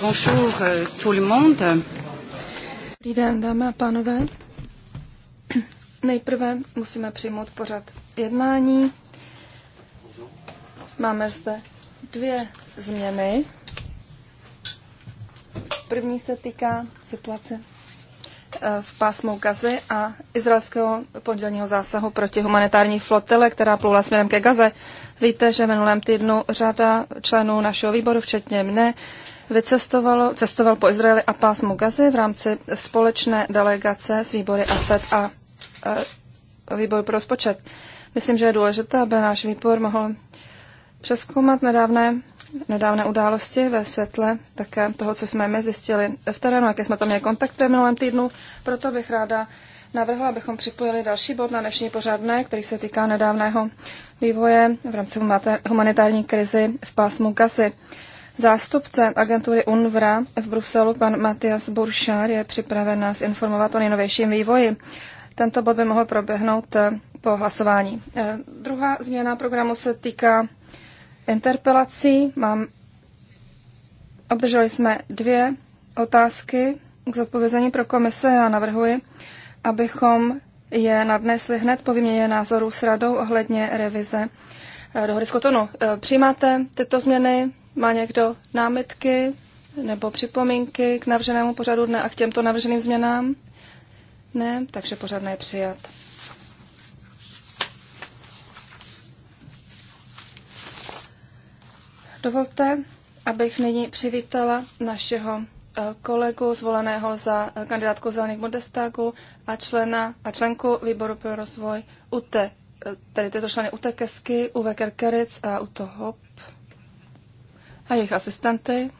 Bonjour euh, tout le monde. Dobrý den, dámy a pánové. Nejprve musíme přijmout pořad jednání. Máme zde dvě změny. První se týká situace eh, v pásmu Gazy a izraelského pondělního zásahu proti humanitární flotile, která plula směrem ke Gaze. Víte, že minulém týdnu řada členů našeho výboru, včetně mne, vycestoval cestoval po Izraeli a pásmu Gazy v rámci společné delegace s výbory AFED a, a výbor pro rozpočet. Myslím, že je důležité, aby náš výbor mohl přeskoumat nedávné, nedávné události ve světle také toho, co jsme my zjistili v terénu, jaké jsme tam měli kontakty v minulém týdnu. Proto bych ráda navrhla, abychom připojili další bod na dnešní pořadné, který se týká nedávného vývoje v rámci humanitární krizi v pásmu Gazy. Zástupce agentury UNVRA v Bruselu, pan Matias Buršár, je připraven nás informovat o nejnovějším vývoji. Tento bod by mohl proběhnout eh, po hlasování. Eh, druhá změna programu se týká interpelací. Mám, obdrželi jsme dvě otázky k zodpovězení pro komise. Já navrhuji, abychom je nadnesli hned po výměně názorů s radou ohledně revize eh, dohody z Kotonu. Přijímáte tyto změny? Má někdo námitky nebo připomínky k navrženému pořadu dne a k těmto navrženým změnám? Ne, takže pořad je přijat. Dovolte, abych nyní přivítala našeho eh, kolegu zvoleného za eh, kandidátku zelených Modestáku a člena a členku výboru pro rozvoj UTE, tedy tyto členy UTE Kesky, UVE Kerkeric a UTE Hop a jejich asistenty,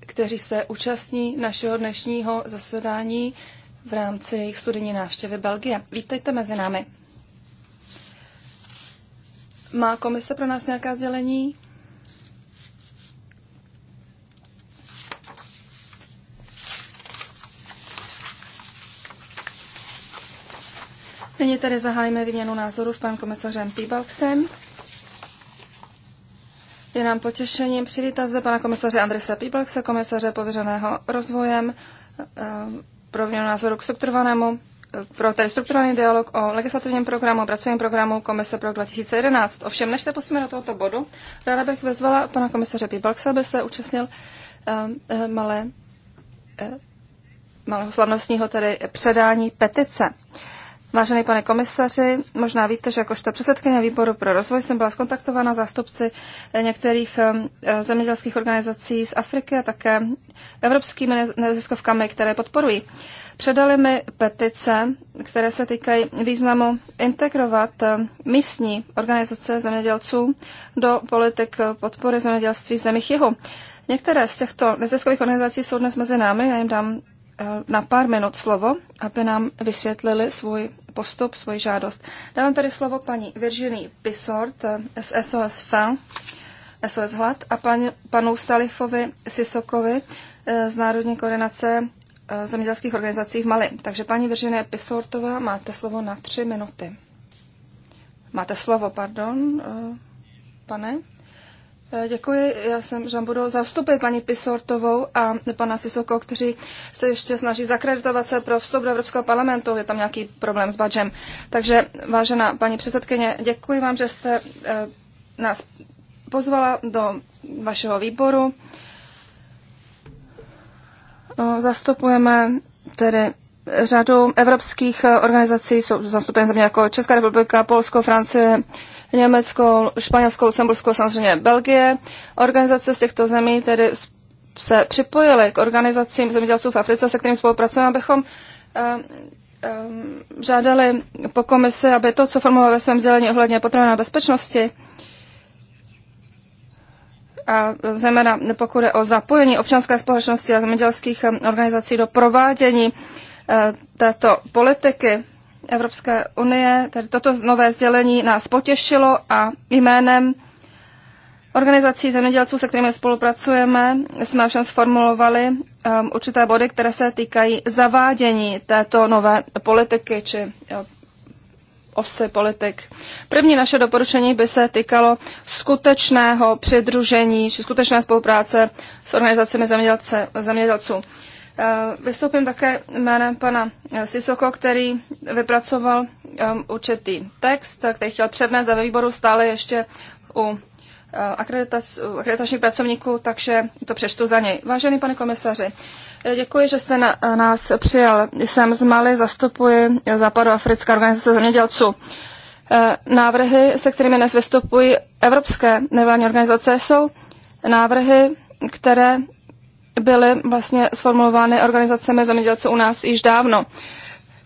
kteří se účastní našeho dnešního zasedání v rámci jejich studijní návštěvy Belgie. Vítejte mezi námi. Má komise pro nás nějaká sdělení? Nyní tedy zahájíme výměnu názoru s panem komisařem Píbalksem. Je nám potěšením přivítat zde pana komisaře Andrese Píbalkse, komisaře pověřeného rozvojem eh, pro výměnu názoru k strukturovanému eh, pro tedy strukturovaný dialog o legislativním programu, pracovním programu Komise pro 2011. Ovšem, než se posuneme do tohoto bodu, ráda bych vezvala pana komisaře Pibalksa, aby se účastnil eh, malé, malého slavnostního tedy předání petice. Vážený pane komisaři, možná víte, že jakožto předsedkyně výboru pro rozvoj jsem byla skontaktována zástupci eh, některých eh, zemědělských organizací z Afriky a také evropskými neziskovkami, které podporují. Předali mi petice, které se týkají významu integrovat eh, místní organizace zemědělců do politik podpory zemědělství v zemích jihu. Některé z těchto neziskových organizací jsou dnes mezi námi, já jim dám na pár minut slovo, aby nám vysvětlili svůj postup, svoji žádost. Dávám tady slovo paní Virginie Pisort eh, z SOS FEL, SOS Hlad a pan, panu Salifovi Sisokovi eh, z Národní koordinace eh, zemědělských organizací v Mali. Takže paní Virginie Pisortová, máte slovo na tři minuty. Máte slovo, pardon, pane. Eh, děkuji, já jsem, že budu zastupit paní Pisortovou a pana Sisoko, kteří se ještě snaží zakreditovat se pro vstup do Evropského parlamentu. Je tam nějaký problém s badžem. Takže, vážená paní předsedkyně, děkuji vám, že jste eh, nás pozvala do vašeho výboru. No, zastupujeme tedy řadu evropských eh, organizací, jsou zastupeny země jako Česká republika, Polsko, Francie, Německo, Španělsko, Lucembursko, samozřejmě Belgie. Organizace z těchto zemí tedy se připojily k organizacím zemědělců v Africe, se kterým spolupracujeme, abychom eh, eh, žádali po komisi, aby to, co formuloval ve svém sdělení ohledně potravinové bezpečnosti, a zejména pokud je o zapojení občanské společnosti a zemědělských eh, organizací do provádění této politiky, Evropské unie, tedy toto nové sdělení nás potěšilo a jménem organizací zemědělců, se kterými spolupracujeme, jsme všem sformulovali um, určité body, které se týkají zavádění této nové politiky či jo, osy politik. První naše doporučení by se týkalo skutečného přidružení či skutečné spolupráce s organizacemi zemědělce, zemědělců. Eh, vystoupím také jménem pana eh, Sisoko, který vypracoval ehm, určitý text, který chtěl přednést a ve výboru stále ještě eh, u akreditačních pracovníků, takže to přečtu za něj. Vážený pane komisaři, děkuji, že jste na, nás přijal. Jsem z Mali, zastupuji Západoafrická organizace zemědělců. Návrhy, se kterými dnes vystupují evropské nevládní organizace, jsou návrhy, které byly vlastně sformulovány organizacemi zemědělců u nás již dávno.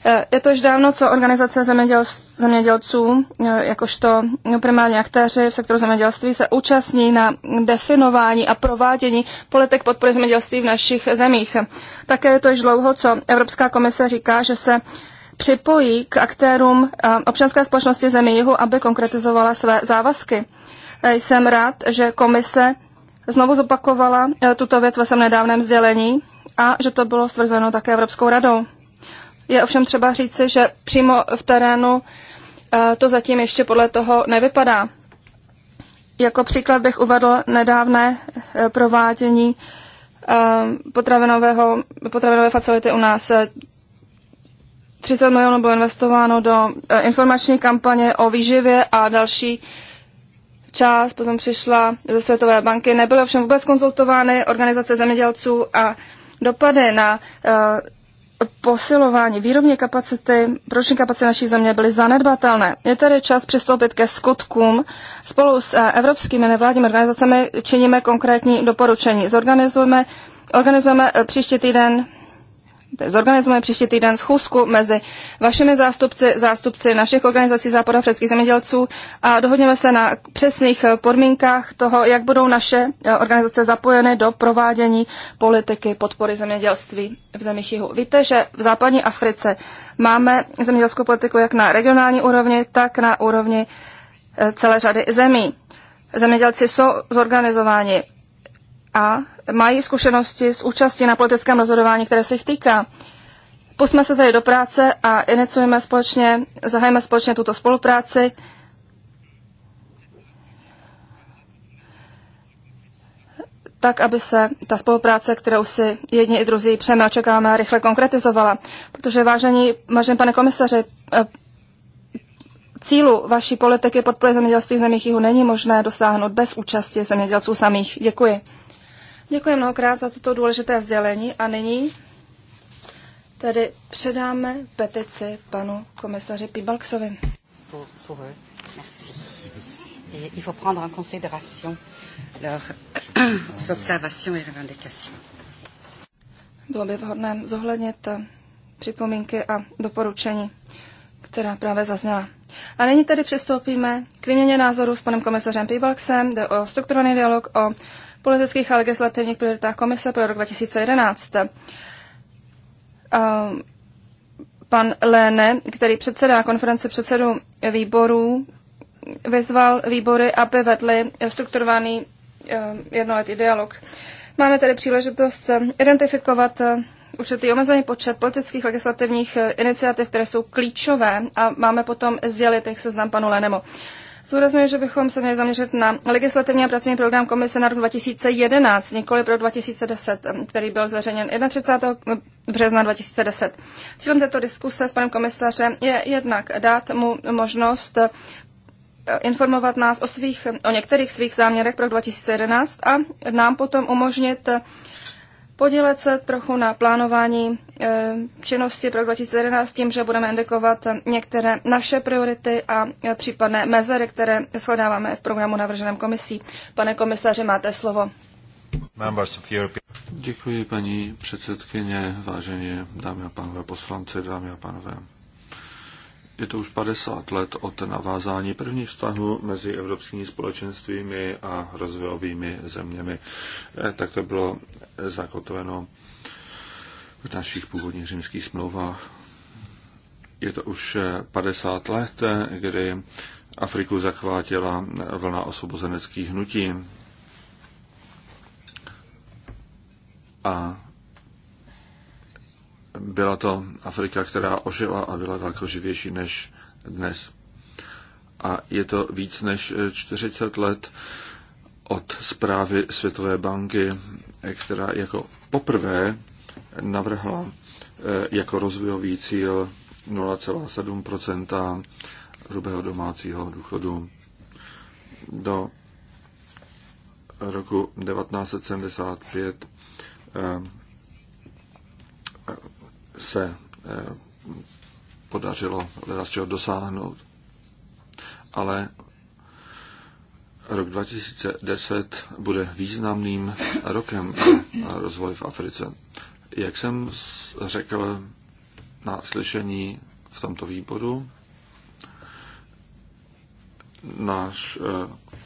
E, je to již dávno, co organizace zeměděl, zemědělců, e, jakožto primární aktéři v sektoru zemědělství, se účastní na definování a provádění politik podpory zemědělství v našich zemích. Také je to již dlouho, co Evropská komise říká, že se připojí k aktérům e, občanské společnosti zemí jihu, aby konkretizovala své závazky. Jsem rád, že komise znovu zopakovala eh, tuto věc ve svém nedávném sdělení a že to bylo stvrzeno také Evropskou radou. Je ovšem třeba říci, že přímo v terénu eh, to zatím ještě podle toho nevypadá. Jako příklad bych uvedl nedávné eh, provádění potravinového, potravinové facility u nás. 30 milionů bylo investováno do informační kampaně o výživě a další část potom přišla ze Světové banky, nebyly ovšem vůbec konzultovány organizace zemědělců a dopady na uh, posilování výrobní kapacity, proční kapacity naší země byly zanedbatelné. Je tady čas přistoupit ke skutkům. Spolu s uh, evropskými nevládními organizacemi činíme konkrétní doporučení. Zorganizujeme Organizujeme eh, příští týden zorganizujeme příští týden schůzku mezi vašimi zástupci, zástupci našich organizací západoafrických zemědělců a dohodněme se na přesných eh, podmínkách toho, jak budou naše eh, organizace zapojeny do provádění politiky podpory zemědělství v zemích jihu. Víte, že v západní Africe máme zemědělskou politiku jak na regionální úrovni, tak na úrovni eh, celé řady zemí. Zemědělci jsou zorganizováni a mají zkušenosti s účastí na politickém rozhodování, které se jich týká. Pusme se tedy do práce a iniciujeme společně, zahajeme společně tuto spolupráci. tak, aby se ta spolupráce, kterou si jedni i druzí přejeme očekáváme, rychle konkretizovala. Protože vážení, vážený pane komisaři, eh, cílu vaší politiky podpory zemědělství v zemích jihu není možné dosáhnout bez účasti zemědělců samých. Děkuji. Děkuji mnohokrát za toto důležité sdělení a nyní tedy předáme petici panu komisaři Pibalksovi. il faut prendre en considération leurs observations et revendications. Bylo by vhodné zohlednit eh, připomínky a doporučení, která právě zazněla. A nyní tedy přistoupíme k výměně názoru s panem komisařem Pibalksem, jde o strukturovaný dialog o politických a legislativních prioritách komise pro rok 2011. pan Léne, který předsedá konferenci předsedů výborů, vyzval výbory, aby vedli strukturovaný eh, jednoletý dialog. Máme tedy příležitost identifikovat eh, určitý omezený počet politických legislativních eh, iniciativ, které jsou klíčové a máme potom sdělit jejich seznam panu Lenemu. Zúraznuju, že bychom se měli zaměřit na legislativní a pracovní program komise na rok 2011, nikoli pro 2010, který byl zveřejněn 31. března 2010. Cílem této diskuse s panem komisařem je jednak dát mu možnost eh, informovat nás o, svých, o některých svých záměrech pro 2011 a nám potom umožnit eh, podílet se trochu na plánování eh, činnosti pro 2011 tím, že budeme indikovat některé naše priority a eh, případné mezery, které shledáváme v programu navrženém komisí. Pane komisaři, máte slovo. Děkuji, paní předsedkyně, vážení dámy a pánové poslanci, dámy a pánové je to už 50 let od navázání prvních vztahů mezi evropskými společenstvími a rozvojovými zeměmi. Eh, tak to bylo eh, zakotveno v našich původních římských smlouvách. Je to už 50 eh, let, kdy Afriku zachvátila vlna osvobozeneckých hnutí. A byla to Afrika, která ožila a byla daleko živější než dnes. A je to víc než 40 let od zprávy Světové banky, která jako poprvé navrhla eh, jako rozvojový cíl 0,7 hrubého domácího důchodu. Do roku 1975 se eh, podařilo z čeho dosáhnout. Ale rok 2010 bude významným rokem rozvoje rozvoj v Africe. Jak jsem řekl na slyšení v tomto výboru, naš eh,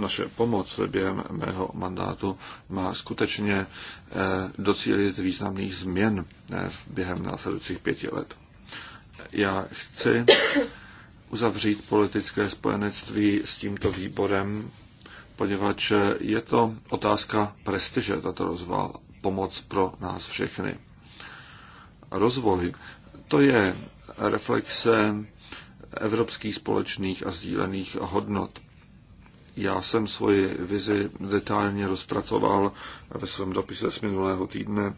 naše pomoc během mého mandátu má skutečně eh, docílit významných změn během následujících pěti let. Já chci uzavřít politické spojenectví s tímto výborem, poněvadž je to otázka prestiže, tato rozvál, pomoc pro nás všechny. Rozvoj, to je reflexe evropských společných a sdílených hodnot. Já jsem svoji vizi detailně rozpracoval ve svém dopise z minulého týdne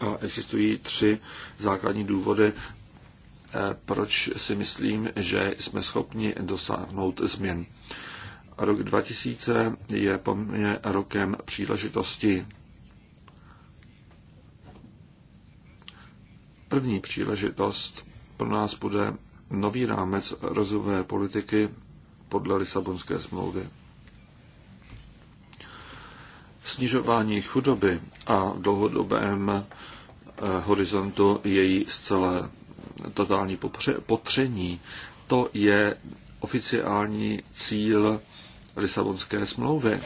a existují tři základní důvody, eh, proč si myslím, že jsme schopni dosáhnout změn. Rok 2000 je po mně rokem příležitosti. První příležitost pro nás bude nový rámec rozvojové politiky podle Lisabonské smlouvy snižování chudoby a dlouhodobém eh, horizontu její zcela totální potření, to je oficiální cíl Lisabonské smlouvy.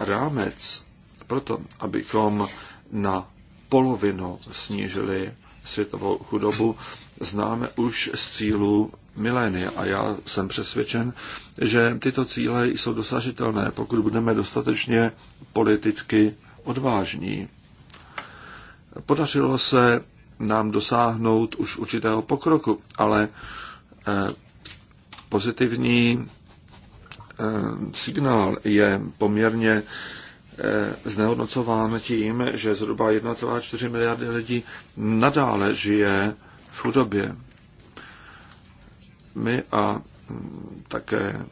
Rámec proto, abychom na polovinu snížili světovou chudobu, známe už z cílů milénia a já jsem přesvědčen, že tyto cíle jsou dosažitelné, pokud budeme dostatečně politicky odvážní. Podařilo se nám dosáhnout už určitého pokroku, ale eh, pozitivní eh, signál je poměrně eh, znehodnocován tím, že zhruba 1,4 miliardy lidí nadále žije v chudobě. My a mm, také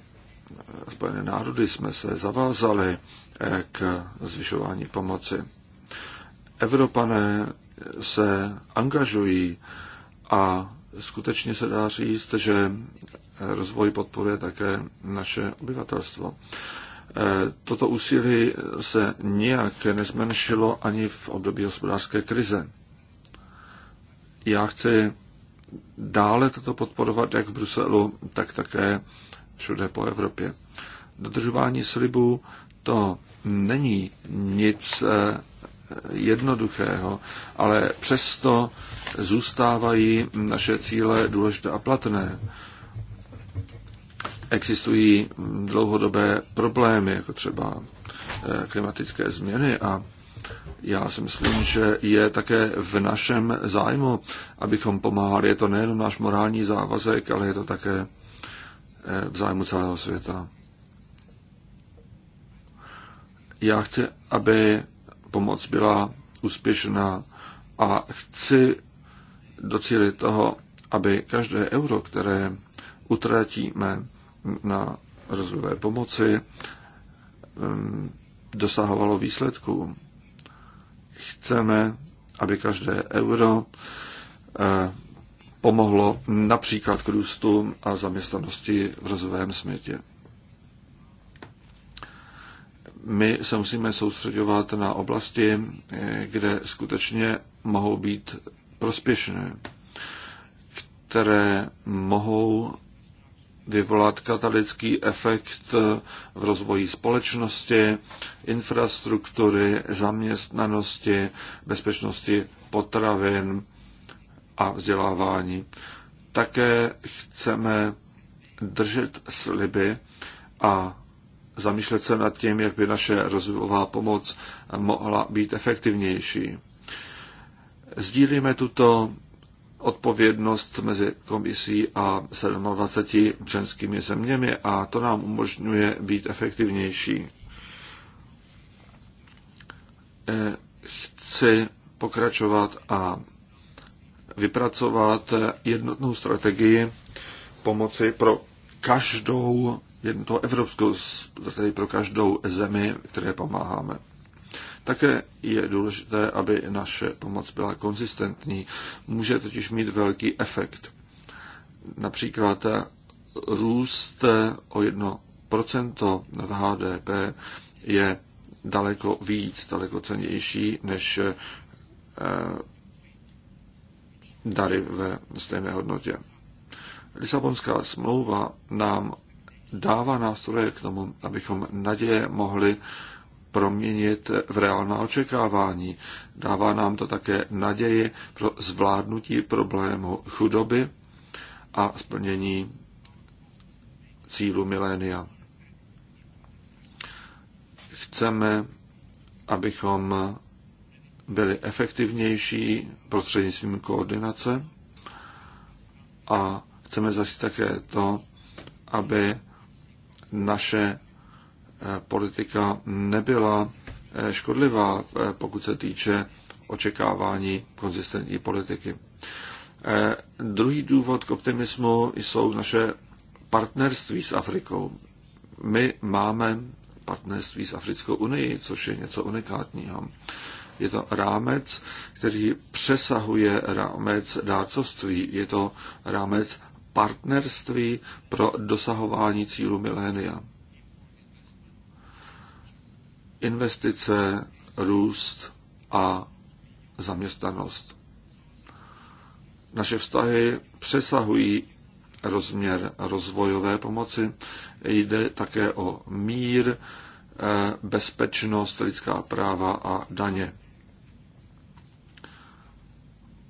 Spojené národy jsme se zavázali eh, k zvyšování pomoci. Evropané se angažují a skutečně se dá říct, že rozvoj podporuje také naše obyvatelstvo. Eh, toto úsilí se nijak nezmenšilo ani v období hospodářské krize. Já chci dále toto podporovat jak v Bruselu, tak také všude po Evropě. Dodržování slibů to není nic eh, jednoduchého, ale přesto zůstávají naše cíle důležité a platné. Existují dlouhodobé problémy, jako třeba eh, klimatické změny a já si myslím, že je také v našem zájmu, abychom pomáhali. Je to nejen náš morální závazek, ale je to také eh, v zájmu celého světa. Já chci, aby pomoc byla úspěšná a chci docílit toho, aby každé euro, které utratíme na rozvojové pomoci, mm, dosahovalo výsledků chceme, aby každé euro eh, pomohlo například k růstu a zaměstnanosti v rozvojovém světě. My se musíme soustředovat na oblasti, eh, kde skutečně mohou být prospěšné, které mohou vyvolat katalytický efekt v rozvoji společnosti, infrastruktury, zaměstnanosti, bezpečnosti potravin a vzdělávání. Také chceme držet sliby a zamýšlet se nad tím, jak by naše rozvojová pomoc mohla být efektivnější. Sdílíme tuto odpovědnost mezi komisí a 27 členskými zeměmi a to nám umožňuje být efektivnější. E, chci pokračovat a vypracovat jednotnou strategii pomoci pro každou, jedno, evropskou strategii pro každou zemi, které pomáháme. Také je důležité, aby naše pomoc byla konzistentní. Může totiž mít velký efekt. Například růst o 1% v HDP je daleko víc, daleko cenější než eh, dary ve stejné hodnotě. Lisabonská smlouva nám dává nástroje k tomu, abychom naděje mohli proměnit v reálná očekávání. Dává nám to také naději pro zvládnutí problému chudoby a splnění cílu milénia. Chceme, abychom byli efektivnější prostřednictvím koordinace a chceme zase také to, aby naše politika nebyla eh, škodlivá, eh, pokud se týče očekávání konzistentní politiky. Eh, druhý důvod k optimismu jsou naše partnerství s Afrikou. My máme partnerství s Africkou unii, což je něco unikátního. Je to rámec, který přesahuje rámec dárcovství. Je to rámec partnerství pro dosahování cílu milénia investice, růst a zaměstnanost. Naše vztahy přesahují rozměr rozvojové pomoci. Jde také o mír, eh, bezpečnost, lidská práva a daně.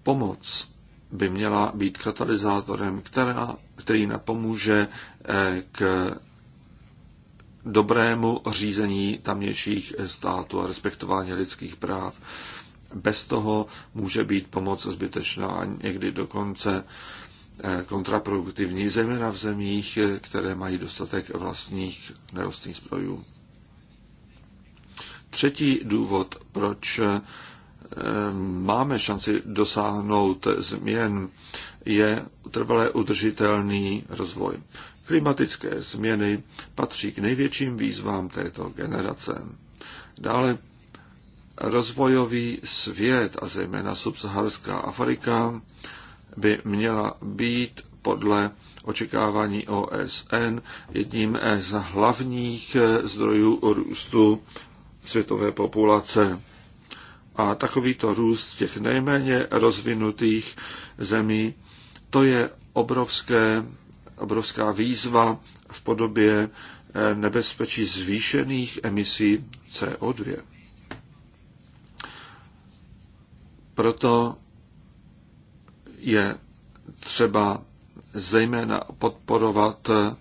Pomoc by měla být katalyzátorem, která, který napomůže eh, k dobrému řízení tamnějších států a respektování lidských práv. Bez toho může být pomoc zbytečná a někdy dokonce eh, kontraproduktivní, zejména v zemích, které mají dostatek vlastních nerostných zdrojů. Třetí důvod, proč eh, máme šanci dosáhnout změn, je trvalé udržitelný rozvoj. Klimatické změny patří k největším výzvám této generace. Dále rozvojový svět a zejména subsaharská Afrika by měla být podle očekávání OSN jedním z hlavních zdrojů růstu světové populace. A takovýto růst těch nejméně rozvinutých zemí, to je obrovské obrovská výzva v podobě eh, nebezpečí zvýšených emisí CO2. Proto je třeba zejména podporovat eh,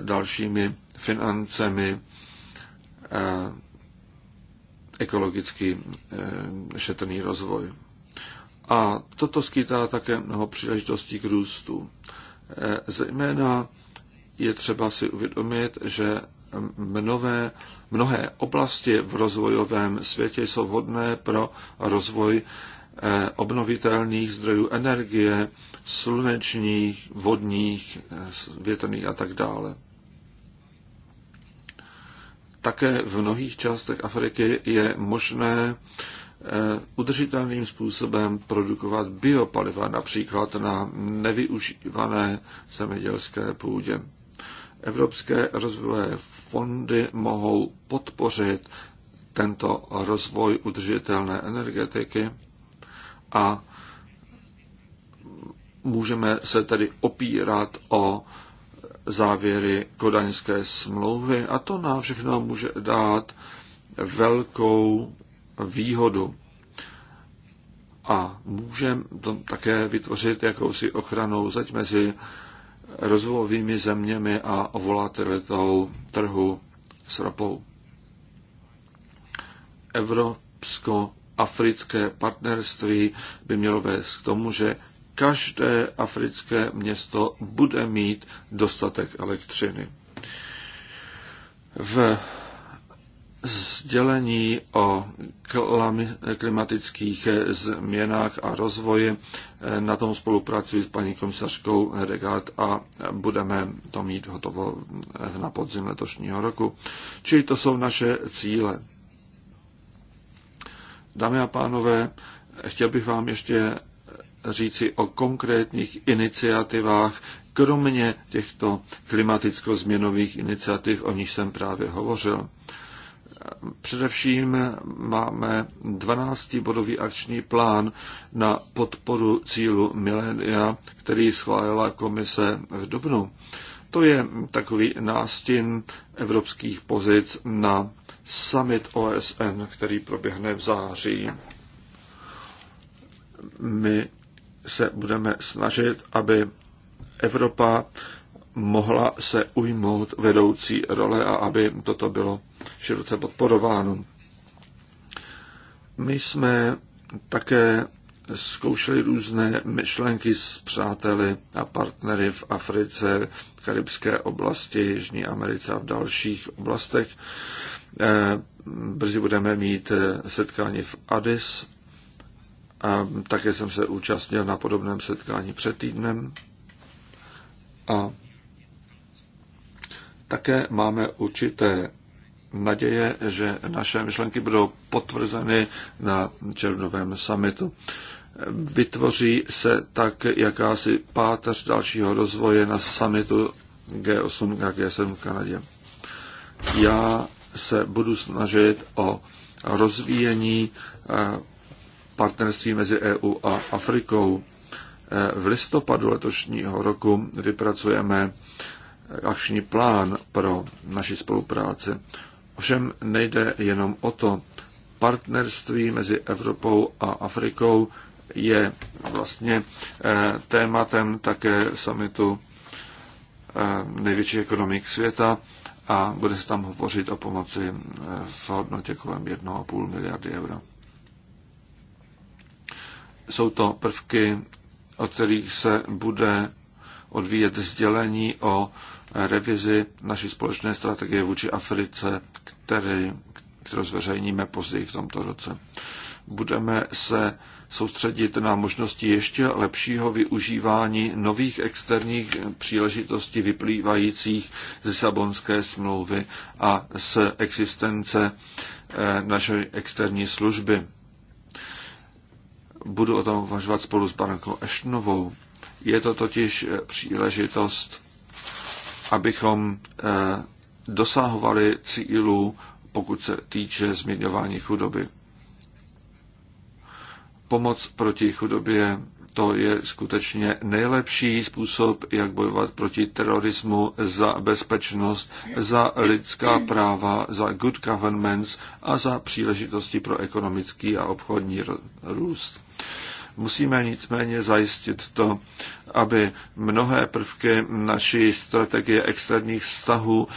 dalšími financemi eh, ekologicky šetrný rozvoj. A toto skýtá také mnoho příležitostí k růstu. Eh, zejména je třeba si uvědomit, že mnohé, mnohé oblasti v rozvojovém světě jsou vhodné pro rozvoj eh, obnovitelných zdrojů energie, slunečních, vodních, eh, větrných a tak dále. Také v mnohých částech Afriky je možné Eh, udržitelným způsobem produkovat biopaliva, například na nevyužívané zemědělské půdě. Evropské rozvojové fondy mohou podpořit tento rozvoj udržitelné energetiky a můžeme se tedy opírat o závěry kodaňské smlouvy a to nám všechno může dát velkou výhodu. A můžeme to také vytvořit jakousi ochranu zeď mezi rozvojovými zeměmi a volatilitou trhu s ropou. Evropsko-africké partnerství by mělo vést k tomu, že každé africké město bude mít dostatek elektřiny. V sdělení o klimatických změnách a rozvoji. Na tom spolupracuji s paní komisařkou Hedegaard a budeme to mít hotovo na podzim letošního roku. Čili to jsou naše cíle. Dámy a pánové, chtěl bych vám ještě říci o konkrétních iniciativách, kromě těchto klimaticko-změnových iniciativ, o nich jsem právě hovořil. Především máme 12-bodový akční plán na podporu cílu milénia, který schválila komise v Dubnu. To je takový nástin evropských pozic na summit OSN, který proběhne v září. My se budeme snažit, aby Evropa mohla se ujmout vedoucí role a aby toto bylo široce podporováno. My jsme také zkoušeli různé myšlenky s přáteli a partnery v Africe, Karibské oblasti, Jižní Americe a v dalších oblastech. Eh, brzy budeme mít eh, setkání v Addis. A také jsem se účastnil na podobném setkání před týdnem. A také máme určité naděje, že naše myšlenky budou potvrzeny na červnovém summitu. Vytvoří se tak jakási páteř dalšího rozvoje na summitu G8 a G7 v Kanadě. Já se budu snažit o rozvíjení eh, partnerství mezi EU a Afrikou. Eh, v listopadu letošního roku vypracujeme eh, akční plán pro naši spolupráci. Ovšem nejde jenom o to. Partnerství mezi Evropou a Afrikou je vlastně eh, tématem také samitu eh, největší ekonomik světa a bude se tam hovořit o pomoci eh, v hodnotě kolem 1,5 miliardy euro. Jsou to prvky, od kterých se bude odvíjet sdělení o revizi naší společné strategie vůči Africe, který, kterou zveřejníme později v tomto roce. Budeme se soustředit na možnosti ještě lepšího využívání nových externích příležitostí vyplývajících z Lisabonské smlouvy a z existence eh, naší externí služby. Budu o tom uvažovat spolu s Barankou Eštnovou. Je to totiž eh, příležitost abychom eh, dosahovali cílů, pokud se týče změňování chudoby. Pomoc proti chudobě to je skutečně nejlepší způsob, jak bojovat proti terorismu, za bezpečnost, za lidská práva, za good governments a za příležitosti pro ekonomický a obchodní růst. Musíme nicméně zajistit to, aby mnohé prvky naší strategie externích vztahů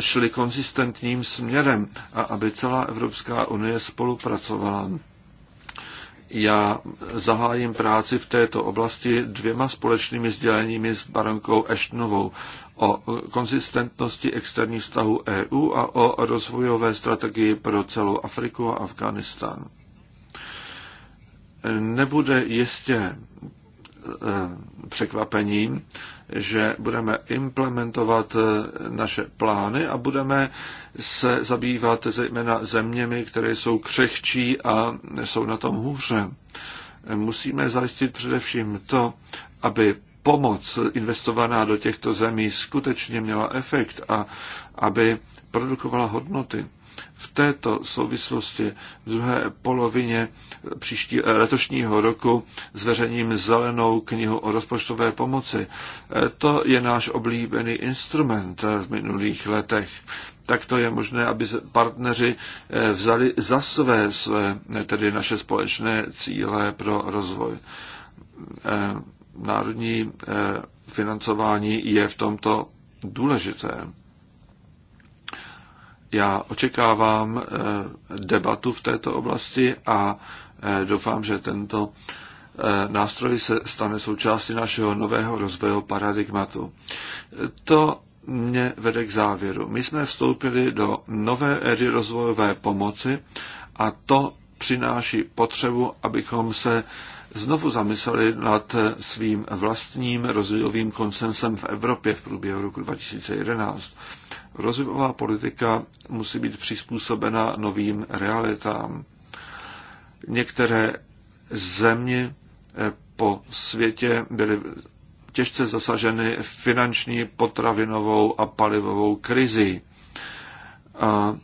šly konzistentním směrem a aby celá Evropská unie spolupracovala. Já zahájím práci v této oblasti dvěma společnými sděleními s baronkou Eštnovou o konzistentnosti externích vztahů EU a o rozvojové strategii pro celou Afriku a Afganistán. Nebude jistě eh, překvapením, že budeme implementovat eh, naše plány a budeme se zabývat zejména zeměmi, které jsou křehčí a jsou na tom hůře. Musíme zajistit především to, aby pomoc investovaná do těchto zemí skutečně měla efekt a aby produkovala hodnoty. V této souvislosti v druhé polovině příští, eh, letošního roku zveřejním zelenou knihu o rozpočtové pomoci. Eh, to je náš oblíbený instrument eh, v minulých letech. Tak to je možné, aby partneři vzali za své, své tedy naše společné cíle pro rozvoj. Národní financování je v tomto důležité. Já očekávám eh, debatu v této oblasti a eh, doufám, že tento eh, nástroj se stane součástí našeho nového rozvojového paradigmatu. To mě vede k závěru. My jsme vstoupili do nové éry rozvojové pomoci a to přináší potřebu, abychom se znovu zamysleli nad svým vlastním rozvojovým konsensem v Evropě v průběhu roku 2011. Rozvojová politika musí být přizpůsobena novým realitám. Některé země eh, po světě byly těžce zasaženy finanční, potravinovou a palivovou krizi. A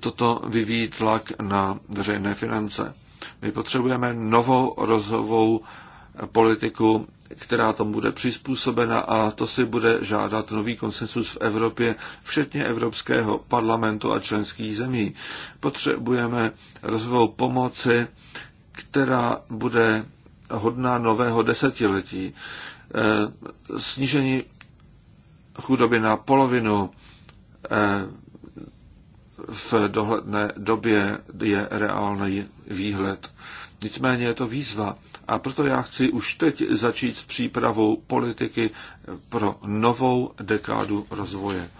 toto vyvíjí tlak na veřejné finance. My potřebujeme novou rozvojovou politiku která tomu bude přizpůsobena a to si bude žádat nový konsensus v Evropě, včetně Evropského parlamentu a členských zemí. Potřebujeme rozvoj pomoci, která bude hodná nového desetiletí. E, snížení chudoby na polovinu, e, v dohledné době je reálný výhled. Nicméně je to výzva a proto já chci už teď začít s přípravou politiky pro novou dekádu rozvoje.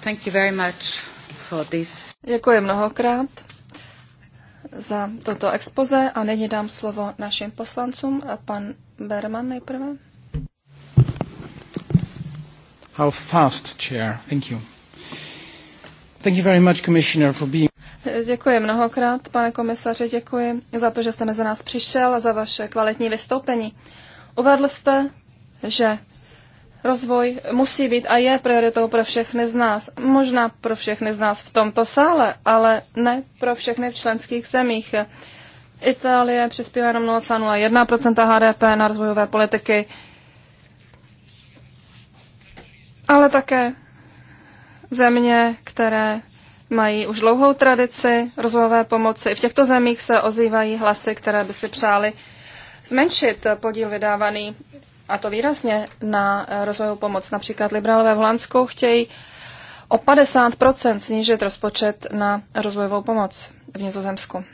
Thank you very much for this. Děkuji mnohokrát za toto expoze a nyní dám slovo našim poslancům. Pan Berman nejprve. How fast, Chair. Thank you. Thank you very much, Commissioner, for being... Děkuji mnohokrát, pane komisaři, děkuji za to, že jste mezi nás přišel a za vaše kvalitní vystoupení. Uvedl jste, že rozvoj musí být a je prioritou pro všechny z nás. Možná pro všechny z nás v tomto sále, ale ne pro všechny v členských zemích. Itálie přispívá jenom 0,01 HDP na rozvojové politiky ale také země, které mají už dlouhou tradici rozvojové pomoci. V těchto zemích se ozývají hlasy, které by si přáli zmenšit podíl vydávaný, a to výrazně, na rozvojovou pomoc. Například liberálové v Holandsku chtějí o 50 snížit rozpočet na rozvojovou pomoc v Nizozemsku.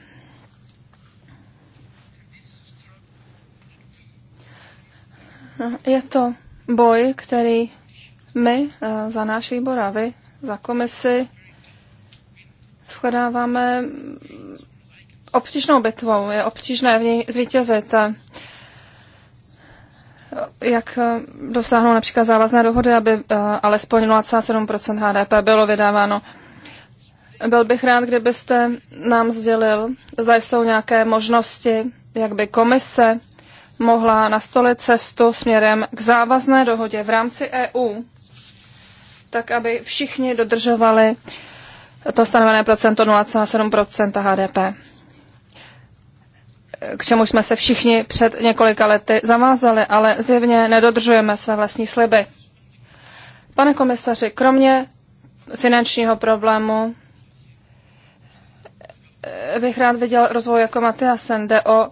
Je to boj, který my eh, za náš výbor a vy za komisi shledáváme obtížnou bitvou. Je obtížné v ní zvítězit. Jak eh, dosáhnout například závazné dohody, aby eh, alespoň 0,7 HDP bylo vydáváno? Byl bych rád, kdybyste nám sdělil, zda jsou nějaké možnosti, jak by komise mohla nastolit cestu směrem k závazné dohodě v rámci EU tak aby všichni dodržovali to stanovené procento 0,7 HDP, k čemu jsme se všichni před několika lety zavázali, ale zjevně nedodržujeme své vlastní sliby. Pane komisaři, kromě finančního problému bych rád viděl rozvoj jako Matiasen, jde o,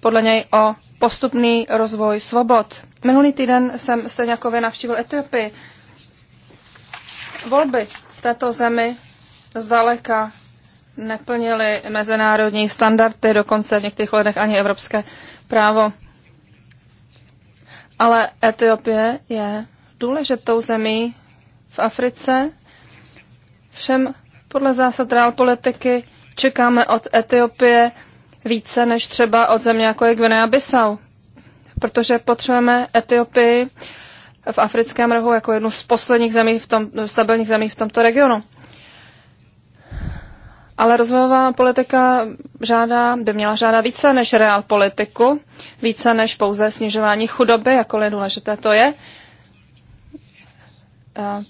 podle něj o postupný rozvoj svobod. Minulý týden jsem stejně jako vy navštívil Etiopii Volby v této zemi zdaleka neplnily mezinárodní standardy, dokonce v některých letech ani evropské právo. Ale Etiopie je důležitou zemí v Africe. Všem podle zásad realpolitiky čekáme od Etiopie více než třeba od země jako je Guinea-Bissau, protože potřebujeme Etiopii v africkém rohu jako jednu z posledních zemí v tom, stabilních zemí v tomto regionu. Ale rozvojová politika žádá, by měla žádat více než reál politiku, více než pouze snižování chudoby, jakkoliv důležité to je.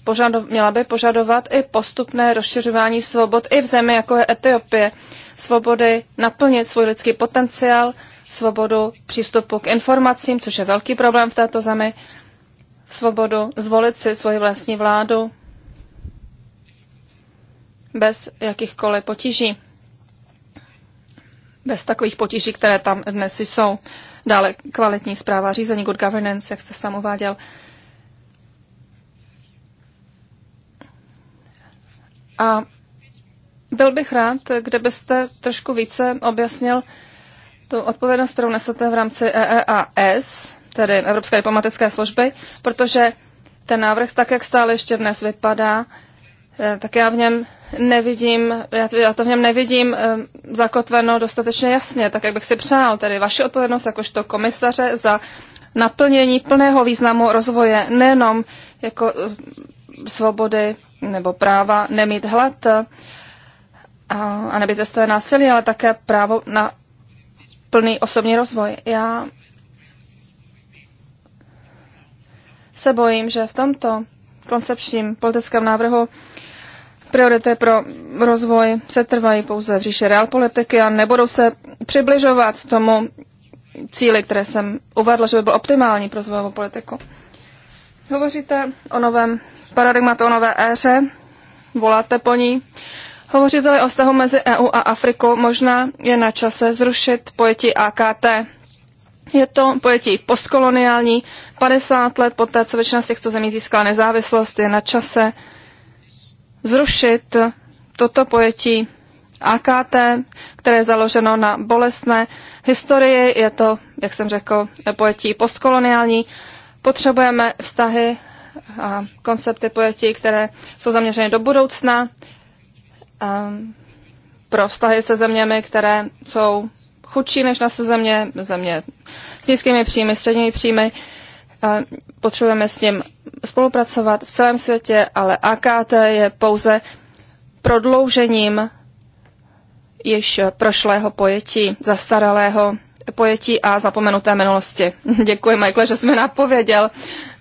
Požado, měla by požadovat i postupné rozšiřování svobod i v zemi, jako je Etiopie. Svobody naplnit svůj lidský potenciál, svobodu přístupu k informacím, což je velký problém v této zemi, svobodu zvolit si svoji vlastní vládu bez jakýchkoliv potíží. Bez takových potíží, které tam dnes jsou. Dále kvalitní zpráva řízení, good governance, jak jste sám uváděl. A byl bych rád, kdybyste trošku více objasnil tu odpovědnost, kterou nesete v rámci EEAS, tedy Evropské diplomatické služby, protože ten návrh, tak jak stále ještě dnes vypadá, eh, tak já v něm nevidím, já to v něm nevidím eh, zakotveno dostatečně jasně, tak jak bych si přál, tedy vaši odpovědnost jakožto komisaře za naplnění plného významu rozvoje nejenom jako eh, svobody nebo práva nemít hlad a, a nebýt ve násilí, ale také právo na plný osobní rozvoj. Já se bojím, že v tomto koncepčním politickém návrhu priority pro rozvoj se trvají pouze v říše realpolitiky a nebudou se přibližovat tomu cíli, které jsem uvedla, že by byl optimální pro rozvojovou politiku. Hovoříte o novém paradigmatu, o nové éře, voláte po ní. Hovoříte-li o vztahu mezi EU a Afrikou, možná je na čase zrušit pojetí AKT, je to pojetí postkoloniální. 50 let poté, co většina z těchto zemí získala nezávislost, je na čase zrušit toto pojetí AKT, které je založeno na bolestné historii. Je to, jak jsem řekl, pojetí postkoloniální. Potřebujeme vztahy a koncepty pojetí, které jsou zaměřeny do budoucna ehm, pro vztahy se zeměmi, které jsou chudší než naše země, země s nízkými příjmy, středními příjmy. Potřebujeme s ním spolupracovat v celém světě, ale AKT je pouze prodloužením již prošlého pojetí, zastaralého pojetí a zapomenuté minulosti. Děkuji, Michael, že jsi mi napověděl,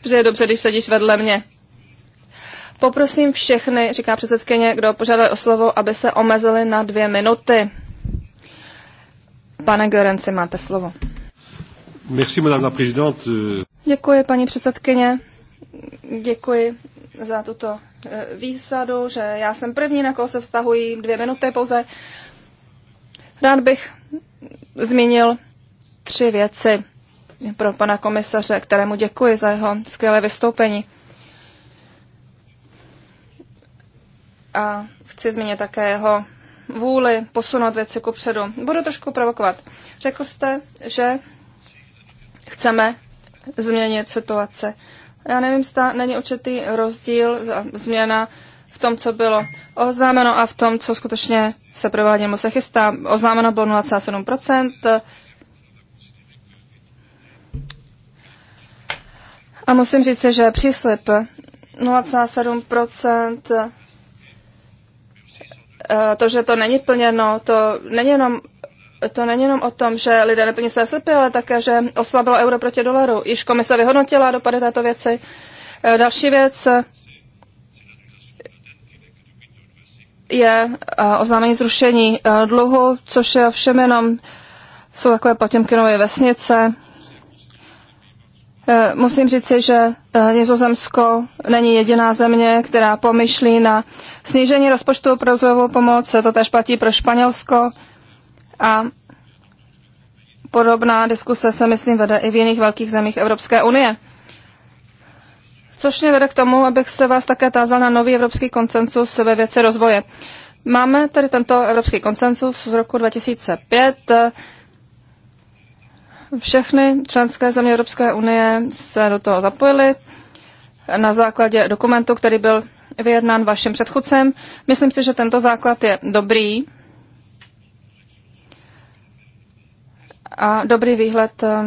že je dobře, když sedíš vedle mě. Poprosím všechny, říká předsedkyně, kdo požádal o slovo, aby se omezili na dvě minuty. Pane Görenci, máte slovo. Merci, madame la présidente. Děkuji, paní předsedkyně. Děkuji za tuto eh, výsadu, že já jsem první, na koho se vztahují dvě minuty pouze. Rád bych zmínil tři věci pro pana komisaře, kterému děkuji za jeho skvělé vystoupení. A chci zmínit také jeho vůli posunout věci ku předu. Budu trošku provokovat. Řekl jste, že chceme změnit situace. Já nevím, zda není určitý rozdíl, změna v tom, co bylo oznámeno a v tom, co skutečně se provádí nebo se chystá. Oznámeno bylo 0,7%. A musím říct, že příslip 0,7% Eh, to, že to není plněno, to není jenom to není jenom o tom, že lidé neplní své slipy, ale také, že oslabilo euro proti dolaru. Již komise vyhodnotila dopady této věci. Eh, další věc eh, je oznámení zrušení dluhu, což je ovšem jenom jsou takové potěmkinové vesnice, Eh, musím říci, že eh, Nizozemsko není jediná země, která pomyšlí na snížení rozpočtu pro rozvojovou pomoc. To tež platí pro Španělsko. A podobná diskuse se, myslím, vede i v jiných velkých zemích Evropské unie. Což mě vede k tomu, abych se vás také tázal na nový evropský koncensus ve věci rozvoje. Máme tady tento evropský koncensus z roku 2005, všechny členské země Evropské unie se do toho zapojily na základě dokumentu, který byl vyjednán vašim předchůdcem. Myslím si, že tento základ je dobrý a dobrý výhled eh,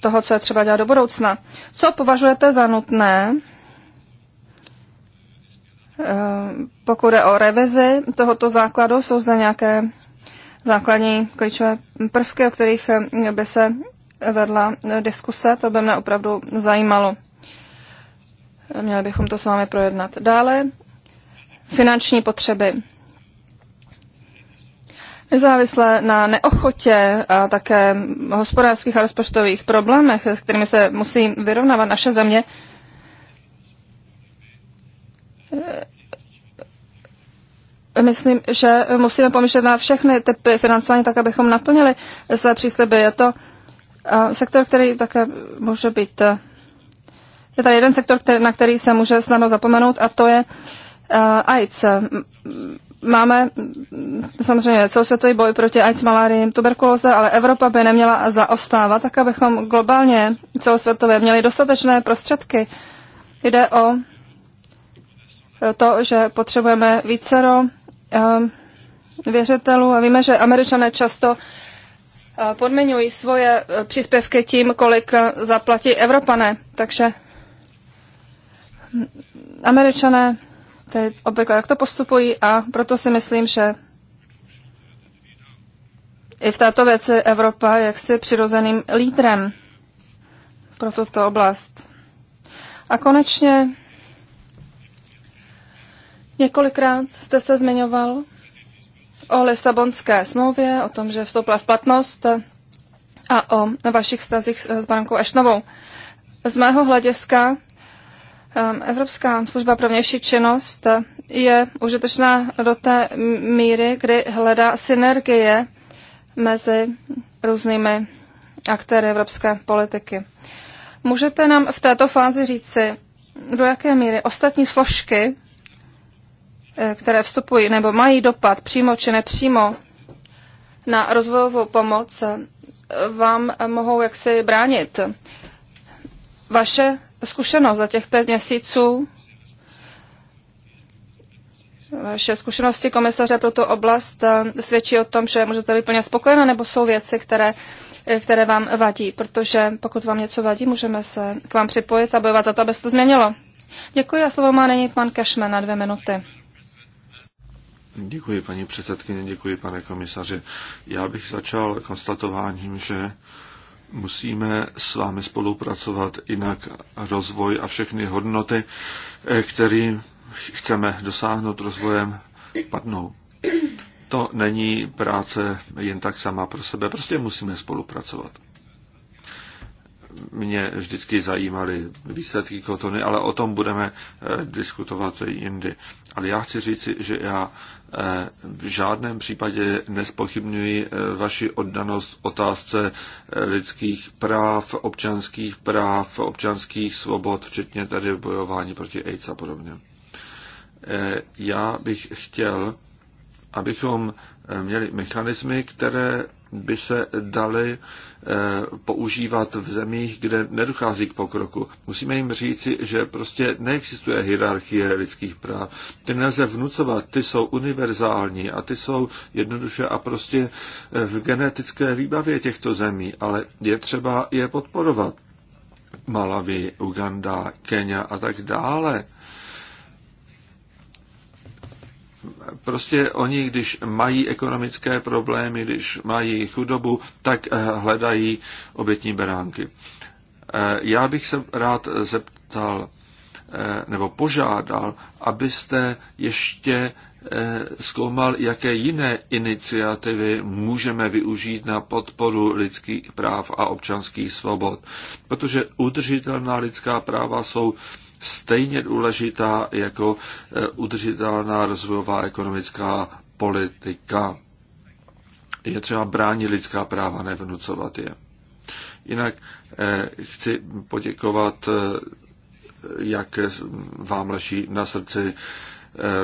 toho, co je třeba dělat do budoucna. Co považujete za nutné, eh, pokud je o revizi tohoto základu, jsou zde nějaké základní klíčové prvky, o kterých eh, by se vedla eh, diskuse, to by mě opravdu zajímalo. Měli bychom to s vámi projednat. Dále finanční potřeby. Nezávisle na neochotě a také hospodářských a rozpočtových problémech, s kterými se musí vyrovnávat naše země, myslím, že musíme pomýšlet na všechny typy financování, tak abychom naplnili své přísliby. Je to eh, sektor, který také může být. Eh, je tady jeden sektor, který, na který se může snadno zapomenout, a to je eh, AIDS. Máme mm, samozřejmě celosvětový boj proti AIDS, malárii, tuberkulóze, ale Evropa by neměla zaostávat, tak abychom globálně celosvětově měli dostatečné prostředky. Jde o to, že potřebujeme vícero Ehm, věřitelů a víme, že američané často eh, podmiňují svoje eh, příspěvky tím, kolik eh, zaplatí Evropané. Takže hm, američané tedy obvykle to postupují a proto si myslím, že i v této věci Evropa je jaksi přirozeným lídrem pro tuto oblast. A konečně Několikrát jste se zmiňoval o Lisabonské smlouvě, o tom, že vstoupila v platnost a o vašich vztazích s bankou Ešnovou. Z mého hlediska um, Evropská služba pro vnější činnost je užitečná do té míry, kdy hledá synergie mezi různými aktéry evropské politiky. Můžete nám v této fázi říci, do jaké míry ostatní složky které vstupují nebo mají dopad přímo či nepřímo na rozvojovou pomoc, vám mohou jaksi bránit. Vaše zkušenost za těch pět měsíců, vaše zkušenosti komisaře pro tu oblast eh, svědčí o tom, že můžete být plně spokojena, nebo jsou věci, které, eh, které vám vadí, protože pokud vám něco vadí, můžeme se k vám připojit a bojovat za to, aby se to změnilo. Děkuji a slovo má není pan Cashman na dvě minuty. Děkuji, paní předsedkyně, děkuji, pane komisaře. Já bych začal konstatováním, že musíme s vámi spolupracovat, jinak rozvoj a všechny hodnoty, eh, které chceme dosáhnout rozvojem, padnou. To není práce jen tak sama pro sebe, prostě musíme spolupracovat. Mě vždycky zajímaly výsledky kotony, ale o tom budeme eh, diskutovat jindy. Ale já chci říci, že já v žádném případě nespochybňuji eh, vaši oddanost otázce eh, lidských práv, občanských práv, občanských svobod, včetně tady bojování proti AIDS a podobně. Eh, já bych chtěl, abychom měli mechanismy, které by se daly eh, používat v zemích, kde nedochází k pokroku. Musíme jim říci, že prostě neexistuje hierarchie lidských práv. Ty nelze vnucovat, ty jsou univerzální a ty jsou jednoduše a prostě eh, v genetické výbavě těchto zemí, ale je třeba je podporovat. Malawi, Uganda, Kenya a tak dále prostě oni, když mají ekonomické problémy, když mají chudobu, tak eh, hledají obětní beránky. Eh, já bych se rád zeptal eh, nebo požádal, abyste ještě zkoumal, jaké jiné iniciativy můžeme využít na podporu lidských práv a občanských svobod. Protože udržitelná lidská práva jsou stejně důležitá jako eh, udržitelná rozvojová ekonomická politika. Je třeba bránit lidská práva, nevnucovat je. Jinak eh, chci poděkovat, eh, jak vám leží na srdci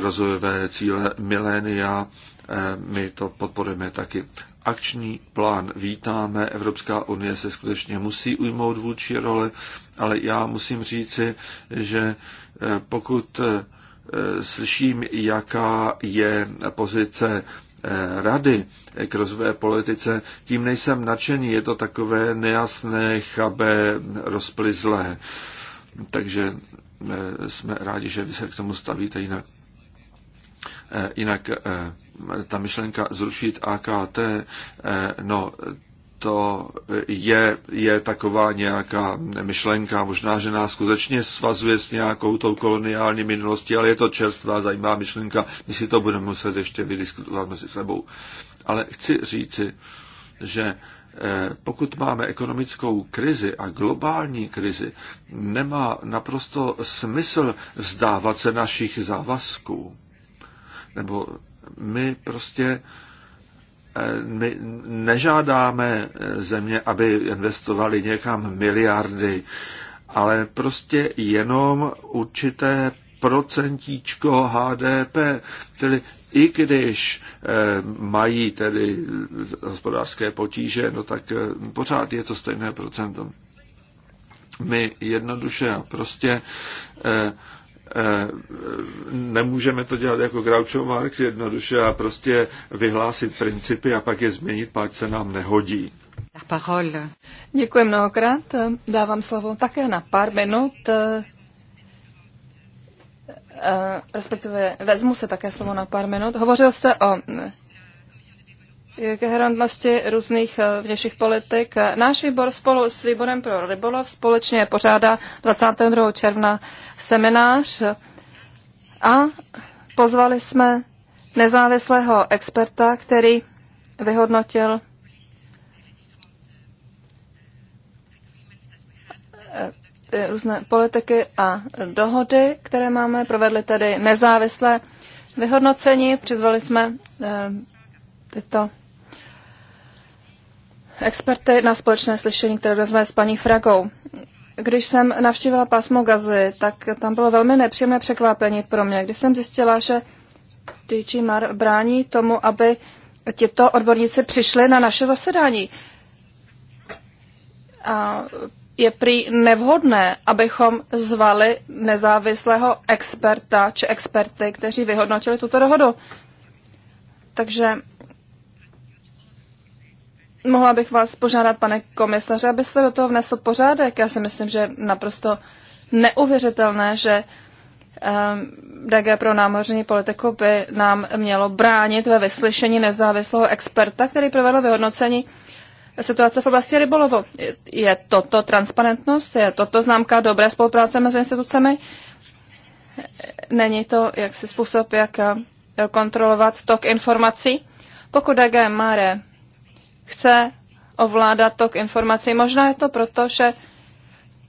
rozvojové cíle milénia. My to podporujeme taky akční plán vítáme. Evropská unie se skutečně musí ujmout vůči role, ale já musím říci, že eh, pokud eh, slyším, jaká je pozice eh, rady k rozvoje politice, tím nejsem nadšený. Je to takové nejasné, chabé, rozplizlé. Takže jsme rádi, že vy se k tomu stavíte jinak. Jinak ta myšlenka zrušit AKT, eh, no to je, je taková nějaká myšlenka, možná, že nás skutečně svazuje s nějakou tou koloniální minulostí, ale je to čerstvá, zajímavá myšlenka, my si to budeme muset ještě vydiskutovat mezi sebou. Ale chci říci, že eh, pokud máme ekonomickou krizi a globální krizi, nemá naprosto smysl zdávat se našich závazků nebo my prostě eh, my nežádáme země, aby investovali někam miliardy, ale prostě jenom určité procentíčko HDP, tedy i když eh, mají tedy hospodářské potíže, no tak eh, pořád je to stejné procento. My jednoduše a prostě Eh, nemůžeme to dělat jako Groucho Marx jednoduše a prostě vyhlásit principy a pak je změnit, pak se nám nehodí. Děkuji mnohokrát. Dávám slovo také na pár minut. Eh, respektive vezmu se také slovo na pár minut. Hovořil jste o koherentnosti různých eh, vnějších politik. Náš výbor spolu s výborem pro rybolov společně pořádá 22. června seminář a pozvali jsme nezávislého experta, který vyhodnotil eh, eh, různé politiky a dohody, které máme. Provedli tedy nezávislé vyhodnocení. Přizvali jsme tyto experty na společné slyšení, které dnes s paní Fragou. Když jsem navštívila pásmo Gazy, tak tam bylo velmi nepříjemné překvapení pro mě, když jsem zjistila, že DG Mar brání tomu, aby tito odborníci přišli na naše zasedání. A je prý nevhodné, abychom zvali nezávislého experta či experty, kteří vyhodnotili tuto dohodu. Takže mohla bych vás požádat, pane komisaře, abyste do toho vnesl pořádek. Já si myslím, že je naprosto neuvěřitelné, že ehm, DG pro námořní politiku by nám mělo bránit ve vyslyšení nezávislého experta, který provedl vyhodnocení situace v oblasti rybolovu. Je toto transparentnost? Je toto známka dobré spolupráce mezi institucemi? Není to jaksi způsob, jak kontrolovat tok informací? Pokud DG Mare chce ovládat tok informací. Možná je to proto, že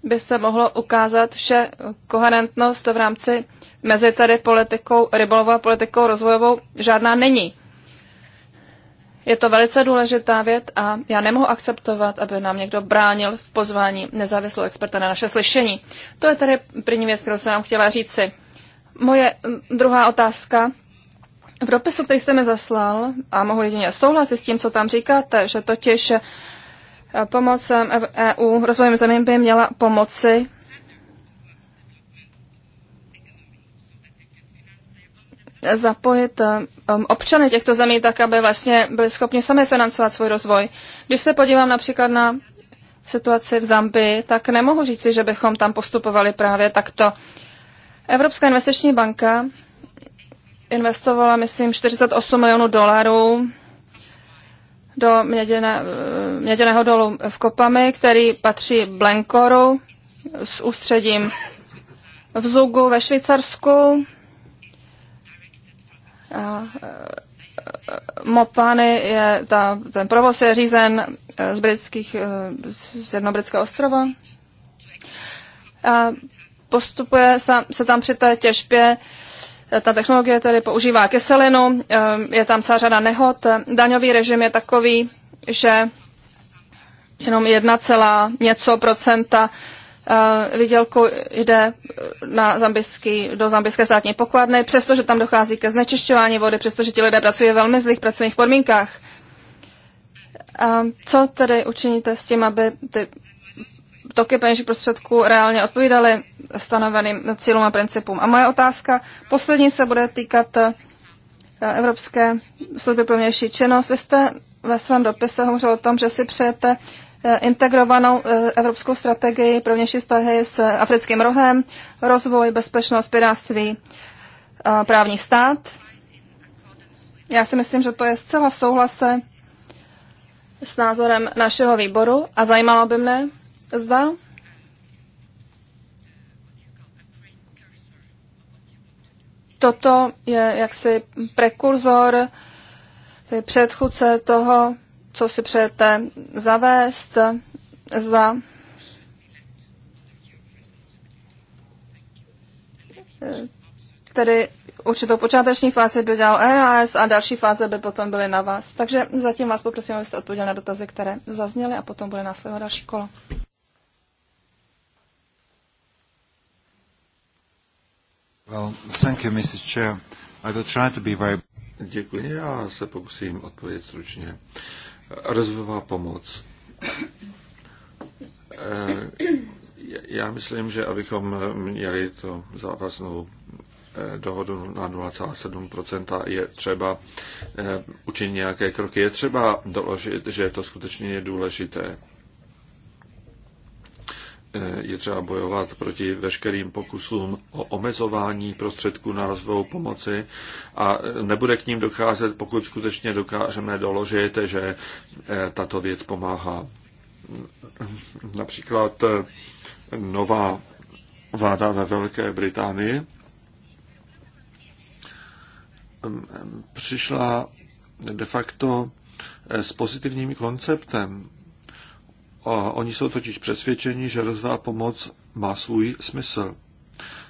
by se mohlo ukázat, že koherentnost v rámci mezi tady politikou, rybolovou a politikou rozvojovou žádná není. Je to velice důležitá věc a já nemohu akceptovat, aby nám někdo bránil v pozvání nezávislého experta na naše slyšení. To je tady první věc, kterou jsem vám chtěla říci. Moje druhá otázka v dopisu, který jste mi zaslal, a mohu jedině souhlasit s tím, co tam říkáte, že totiž eh, pomoc EU eh, e rozvojem zemím by měla pomoci zapojit eh, občany těchto zemí tak, aby vlastně byli schopni sami financovat svůj rozvoj. Když se podívám například na situaci v Zambii, tak nemohu říci, že bychom tam postupovali právě takto. Evropská investiční banka investovala, myslím, 48 milionů dolarů do měděna, měděného dolu v Kopami, který patří Blenkoru s ústředím v Zugu ve Švýcarsku. A, e, e, Mopany je ta, ten provoz je řízen e, z, britských, z jednobritského ostrova. A postupuje se, se tam při té těžbě ta technologie tedy používá kyselinu, eh, je tam celá řada nehod. Daňový režim je takový, že jenom 1, něco procenta eh, vydělku jde na zambijský, do zambijské státní pokladny, přestože tam dochází ke znečišťování vody, přestože ti lidé pracují v velmi zlých pracovních podmínkách. A eh, co tedy učiníte s tím, aby ty toky peněžních prostředků reálně odpovídaly stanoveným cílům a principům. A moje otázka poslední se bude týkat eh, Evropské služby pro vnější činnost. Vy jste ve svém dopise hovořil o tom, že si přejete eh, integrovanou eh, evropskou strategii pro vnější vztahy s africkým rohem, rozvoj, bezpečnost, piráctví, právní stát. Já si myslím, že to je zcela v souhlase s názorem našeho výboru a zajímalo by mne, zda toto je jaksi prekurzor, předchůdce toho, co si přejete zavést, zda tedy určitou počáteční fázi by dělal EAS a další fáze by potom byly na vás. Takže zatím vás poprosím, abyste odpověděli na dotazy, které zazněly a potom bude následovat další kolo. Děkuji, já se pokusím odpovědět stručně. Rozvojová pomoc. Eh, já myslím, že abychom měli to závaznou eh, dohodu na 0,7%, je třeba eh, učinit nějaké kroky. Je třeba doložit, že to skutečně je důležité je třeba bojovat proti veškerým pokusům o omezování prostředků na rozvojovou pomoci a nebude k ním docházet, pokud skutečně dokážeme doložit, že eh, tato věc pomáhá. Například eh, nová vláda ve Velké Británii ehm, přišla de facto eh, s pozitivním konceptem a oni jsou totiž přesvědčeni, že rozvá pomoc má svůj smysl.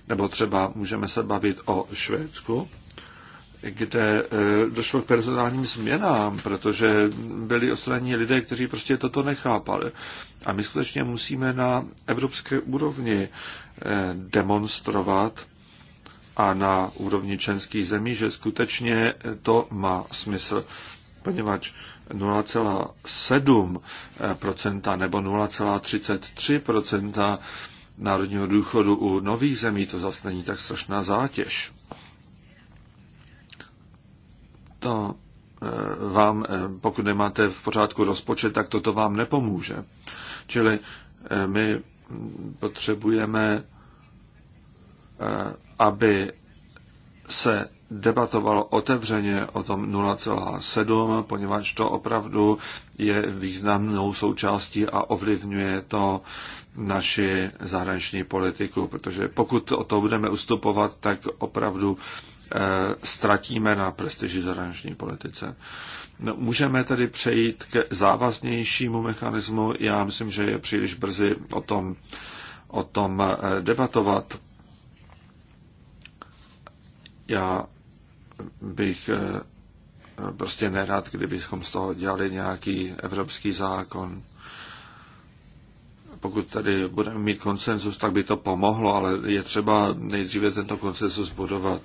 Nebo třeba můžeme se bavit o Švédsku, kde e, došlo k personálním změnám, protože byli ostatní lidé, kteří prostě toto nechápali. A my skutečně musíme na evropské úrovni e, demonstrovat a na úrovni členských zemí, že skutečně to má smysl, poněvadž 0,7% nebo 0,33% národního důchodu u nových zemí, to zase není tak strašná zátěž. To eh, vám, eh, pokud nemáte v pořádku rozpočet, tak toto vám nepomůže. Čili eh, my potřebujeme, aby se debatovalo otevřeně o tom 0,7, poněvadž to opravdu je významnou součástí a ovlivňuje to naši zahraniční politiku, protože pokud o to budeme ustupovat, tak opravdu e, ztratíme na prestiži zahraniční politice. No, můžeme tedy přejít k závaznějšímu mechanismu. Já myslím, že je příliš brzy o tom, o tom eh, debatovat. Já bych eh, prostě nerad, kdybychom z toho dělali nějaký evropský zákon. Pokud tady budeme mít konsenzus, tak by to pomohlo, ale je třeba nejdříve tento konsenzus budovat.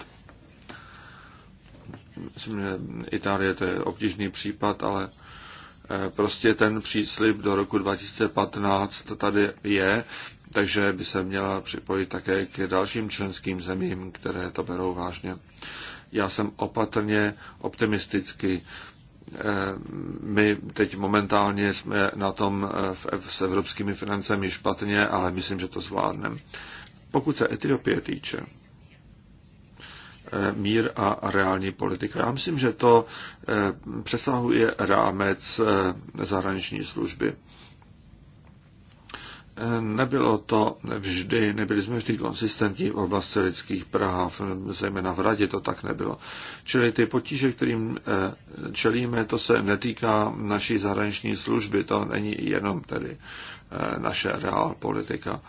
Myslím, že Itálie to je obtížný případ, ale eh, prostě ten příslip do roku 2015 tady je, takže by se měla připojit také k dalším členským zemím, které to berou vážně já jsem opatrně optimisticky. Eh, my teď momentálně jsme na tom eh, s evropskými financemi špatně, ale myslím, že to zvládneme. Pokud se Etiopie týče, eh, mír a reální politika. Já myslím, že to přesahuje rámec zahraniční služby. Nebylo to vždy, nebyli jsme vždy konsistentní v oblasti lidských práv, zejména v radě to tak nebylo. Čili ty potíže, kterým eh, čelíme, to se netýká naší zahraniční služby, to není jenom tedy eh, naše reál politika.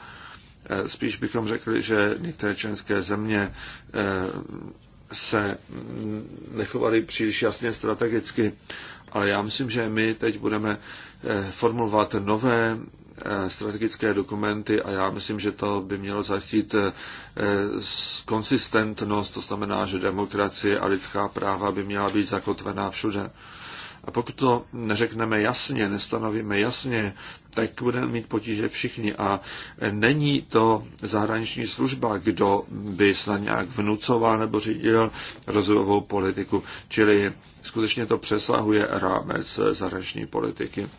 Eh, spíš bychom řekli, že některé členské země se mm, nechovaly příliš jasně strategicky, ale já myslím, že my teď budeme formulovat nové Eh, strategické dokumenty a já myslím, že to by mělo zajistit eh, konsistentnost, to znamená, že demokracie a lidská práva by měla být zakotvená všude. A pokud to neřekneme jasně, nestanovíme jasně, tak budeme mít potíže všichni. A není to zahraniční služba, kdo by snad nějak vnucoval nebo řídil rozvojovou politiku. Čili skutečně to přesahuje rámec zahraniční politiky.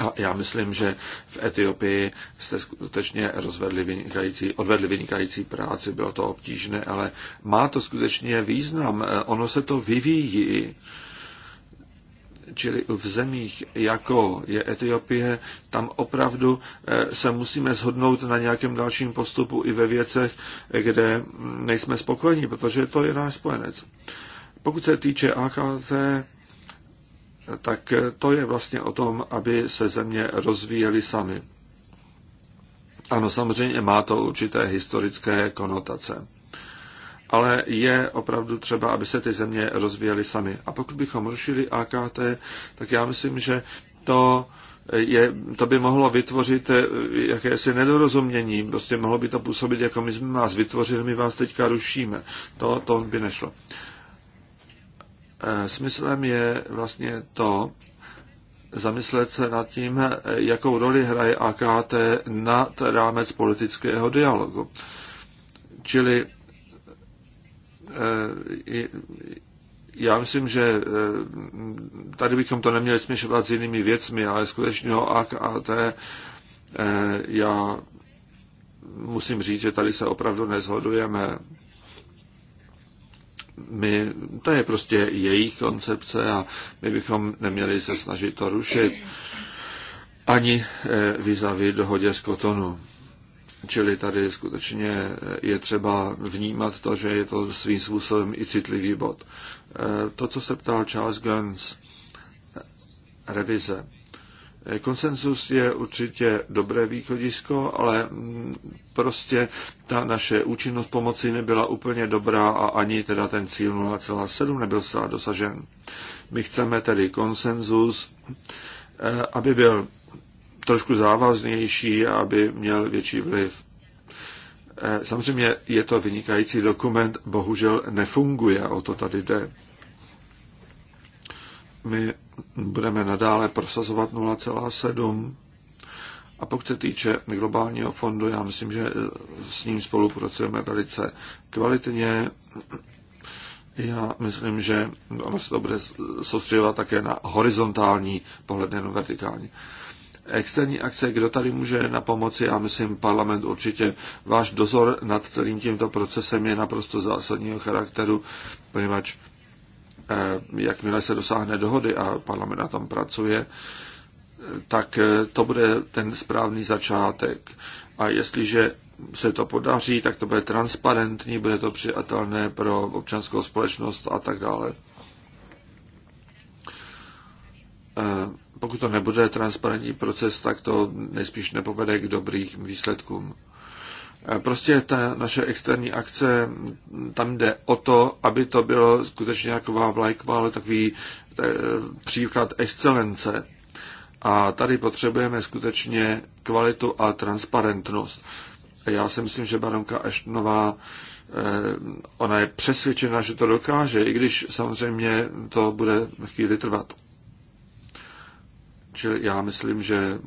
A já myslím, že v Etiopii jste skutečně rozvedli vynikající, odvedli vynikající práci, bylo to obtížné, ale má to skutečně význam. Eh, ono se to vyvíjí. Čili v zemích, jako je Etiopie, tam opravdu eh, se musíme shodnout na nějakém dalším postupu i ve věcech, kde nejsme spokojeni, protože to je náš spojenec. Pokud se týče AKT, tak to je vlastně o tom, aby se země rozvíjely sami. Ano, samozřejmě má to určité historické konotace. Ale je opravdu třeba, aby se ty země rozvíjely sami. A pokud bychom rušili AKT, tak já myslím, že to, je, to by mohlo vytvořit eh, jakési nedorozumění. Prostě mohlo by to působit, jako my jsme vás vytvořili, my vás teďka rušíme. To, to by nešlo. Uh, E, smyslem je vlastně to, zamyslet se nad tím, jakou roli hraje AKT na rámec politického dialogu. Čili e, já myslím, že e, tady bychom to neměli směšovat s jinými věcmi, ale o AKT já musím říct, že tady se opravdu nezhodujeme my, to je prostě jejich koncepce a my bychom neměli se snažit to rušit ani eh, vyzavit dohodě z Kotonu. Čili tady skutečně eh, je třeba vnímat to, že je to svým způsobem i citlivý bod. Eh, to, co se ptal Charles Guns, revize. Konsenzus je určitě dobré východisko, ale prostě ta naše účinnost pomoci nebyla úplně dobrá a ani teda ten cíl 0,7 nebyl zcela dosažen. My chceme tedy konsenzus, eh, aby byl trošku závaznější a aby měl větší vliv. Eh, samozřejmě je to vynikající dokument, bohužel nefunguje, o to tady jde. My budeme nadále prosazovat 0,7 a pokud se týče globálního fondu, já myslím, že s ním spolupracujeme velice kvalitně. Já myslím, že ono se to bude soustředovat také na horizontální pohled, nejenom vertikální. Externí akce, kdo tady může na pomoci, já myslím, parlament určitě. Váš dozor nad celým tímto procesem je naprosto zásadního charakteru, poněvadž Eh, jakmile se dosáhne dohody a parlament na tom pracuje, eh, tak eh, to bude ten správný začátek. A jestliže se to podaří, tak to bude transparentní, bude to přijatelné pro občanskou společnost a tak dále. Pokud to nebude transparentní proces, tak to nejspíš nepovede k dobrým výsledkům. Eh, prostě ta naše externí akce, mm, tam jde o to, aby to bylo skutečně taková vlajková, ale takový eh, příklad excelence. A tady potřebujeme skutečně kvalitu a transparentnost. Já si myslím, že baronka Eštnová, eh, ona je přesvědčena, že to dokáže, i když samozřejmě to bude chvíli trvat. Čili já myslím, že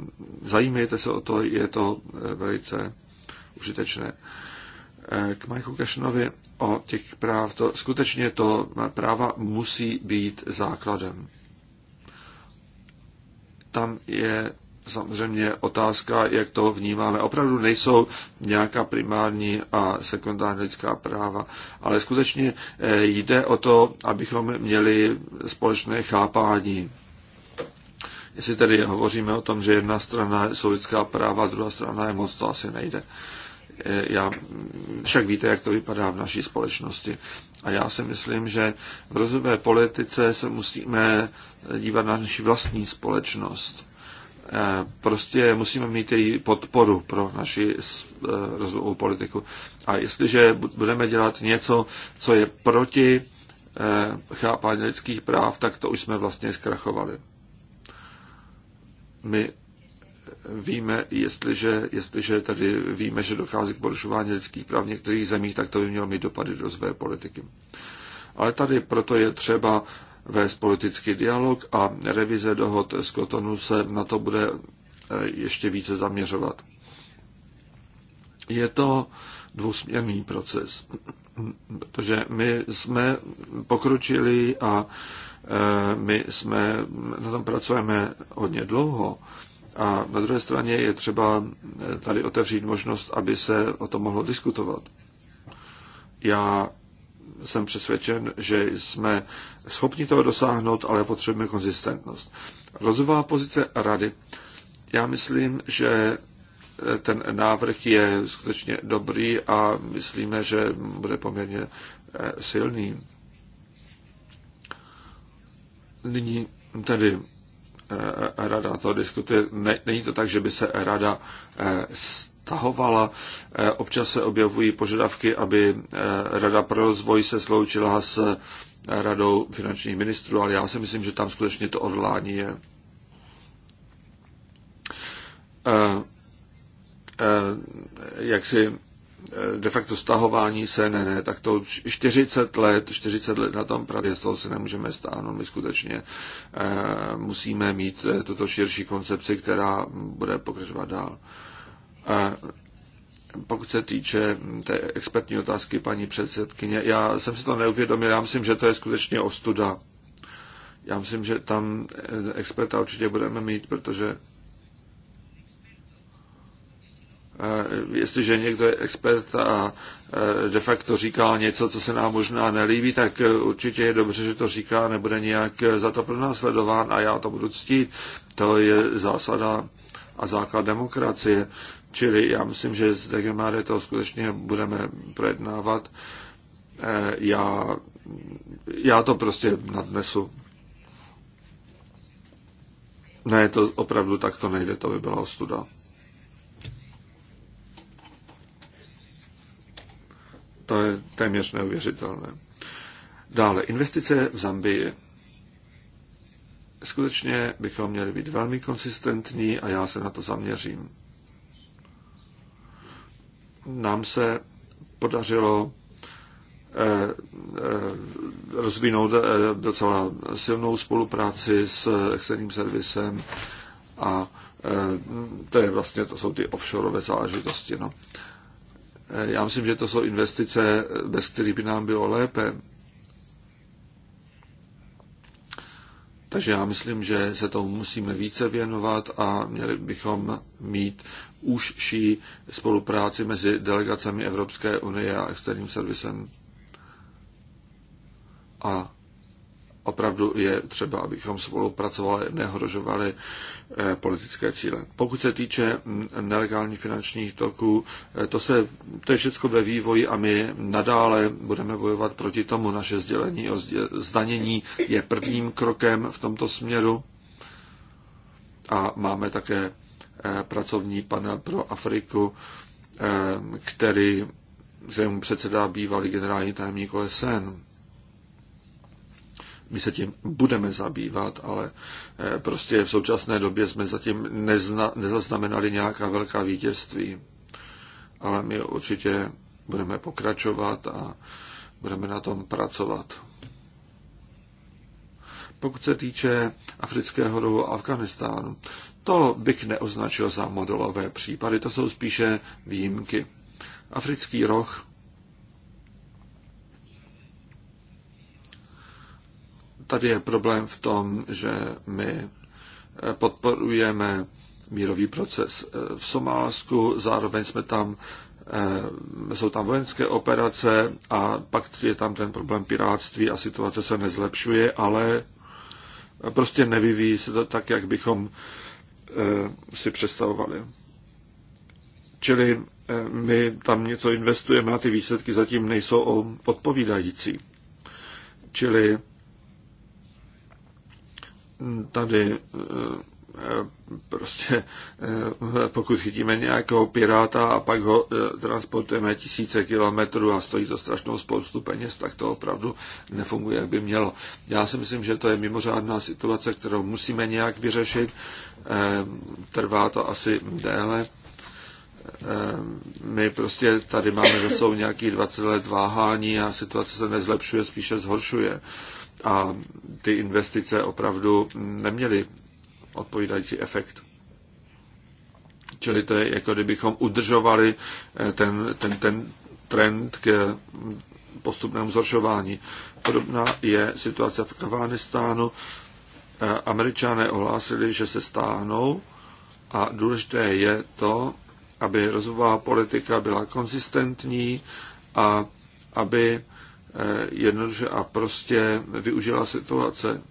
zajímejte se o to, je to velice užitečné. Eh, k Michaelu Kašnovi o těch práv, to skutečně to práva musí být základem. Tam je samozřejmě otázka, jak to vnímáme. Opravdu nejsou nějaká primární a sekundární lidská práva, ale skutečně eh, jde o to, abychom měli společné chápání. Jestli tedy hovoříme o tom, že jedna strana jsou lidská práva, druhá strana je moc, to asi nejde. Eh, já však víte, jak to vypadá v naší společnosti. A já si myslím, že v rozvojové politice se musíme dívat na naši vlastní společnost. Eh, prostě musíme mít její podporu pro naši eh, rozvojovou politiku. A jestliže budeme dělat něco, co je proti chápání lidských práv, tak to už jsme vlastně zkrachovali. My víme, jestliže, jestliže tady víme, že dochází k porušování lidských práv v některých zemích, tak to by mělo mít dopady do své politiky. Ale tady proto je třeba vést politický dialog a revize dohod z Kotonu se na to bude eh, ještě více zaměřovat. Je to dvousměrný proces, protože my jsme pokročili a eh, my jsme na tom pracujeme hodně dlouho, a na druhé straně je třeba tady otevřít možnost, aby se o tom mohlo diskutovat. Já jsem přesvědčen, že jsme schopni toho dosáhnout, ale potřebujeme konzistentnost. Rozová pozice rady. Já myslím, že ten návrh je skutečně dobrý a myslíme, že bude poměrně eh, silný. Nyní tedy Eh, rada to diskutuje. Není to tak, že by se rada eh, stahovala. Eh, občas se objevují požadavky, aby Rada pro rozvoj se sloučila s radou finančních ministrů, ale já si myslím, že tam skutečně to odlání je. Jak si Eh, de facto stahování se, ne, ne, tak to 40 let, 40 let na tom právě z toho se nemůžeme stáhnout. My skutečně eh, musíme mít eh, tuto širší koncepci, která bude pokračovat dál. Pokud se týče hm, té expertní otázky paní předsedkyně, já jsem si to neuvědomil, já myslím, že to je skutečně ostuda. Já myslím, že tam experta určitě budeme mít, protože Eh, jestliže někdo je expert a eh, de facto říká něco, co se nám možná nelíbí, tak eh, určitě je dobře, že to říká, nebude nějak za to pronásledován a já to budu ctít. To je zásada a základ demokracie. Čili já myslím, že z DGMR to skutečně budeme projednávat. Já, já to prostě nadnesu. Ne, to opravdu tak to nejde, to by byla ostuda. To je téměř neuvěřitelné. Dále, investice v Zambii. Skutečně bychom měli být velmi konsistentní a já se na to zaměřím. Nám se podařilo eh, eh, rozvinout eh, docela silnou spolupráci s externím servisem a to je vlastně, to jsou ty offshoreové záležitosti. No. Já myslím, že to jsou investice, bez kterých by nám bylo lépe. Takže já myslím, že se tomu musíme více věnovat a měli bychom mít užší spolupráci mezi delegacemi Evropské unie a externím servisem. A opravdu je třeba, abychom spolupracovali, nehrožovali eh, politické cíle. Pokud se týče nelegálních finančních toků, eh, to, se, to je všechno ve vývoji a my nadále budeme bojovat proti tomu. Naše sdělení o zdanění je prvním krokem v tomto směru a máme také eh, pracovní panel pro Afriku, který, kterému předsedá bývalý generální tajemník OSN. My se tím budeme zabývat, ale eh, prostě v současné době jsme zatím nezna, nezaznamenali nějaká velká vítězství. Ale my určitě budeme pokračovat a budeme na tom pracovat. Pokud se týče afrického rohu Afganistánu, to bych neoznačil za modelové případy, to jsou spíše výjimky. Africký roh tady je problém v tom, že my eh, podporujeme mírový proces eh, v Somálsku, zároveň jsme tam, eh, jsou tam vojenské operace a pak je tam ten problém piráctví a situace se nezlepšuje, ale prostě nevyvíjí se to tak, jak bychom si představovali. Čili my tam něco investujeme a ty výsledky zatím nejsou odpovídající. Čili tady eh, prostě eh, pokud chytíme nějakého piráta a pak ho eh, transportujeme tisíce kilometrů a stojí to strašnou spoustu peněz, tak to opravdu nefunguje, jak by mělo. Já si myslím, že to je mimořádná situace, kterou musíme nějak vyřešit. Trvá to asi déle. My prostě tady máme za sebou nějaký 20 let váhání a situace se nezlepšuje, spíše zhoršuje a ty investice opravdu neměly odpovídající efekt. Čili to je jako kdybychom udržovali eh, ten, ten, ten trend k eh, postupnému zhoršování. Podobná je situace v Afganistánu. Eh, Američané ohlásili, že se stáhnou a důležité je to, aby rozvojová politika byla konzistentní a aby Eh, jednoduše a prostě využila situace.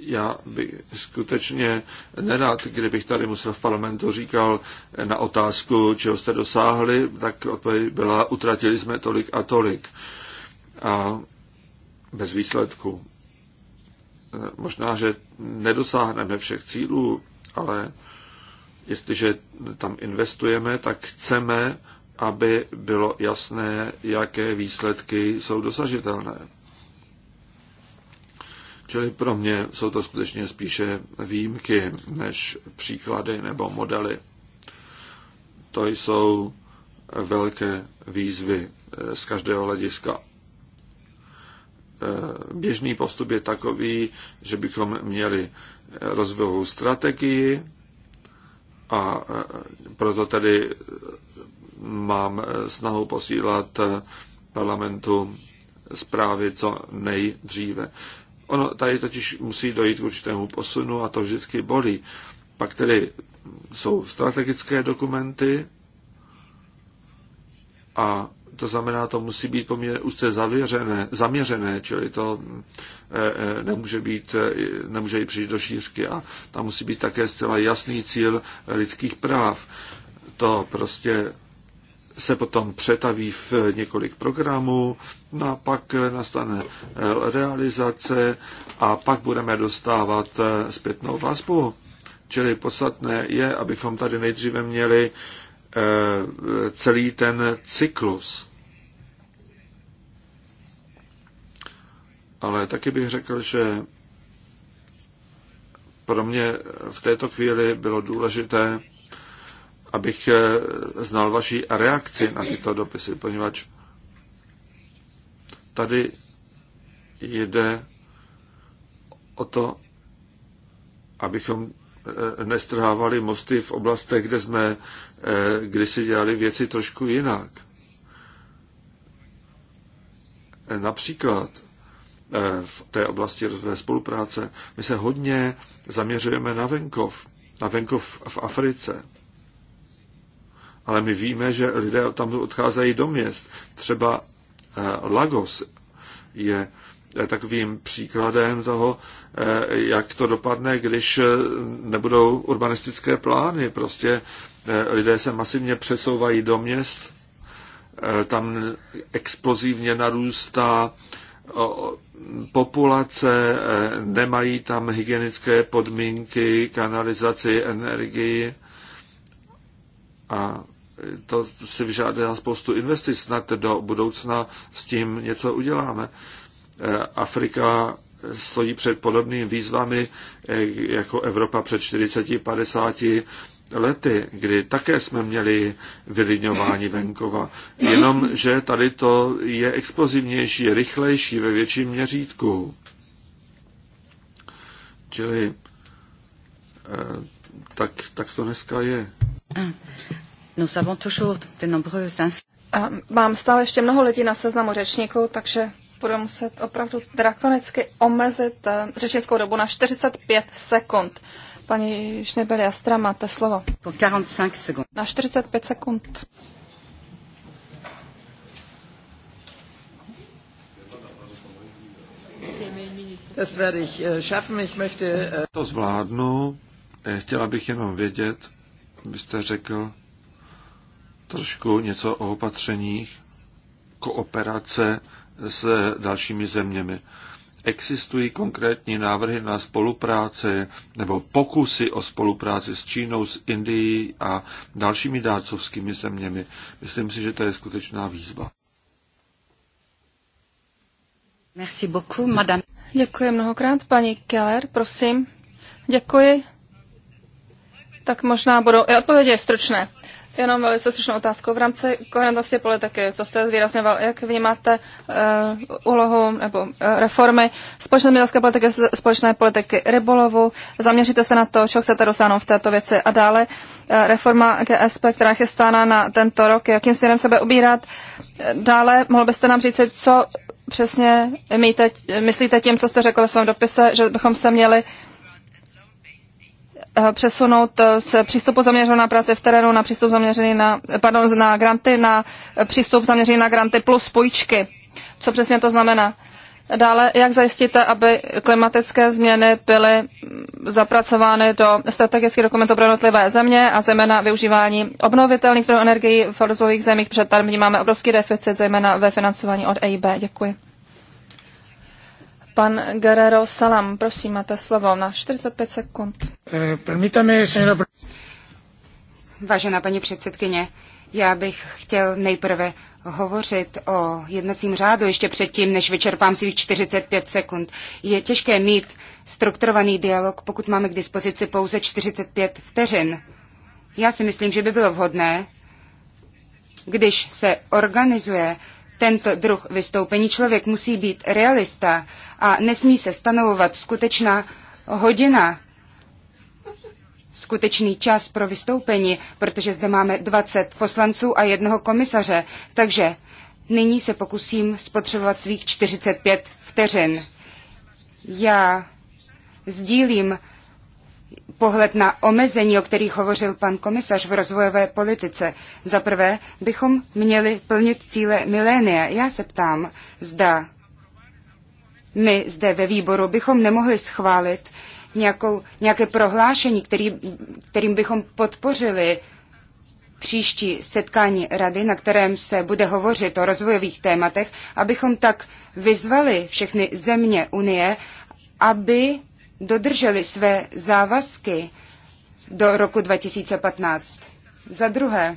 Já bych skutečně nerad, kdybych tady musel v parlamentu říkal eh, na otázku, čeho jste dosáhli, tak odpověď byla, utratili jsme tolik a tolik. A bez výsledku. Eh, možná, že nedosáhneme všech cílů, ale jestliže tam investujeme, tak chceme aby bylo jasné, jaké výsledky jsou dosažitelné. Čili pro mě jsou to skutečně spíše výjimky než příklady nebo modely. To jsou velké výzvy eh, z každého hlediska. Eh, běžný postup je takový, že bychom měli rozvojovou strategii a eh, proto tedy mám snahu posílat parlamentu zprávy co nejdříve. Ono tady totiž musí dojít k určitému posunu a to vždycky bolí. Pak tedy jsou strategické dokumenty a to znamená, to musí být poměrně se zavěřené, zaměřené, čili to eh, eh, nemůže, být, eh, nemůže jít přijít do šířky a tam musí být také zcela jasný cíl lidských práv. To prostě se potom přetaví v několik programů, no a pak nastane realizace a pak budeme dostávat eh, zpětnou vazbu. Čili podstatné je, abychom tady nejdříve měli eh, celý ten cyklus. Ale taky bych řekl, že pro mě v této chvíli bylo důležité abych eh, znal vaši reakci na tyto dopisy, poněvadž tady jde o to, abychom eh, nestrhávali mosty v oblastech, kde jsme eh, kdysi dělali věci trošku jinak. Například v té oblasti rozvoje spolupráce my se hodně zaměřujeme na venkov, na venkov v Africe ale my víme, že lidé tam odcházejí do měst. Třeba eh, Lagos je eh, takovým příkladem toho, eh, jak to dopadne, když nebudou urbanistické plány. Prostě lidé se masivně přesouvají do měst, tam explozivně narůstá populace, nemají tam hygienické podmínky, kanalizaci, energii a to si vyžádá spoustu investic, snad do budoucna s tím něco uděláme. E, Afrika stojí před podobnými výzvami e, jako Evropa před 40-50 lety, kdy také jsme měli vylidňování venkova. Jenom, že tady to je explozivnější, je rychlejší ve větším měřítku. Čili e, tak, tak to dneska je. Nous avons toujours de nombreux a mám stále ještě mnoho lidí na seznamu řečníků, takže budu muset opravdu drakonicky omezit eh, řečnickou dobu na 45 sekund. Paní Šnebel Jastra, máte slovo. 45 sekund. Na 45 sekund. To zvládnu. Eh, chtěla bych jenom vědět, byste řekl, trošku něco o opatřeních kooperace s dalšími zeměmi. Existují konkrétní návrhy na spolupráci nebo pokusy o spolupráci s Čínou, s Indií a dalšími dárcovskými zeměmi. Myslím si, že to je skutečná výzva. Merci beaucoup, madame. Děkuji mnohokrát. Paní Keller, prosím. Děkuji. Tak možná budou i odpovědi stručné. Jenom velice slušnou otázku. V rámci koherentnosti politiky, co jste zvýrazněval, jak vnímáte uh, úlohu nebo uh, reformy společné zemědělské politiky, společné politiky rybolovu? Zaměříte se na to, co chcete dosáhnout v této věci a dále? Uh, reforma GSP, která je chystána na tento rok, jakým směrem sebe ubírat? Dále, mohl byste nám říct, co přesně míte, myslíte tím, co jste řekl ve svém dopise, že bychom se měli uh, Eh, přesunout eh, z přístupu zaměřeného na práce v terénu na přístup zaměřený na, pardon, na granty, na eh, přístup zaměřený na granty plus půjčky. Co přesně to znamená? Dále, jak zajistíte, aby klimatické změny byly mm, zapracovány do strategických dokumentů pro jednotlivé země a zejména využívání obnovitelných zdrojů energií v rozvojových zemích, protože tady máme obrovský deficit, zejména ve financování od EIB. Děkuji. Pan Guerrero Salam, prosím, máte slovo na 45 sekund. Eh, permítame, señora... Vážená paní předsedkyně, já bych chtěl nejprve hovořit o jednacím řádu ještě předtím, než vyčerpám svých 45 sekund. Je těžké mít strukturovaný dialog, pokud máme k dispozici pouze 45 vteřin. Já si myslím, že by bylo vhodné, když se organizuje tento druh vystoupení. Člověk musí být realista a nesmí se stanovovat skutečná hodina, skutečný čas pro vystoupení, protože zde máme 20 poslanců a jednoho komisaře. Takže nyní se pokusím spotřebovat svých 45 vteřin. Já sdílím pohled na omezení, o kterých hovořil pan komisař v rozvojové politice. Za prvé bychom měli plnit cíle milénia. Já se ptám, zda my zde ve výboru bychom nemohli schválit nějakou, nějaké prohlášení, který, kterým bychom podpořili příští setkání rady, na kterém se bude hovořit o rozvojových tématech, abychom tak vyzvali všechny země Unie, aby dodrželi své závazky do roku 2015. Za druhé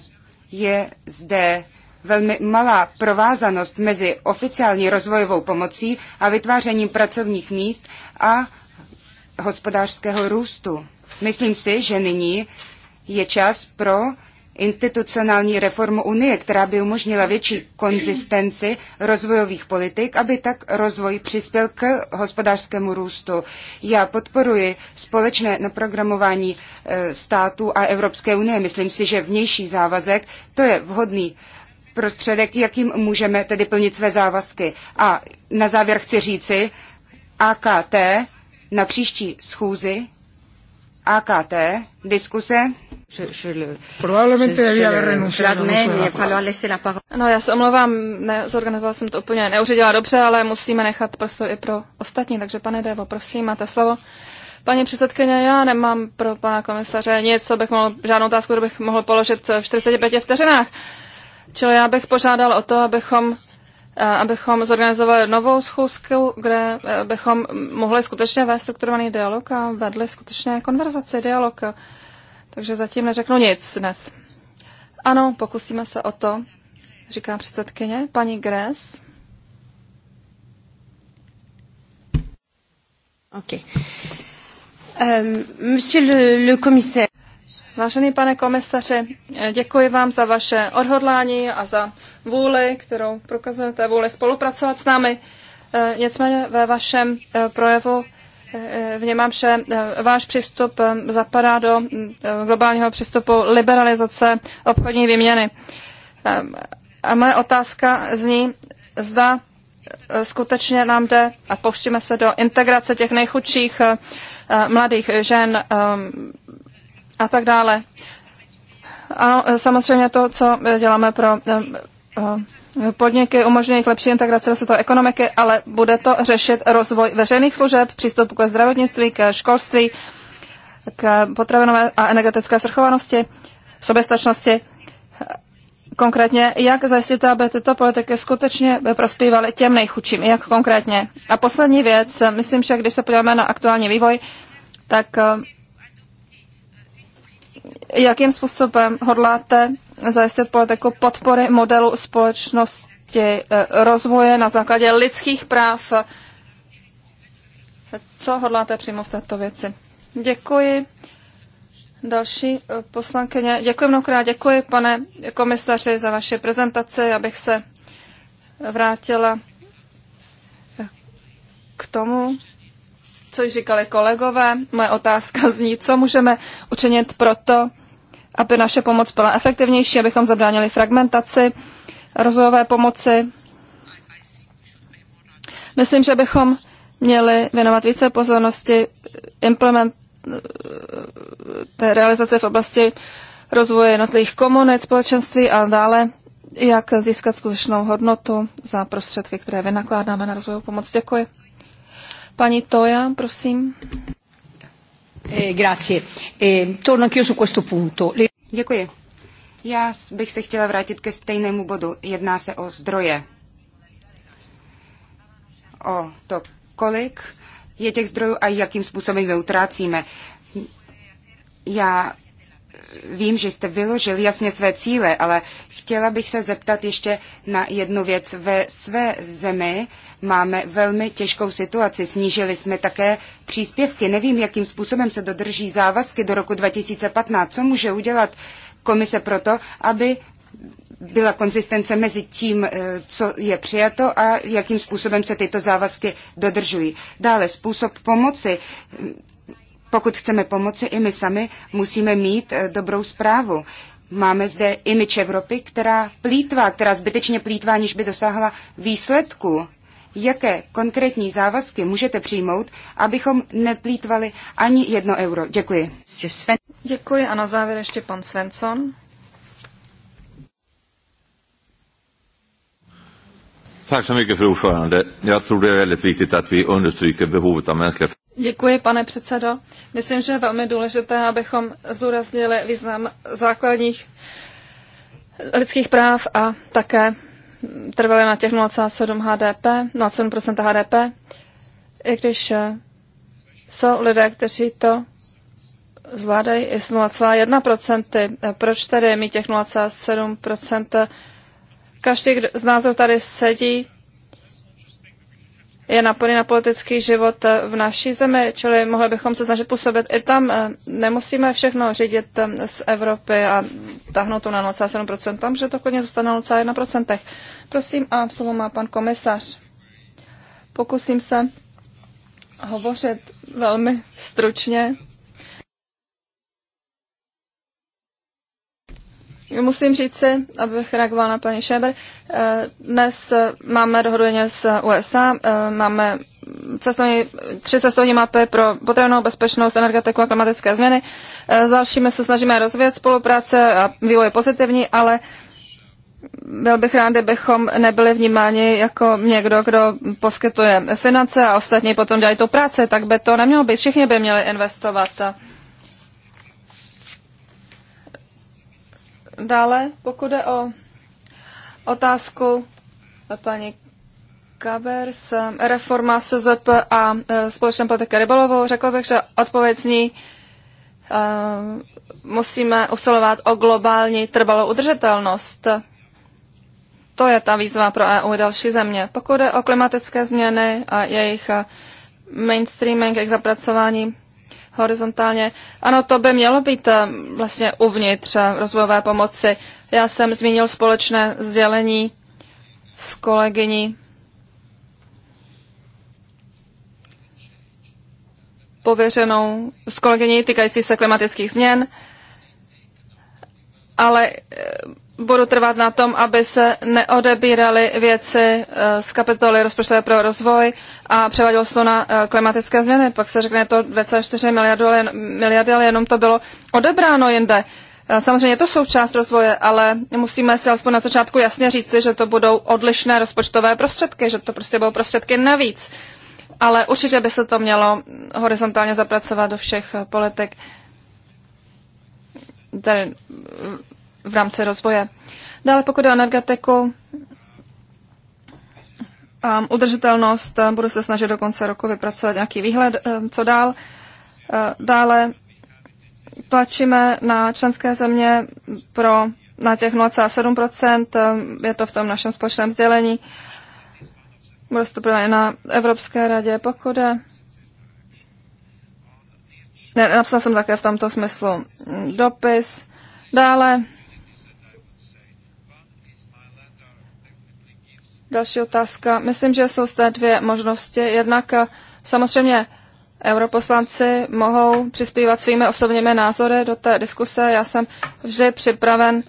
je zde velmi malá provázanost mezi oficiální rozvojovou pomocí a vytvářením pracovních míst a hospodářského růstu. Myslím si, že nyní je čas pro institucionální reformu Unie, která by umožnila větší konzistenci rozvojových politik, aby tak rozvoj přispěl k hospodářskému růstu. Já podporuji společné naprogramování e, států a Evropské unie. Myslím si, že vnější závazek to je vhodný prostředek, jakým můžeme tedy plnit své závazky. A na závěr chci říci, AKT na příští schůzi AKT diskuse je, je le, Probablemente debía haber renunciado. No, já se omlouvám, ne, jsem to úplně neuřídila dobře, ale musíme nechat prostor i pro ostatní, takže pane Devo, prosím, máte slovo. Paní předsedkyně, já nemám pro pana komisaře nic, co bych mohl, žádnou otázku, kterou bych mohl položit v 45 vteřinách. Čili já bych požádal o to, abychom eh, abychom zorganizovali novou schůzku, kde eh, bychom mohli skutečně vést strukturovaný dialog a vedli skutečně konverzaci, dialog takže zatím neřeknu nic dnes. Ano, pokusíme se o to, říká předsedkyně. Paní Gres. OK. Um, monsieur le, le commissaire. Vážený pane komisaři, děkuji vám za vaše odhodlání a za vůli, kterou prokazujete, vůli spolupracovat s námi. Eh, nicméně ve vašem eh, projevu Vnímám, že eh, váš přístup eh, zapadá do mm, eh, globálního přístupu liberalizace obchodní výměny. A moje otázka zní, zda skutečně nám jde a pouštíme se do integrace těch nejchudších mladých žen a tak dále. Ano, samozřejmě to, co děláme pro podniky, umožňují jejich lepší integraci do světové ekonomiky, ale bude to řešit rozvoj veřejných služeb, přístup ke zdravotnictví, ke školství, k potravinové a energetické svrchovanosti, soběstačnosti. Konkrétně, jak zajistit, aby tyto politiky skutečně by prospívaly těm nejchudším, jak konkrétně. A poslední věc, myslím, že když se podíváme na aktuální vývoj, tak jakým způsobem hodláte zajistit politiku jako podpory modelu společnosti eh, rozvoje na základě lidských práv. Co hodláte přímo v této věci? Děkuji. Další eh, poslankyně. Děkuji mnohokrát. Děkuji, pane komisaři, za vaši prezentaci. Já bych se vrátila eh, k tomu, co již říkali kolegové. Moje otázka zní, co můžeme učinit proto, aby naše pomoc byla efektivnější, abychom zabránili fragmentaci rozvojové pomoci. Myslím, že bychom měli věnovat více pozornosti implement té realizace v oblasti rozvoje jednotlivých komunit, společenství a dále, jak získat skutečnou hodnotu za prostředky, které vynakládáme na rozvojovou pomoc. Děkuji. Pani Toja, prosím. Eh, eh, Děkuji. Já bych se chtěla vrátit ke stejnému bodu. Jedná se o zdroje. O to, kolik je těch zdrojů a jakým způsobem je utrácíme. Já vím, že jste vyložil jasně své cíle, ale chtěla bych se zeptat ještě na jednu věc. Ve své zemi máme velmi těžkou situaci. Snížili jsme také příspěvky. Nevím, jakým způsobem se dodrží závazky do roku 2015. Co může udělat komise proto, aby byla konzistence mezi tím, eh, co je přijato a jakým způsobem se tyto závazky dodržují. Dále způsob pomoci. Pokud chceme pomoci i my sami, musíme mít eh, dobrou zprávu. Máme zde imič Evropy, která plítvá, která zbytečně plítvá, aniž by dosáhla výsledku. Jaké konkrétní závazky můžete přijmout, abychom neplítvali ani jedno euro? Děkuji. Děkuji a na závěr ještě pan Svensson. Tak se mycket, fru ordförande. Jag tror det är väldigt viktigt att behovet a mänskliga Děkuji, pane předsedo. Myslím, že je velmi důležité, abychom zdůraznili význam základních lidských práv a také trvali na těch 0,7 HDP, 0,7 HDP, i když eh, jsou lidé, kteří to zvládají i s 0,1%. Proč tedy mít těch 0,7%? Každý z nás, tady sedí, je napojený na politický život v naší zemi, čili mohli bychom se snažit působit i tam. Eh, nemusíme všechno řídit eh, z Evropy a tahnout to na 0,7%, tam, že to klidně zůstane na 0,1%. Prosím, a slovo má pan komisař. Pokusím se hovořit velmi stručně. Musím říct si, abych reagoval na paní Šeber, eh, dnes eh, máme dohodu s USA, eh, máme cestovní, tři cestovní mapy pro potravinovou bezpečnost, energetiku a klimatické změny. S dalšími se snažíme rozvíjet spolupráce a vývoj je pozitivní, ale byl bych rád, kdybychom nebyli vnímáni jako někdo, kdo poskytuje finance a ostatní potom dělají tu práci, tak by to nemělo být. Všichni by měli investovat. Dále, pokud je o otázku paní Kavers, eh, reforma SZP a eh, společné politiky rybolovou, řekl bych, že odpověď zní, eh, musíme usilovat o globální trvalou udržitelnost. To je ta výzva pro EU i další země. Pokud je o klimatické změny a jejich mainstreaming, jejich zapracování horizontálně. Ano, to by mělo být eh, vlastně uvnitř eh, rozvojové pomoci. Já jsem zmínil společné sdělení s kolegyní. pověřenou s kolegyní týkající se klimatických změn, ale eh, budu trvat na tom, aby se neodebíraly věci eh, z kapitoly rozpočtové pro rozvoj a převádělo se to na eh, klimatické změny. Pak se řekne to 2,4 miliardy, ale, miliardy, ale jenom to bylo odebráno jinde. Eh, samozřejmě to součást rozvoje, ale musíme si alespoň na začátku jasně říci, že to budou odlišné rozpočtové prostředky, že to prostě budou prostředky navíc. Ale určitě by se to mělo horizontálně zapracovat do všech politik. Tady v rámci rozvoje. Dále pokud o energetiku, um, udržitelnost, um, budu se snažit do konce roku vypracovat nějaký výhled, um, co dál. Uh, dále tlačíme na členské země pro na těch 0,7%, um, je to v tom našem společném sdělení. Bude to i na Evropské radě, pokud je. Ne, napsal jsem také v tomto smyslu dopis. Dále Další otázka. Myslím, že jsou zde dvě možnosti. Jednak eh, samozřejmě europoslanci mohou přispívat svými osobními názory do té diskuse. Já jsem vždy připraven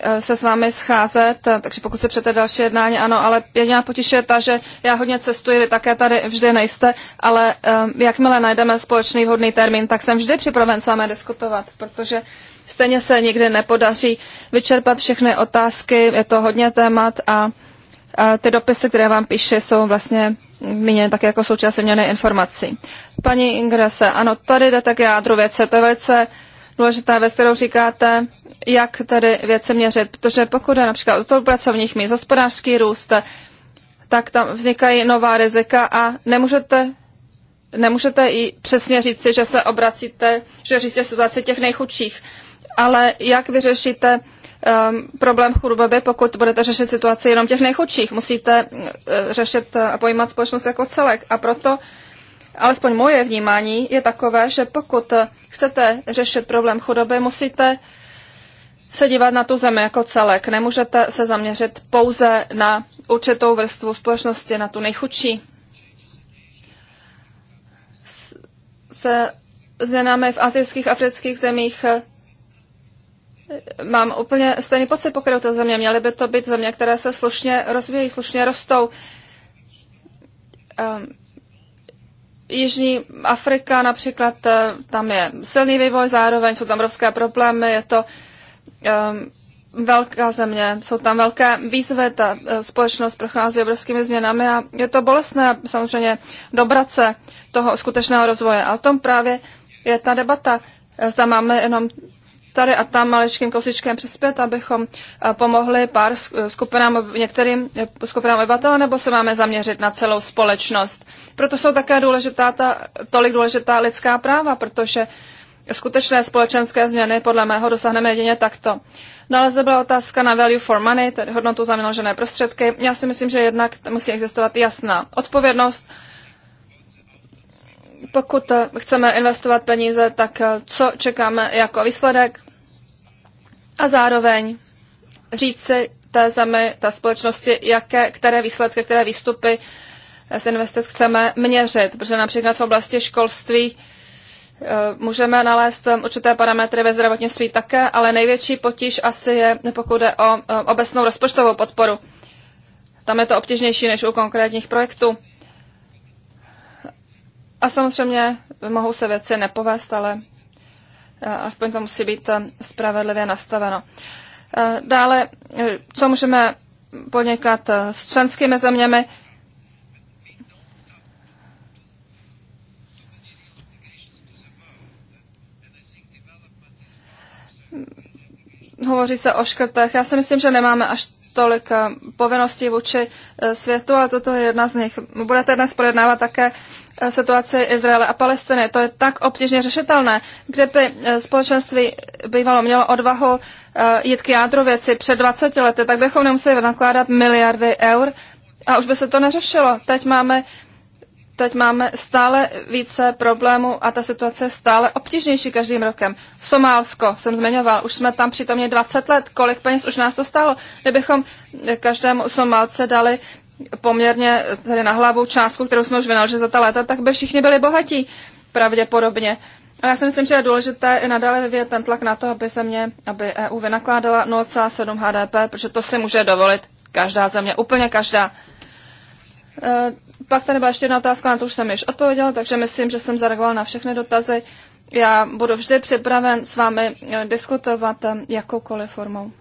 eh, se s vámi scházet, eh, takže pokud se přete další jednání, ano, ale jediná potíž je ta, že já hodně cestuji, vy také tady vždy nejste, ale um, jakmile najdeme společný vhodný termín, tak jsem vždy připraven s vámi diskutovat, protože stejně se nikdy nepodaří vyčerpat všechny otázky, je to hodně témat a a ty dopisy, které vám píše, jsou vlastně míněny také jako součást měné informací. Paní Ingrese, ano, tady jde tak jádru věce. To je velice důležitá věc, kterou říkáte, jak tady věce měřit, protože pokud je například o to pracovních míst, hospodářský růst, tak tam vznikají nová rizika a nemůžete nemůžete i přesně si, že se obracíte, že řešíte situaci těch nejchudších, ale jak vyřešíte um, problém chudoby, pokud budete řešit situaci jenom těch nejchudších. Musíte uh, řešit eh, a pojímat společnost jako celek. A proto, alespoň moje vnímání, je takové, že pokud eh, chcete řešit problém chudoby, musíte se dívat na tu zemi jako celek. Nemůžete se zaměřit pouze na určitou vrstvu společnosti, na tu nejchudší. Se změnami v azijských, afrických zemích mám úplně stejný pocit, pokud o to země. Měly by to být země, které se slušně rozvíjí, slušně rostou. Um, Jižní Afrika například, eh, tam je silný vývoj, zároveň jsou tam obrovské problémy, je to um, velká země, jsou tam velké výzvy, ta eh, společnost prochází obrovskými změnami a je to bolestné samozřejmě dobrat se toho skutečného rozvoje. A o tom právě je ta debata. Zda máme jenom tady a tam maličkým kousičkem přispět, abychom eh, pomohli pár skupinám, některým eh, skupinám obyvatel, nebo se máme zaměřit na celou společnost. Proto jsou také důležitá ta, tolik důležitá lidská práva, protože skutečné společenské změny podle mého dosáhneme jedině takto. Dále no zde byla otázka na value for money, tedy hodnotu za vynaložené prostředky. Já si myslím, že jednak musí existovat jasná odpovědnost, pokud eh, chceme investovat peníze, tak co čekáme jako výsledek? a zároveň říct si té zemi, té společnosti, jaké, které výsledky, které výstupy z investic chceme měřit, protože například v oblasti školství eh, můžeme nalézt eh, určité parametry ve zdravotnictví také, ale největší potíž asi je, pokud jde o eh, obecnou rozpočtovou podporu. Tam je to obtížnější než u konkrétních projektů. A samozřejmě mohou se věci nepovést, ale aspoň to musí být eh, spravedlivě nastaveno. Eh, dále, eh, co můžeme podnikat s členskými zeměmi? Hovoří se o škrtech. Já si myslím, že nemáme až tolik povinností vůči e, světu, a toto je jedna z nich. Budete dnes projednávat také e, situaci Izraele a Palestiny. To je tak obtížně řešitelné. Kdyby e, společenství bývalo mělo odvahu jít k jádru věci před 20 lety, tak bychom nemuseli nakládat miliardy eur a už by se to neřešilo. Teď máme teď máme stále více problémů a ta situace je stále obtížnější každým rokem. Somálsko jsem zmiňoval, už jsme tam přítomně 20 let, kolik peněz už nás to stálo. Kdybychom každému Somálce dali poměrně tady na hlavu částku, kterou jsme už vynaložili za ta léta, tak by všichni byli bohatí pravděpodobně. A já si myslím, že je důležité i nadále vyvíjet ten tlak na to, aby se mě, aby EU vynakládala 0,7 HDP, protože to si může dovolit každá země, úplně každá. Eh, pak tady byla ještě jedna otázka, na to už jsem již odpověděla, takže myslím, že jsem zareagovala na všechny dotazy. Já budu vždy připraven s vámi eh, diskutovat eh, jakoukoliv formou.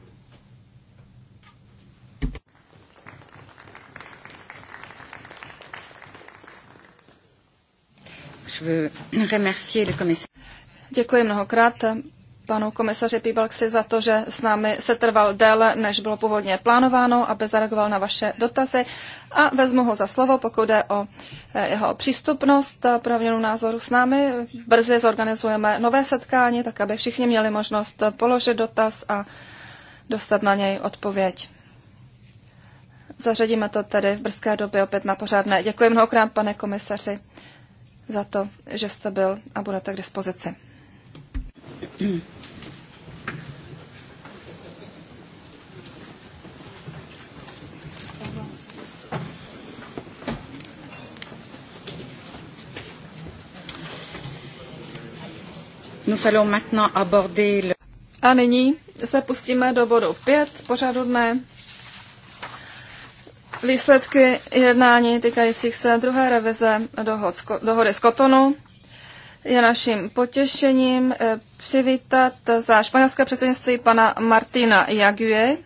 Děkuji mnohokrát panu komisaři Pibalksi za to, že s námi se trval déle, než bylo původně plánováno, aby zareagoval na vaše dotazy a vezmu ho za slovo, pokud jde o eh, jeho přístupnost proměnu názoru s námi. Brzy zorganizujeme nové setkání, tak aby všichni měli možnost položit dotaz a dostat na něj odpověď. Zařadíme to tedy v brzké době opět na pořádné. Děkuji mnohokrát, pane komisaři, za to, že jste byl a budete k dispozici. Nous allons maintenant aborder le... A nyní se pustíme do bodu 5 pořadu dne. Výsledky jednání týkajících se druhé revize dohod, dohody z Kotonu je naším potěšením eh, přivítat za španělské předsednictví pana Martina Jague,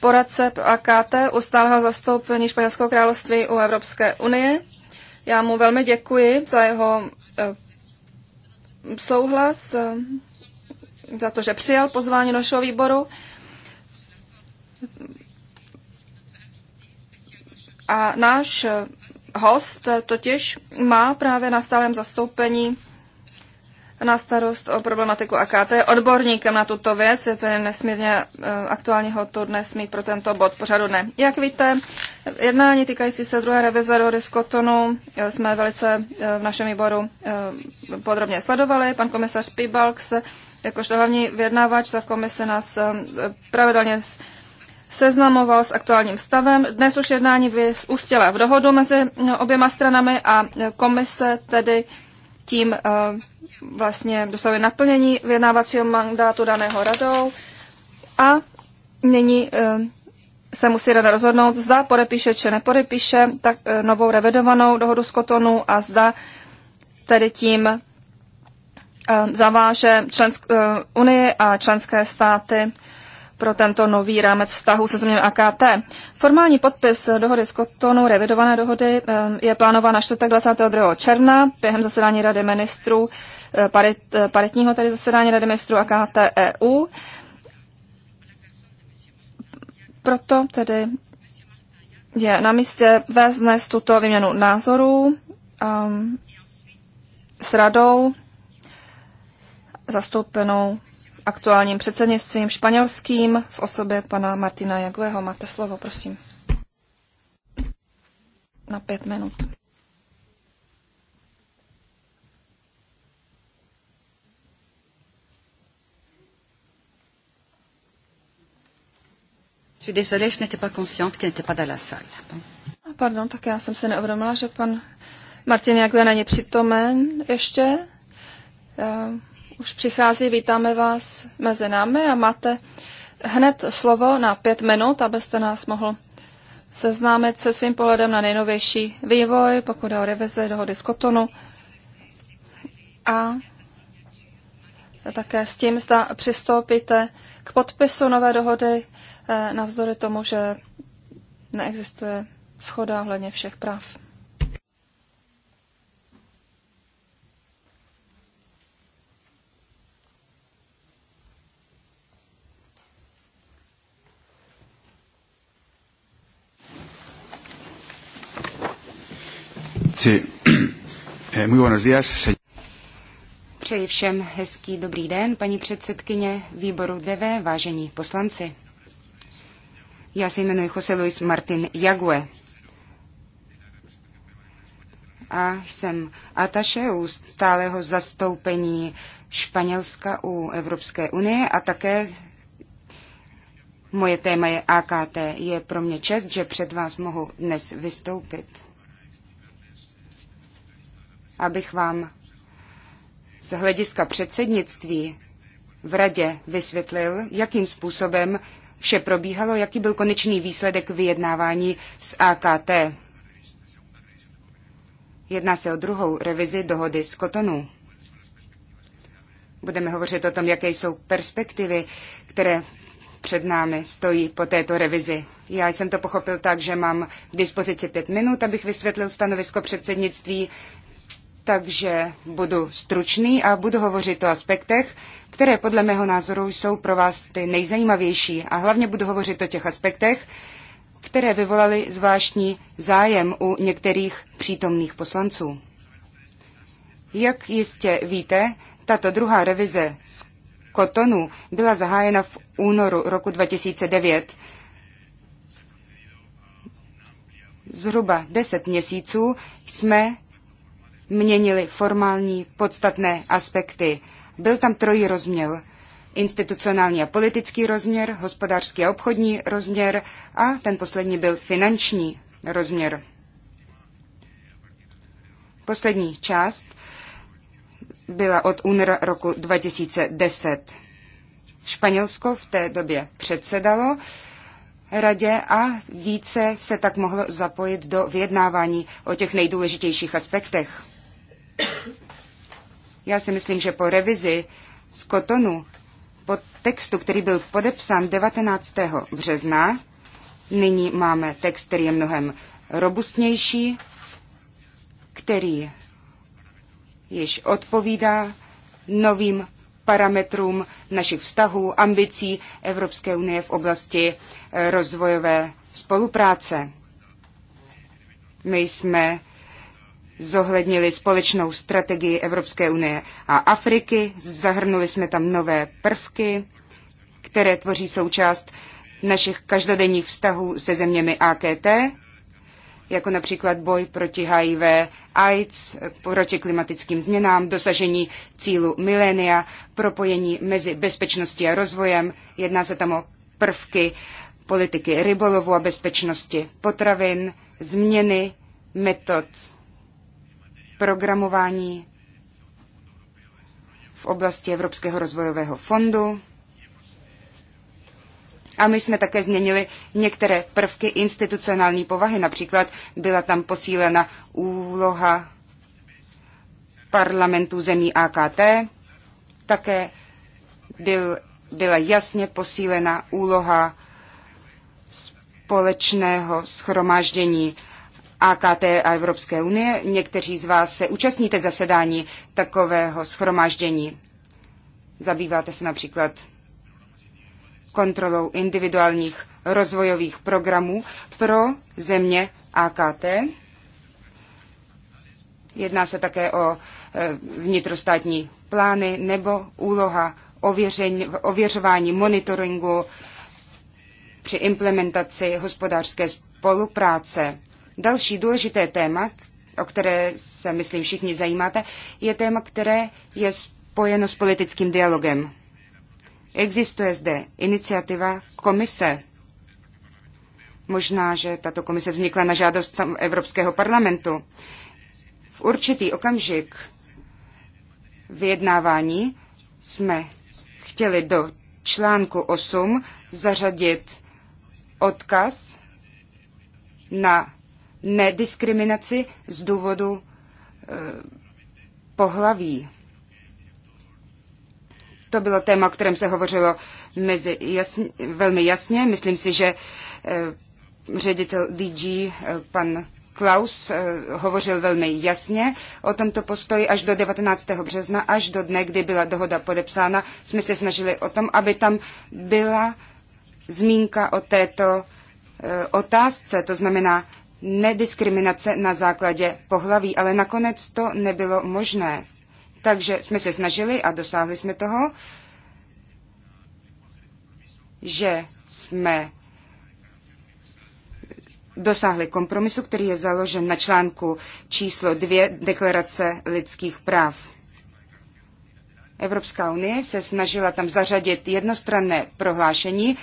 poradce pro AKT u stáleho zastoupení Španělského království u Evropské unie. Já mu velmi děkuji za jeho eh, souhlas eh, za to, že přijal pozvání našeho výboru. A náš eh, host totiž má právě na stálem zastoupení na starost o problematiku AKT odborníkem na tuto věc. Je tedy nesmírně eh, aktuálního to dnes mít pro tento bod pořadu ne. Jak víte, Jednání týkající se druhé revize dohody z Kotonu eh, jsme velice eh, v našem výboru eh, podrobně sledovali. Pan komisař se jakožto hlavní vyjednávač za komise, nás pravidelně seznamoval s aktuálním stavem. Dnes už jednání ustěla v dohodu mezi no, oběma stranami a komise tedy tím vlastně dostali naplnění vyjednávacího mandátu daného radou a nyní se musí rada rozhodnout, zda podepíše či nepodepíše tak eh, novou revidovanou dohodu z Kotonu a zda tedy tím eh, zaváže člensk, eh, Unii a členské státy pro tento nový rámec vztahu se zeměmi AKT. Formální podpis dohody z Kotonu, revidované dohody, je plánován na 4. 22. června během zasedání Rady ministrů, parit, paritního tedy zasedání Rady ministrů AKT EU. Proto tedy je na místě vést dnes tuto výměnu názorů um, s radou zastoupenou aktuálním předsednictvím španělským v osobě pana Martina Jagueho. Máte slovo, prosím. Na pět minut. suis désolée, je n'étais pas consciente qu'il n'était pas dans la salle. Ah, pardon, tak já jsem se neuvědomila, že pan Martin na ně přitomen ještě. Uh, už přichází, vítáme vás mezi námi a máte hned slovo na pět minut, abyste nás mohl seznámit se svým pohledem na nejnovější vývoj, pokud je o revize dohody z Kotonu a také s tím, zda přistoupíte k podpisu nové dohody, eh, navzdory tomu, že neexistuje schoda ohledně všech práv. Sí. Eh, muy buenos días. señor. Přeji všem hezký dobrý den, paní předsedkyně výboru DV, vážení poslanci. Já se jmenuji Jose Luis Martin Jague a jsem ataše u stáleho zastoupení Španělska u Evropské unie a také moje téma je AKT. Je pro mě čest, že před vás mohu dnes vystoupit, abych vám z hlediska předsednictví v radě vysvětlil, jakým způsobem vše probíhalo, jaký byl konečný výsledek vyjednávání s AKT. Jedná se o druhou revizi dohody z Kotonu. Budeme hovořit o tom, jaké jsou perspektivy, které před námi stojí po této revizi. Já jsem to pochopil tak, že mám k dispozici pět minut, abych vysvětlil stanovisko předsednictví takže budu stručný a budu hovořit o aspektech, které podle mého názoru jsou pro vás ty nejzajímavější. A hlavně budu hovořit o těch aspektech, které vyvolaly zvláštní zájem u některých přítomných poslanců. Jak jistě víte, tato druhá revize z Kotonu byla zahájena v únoru roku 2009. Zhruba 10 měsíců jsme měnili formální podstatné aspekty. Byl tam trojí rozměr. Institucionální a politický rozměr, hospodářský a obchodní rozměr a ten poslední byl finanční rozměr. Poslední část byla od února roku 2010. Španělsko v té době předsedalo radě a více se tak mohlo zapojit do vyjednávání o těch nejdůležitějších aspektech. Já si myslím, že po revizi z Kotonu, po textu, který byl podepsán 19. března, nyní máme text, který je mnohem robustnější, který již odpovídá novým parametrům našich vztahů, ambicí Evropské unie v oblasti eh, rozvojové spolupráce. My jsme zohlednili společnou strategii Evropské unie a Afriky, zahrnuli jsme tam nové prvky, které tvoří součást našich každodenních vztahů se zeměmi AKT, jako například boj proti HIV, AIDS, proti klimatickým změnám, dosažení cílu milénia, propojení mezi bezpečností a rozvojem. Jedná se tam o prvky politiky rybolovu a bezpečnosti potravin, změny metod programování v oblasti Evropského rozvojového fondu. A my jsme také změnili některé prvky institucionální povahy. Například byla tam posílena úloha parlamentu zemí AKT. Také byl, byla jasně posílena úloha společného schromáždění AKT a Evropské unie. Někteří z vás se účastníte zasedání takového schromáždění. Zabýváte se například kontrolou individuálních rozvojových programů pro země AKT. Jedná se také o e, vnitrostátní plány nebo úloha ověření, ověřování monitoringu při implementaci hospodářské spolupráce. Další důležité téma, o které se, myslím, všichni zajímáte, je téma, které je spojeno s politickým dialogem. Existuje zde iniciativa komise. Možná, že tato komise vznikla na žádost Evropského parlamentu. V určitý okamžik vyjednávání jsme chtěli do článku 8 zařadit odkaz na nediskriminaci z důvodu e, pohlaví. To bylo téma, o kterém se hovořilo mezi jasn, velmi jasně. Myslím si, že e, ředitel DG, e, eh, pan Klaus hovořil velmi jasně o tomto postoji až do 19. března, až do dne, kdy byla dohoda podepsána. Jsme se snažili o tom, aby tam byla zmínka o této otázce, to znamená nediskriminace na základě pohlaví, ale nakonec to nebylo možné. Takže jsme se snažili a dosáhli jsme toho, že jsme dosáhli kompromisu, který je založen na článku číslo 2 Deklarace lidských práv. Evropská unie se snažila tam zařadit jednostranné prohlášení,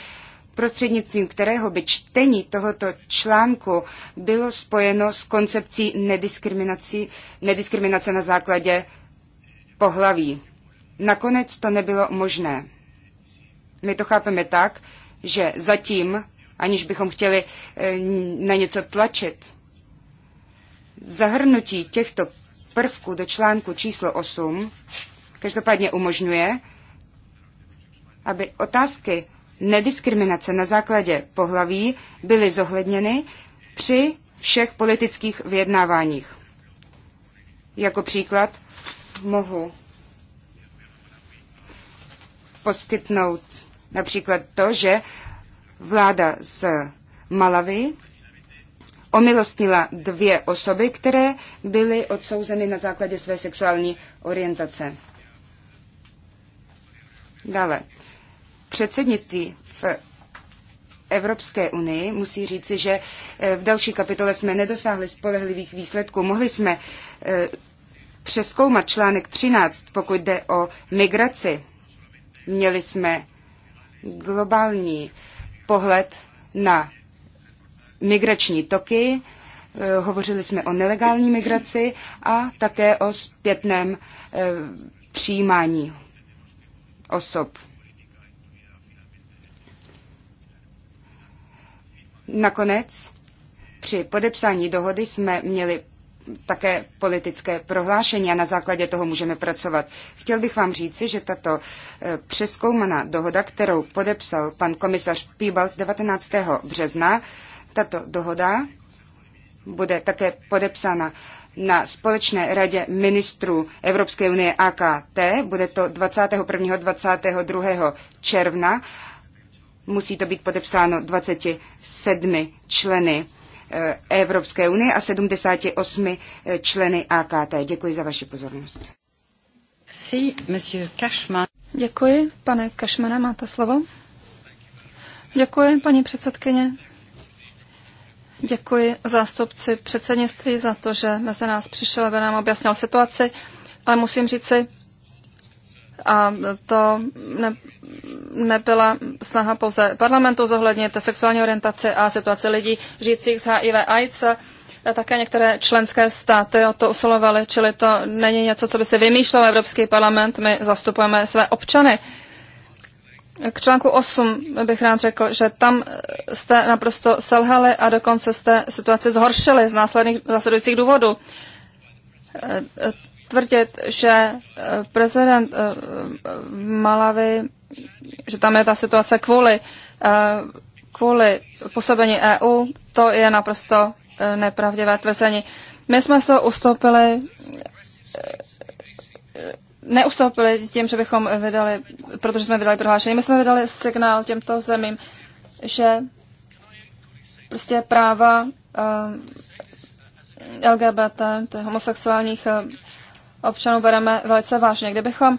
prostřednictvím kterého by čtení tohoto článku bylo spojeno s koncepcí nediskriminace na základě pohlaví. Nakonec to nebylo možné. My to chápeme tak, že zatím, aniž bychom chtěli eh, na něco tlačit, zahrnutí těchto prvků do článku číslo 8 každopádně umožňuje, aby otázky nediskriminace na základě pohlaví byly zohledněny při všech politických vyjednáváních. Jako příklad mohu poskytnout například to, že vláda z Malavy omilostnila dvě osoby, které byly odsouzeny na základě své sexuální orientace. Dále, předsednictví v Evropské unii musí říci, že eh, v další kapitole jsme nedosáhli spolehlivých výsledků. Mohli jsme eh, přeskoumat článek 13, pokud jde o migraci. Měli jsme globální pohled na migrační toky, eh, hovořili jsme o nelegální migraci a také o zpětném přijímání osob. Nakonec při podepsání dohody jsme měli také politické prohlášení a na základě toho můžeme pracovat. Chtěl bych vám říci, že tato e, přeskoumaná dohoda, kterou podepsal pan komisař z 19. března, tato dohoda bude také podepsána na společné radě ministrů Evropské unie AKT. Bude to 21. 22. června Musí to být podepsáno 27 členy eh, Evropské unie a 78 eh, členy AKT. Děkuji za vaši pozornost. Si, monsieur Děkuji. Pane Kašmane, máte slovo. Děkuji, paní předsedkyně. Děkuji zástupci předsednictví za to, že mezi nás přišel, a nám objasnil situaci, ale musím říci, a to ne, nebyla snaha pouze parlamentu zohlednit sexuální orientaci a situaci lidí žijících s HIV AIDS. Také některé členské státy o to usilovaly, čili to není něco, co by si vymýšlel Evropský parlament, my zastupujeme své občany. K článku 8 bych rád řekl, že tam jste naprosto selhali a dokonce jste situaci zhoršili z následujících důvodů tvrdit, že eh, prezident eh, Malavy, že tam je ta situace kvůli, eh, kvůli působení EU, to je naprosto nepravdivé tvrzení. My jsme se ustoupili neustoupili tím, že bychom vydali, protože jsme vydali prohlášení, my jsme vydali signál těmto zemím, že prostě práva uh, LGBT, homosexuálních občanů bereme velice vážně. Kdybychom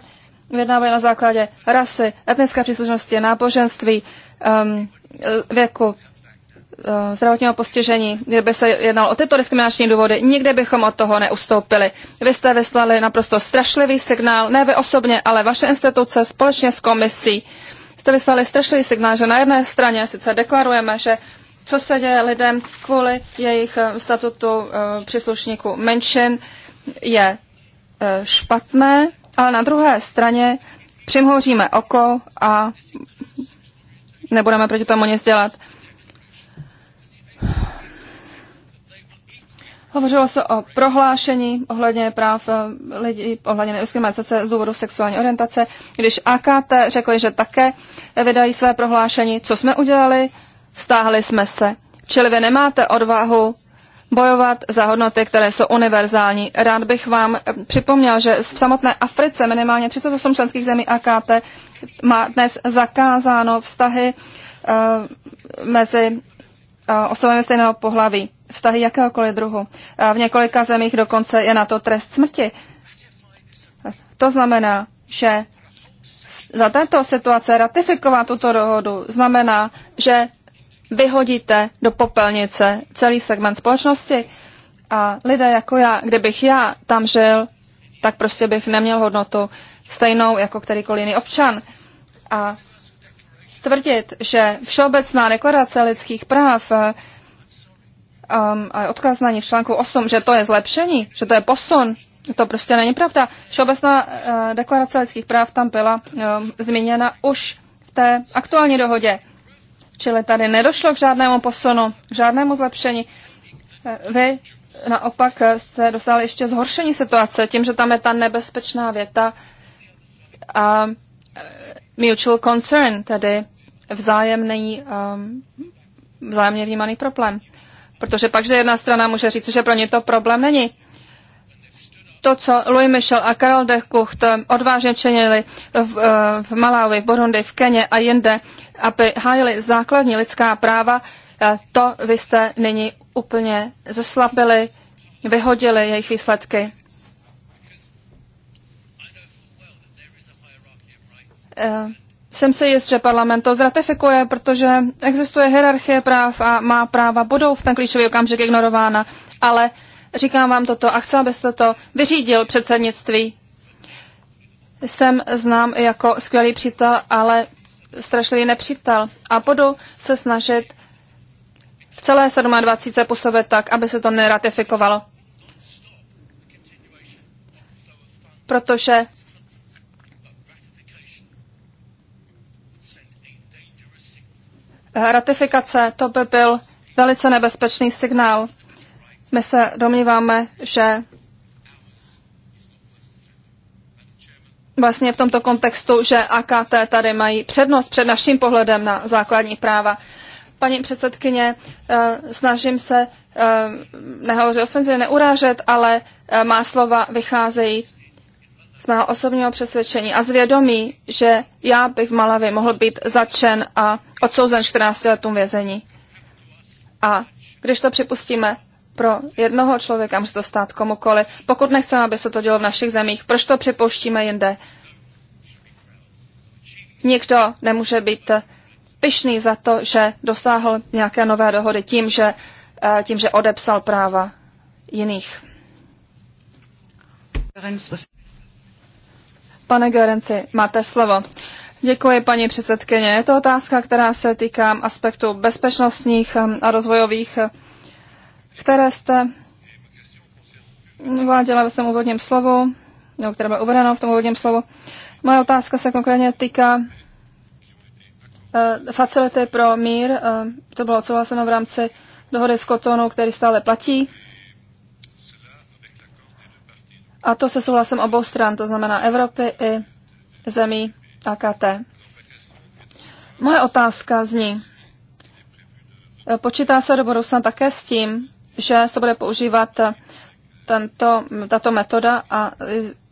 vyjednávali na základě rasy, etnické příslušnosti, náboženství, um, věku, eh, zdravotního postižení, kdyby se jednalo o tyto diskriminační důvody, nikdy bychom od toho neustoupili. Vy jste vyslali naprosto strašlivý signál, ne vy osobně, ale vaše instituce společně s komisí jste vyslali strašlivý signál, že na jedné straně sice deklarujeme, že co se děje lidem kvůli jejich eh, statutu eh, příslušníků menšin, je Eh, špatné, ale na druhé straně přimhouříme oko a nebudeme proti tomu nic dělat. Hovořilo se o prohlášení ohledně práv eh, lidí, ohledně nediskriminace z důvodu sexuální orientace. Když AKT řekli, že také vydají své prohlášení, co jsme udělali? Stáhli jsme se. Čili vy nemáte odvahu bojovat za hodnoty, které jsou univerzální. Rád bych vám eh, připomněl, že v samotné Africe minimálně 38 členských zemí AKT má dnes zakázáno vztahy uh, mezi uh, osobami stejného pohlaví, vztahy jakéhokoliv druhu. A v několika zemích dokonce je na to trest smrti. To znamená, že za této situace ratifikovat tuto dohodu znamená, že vyhodíte do popelnice celý segment společnosti. A lidé jako já, kdybych já tam žil, tak prostě bych neměl hodnotu stejnou jako kterýkoliv jiný občan. A tvrdit, že Všeobecná deklarace lidských práv eh, um, a odkaz na ní v článku 8, že to je zlepšení, že to je posun, to prostě není pravda. Všeobecná uh, deklarace lidských práv tam byla um, zmíněna už v té aktuální dohodě. Čili tady nedošlo k žádnému posunu, k žádnému zlepšení. Eh, vy naopak eh, jste dosáhli ještě zhoršení situace tím, že tam je ta nebezpečná věta a eh, mutual concern, tedy vzájemný, um, vzájemně vnímaný problém. Protože pak, že jedna strana může říct, že pro ně to problém není to, co Louis Michel a Karol de Kucht eh, odvážně činili v, eh, v Malawi, v Burundi, v Keně a jinde, aby hájili základní lidská práva, eh, to vy jste nyní úplně zeslabili, vyhodili jejich výsledky. Jsem si jist, že parlament to zratifikuje, protože existuje hierarchie práv a má práva budou v ten klíčový okamžik ignorována, ale uh, Říkám vám toto a chci, abyste to vyřídil předsednictví. Jsem znám jako skvělý přítel, ale strašlivý nepřítel a budu se snažit v celé 27 působit tak, aby se to neratifikovalo. Protože ratifikace to by byl velice nebezpečný signál. My se domníváme, že vlastně v tomto kontextu, že AKT tady mají přednost před naším pohledem na základní práva. Paní předsedkyně, eh, snažím se eh, nehovořit ofenzivně, neurážet, ale eh, má slova vycházejí z mého osobního přesvědčení a zvědomí, že já bych v Malavě mohl být začen a odsouzen 14 letům vězení. A když to připustíme, pro jednoho člověka, může to stát komukoli. Pokud nechceme, aby se to dělo v našich zemích, proč to připouštíme jinde? Nikdo nemůže být pyšný za to, že dosáhl nějaké nové dohody tím, že, eh, tím, že odepsal práva jiných. Pane Gerenci, máte slovo. Děkuji, paní předsedkyně. Je to otázka, která se týká aspektu bezpečnostních hm, a rozvojových hm, které jste uváděla ve svém úvodním slovu, nebo které bylo uvedeno v tom úvodním slovu. Moje otázka se konkrétně týká eh, facility pro mír. Eh, to bylo odsouhlaseno v rámci dohody s Kotonu, který stále platí. A to se souhlasem obou stran, to znamená Evropy i zemí AKT. Moje otázka zní, eh, počítá se do budoucna také s tím, že se bude používat tento, tato metoda a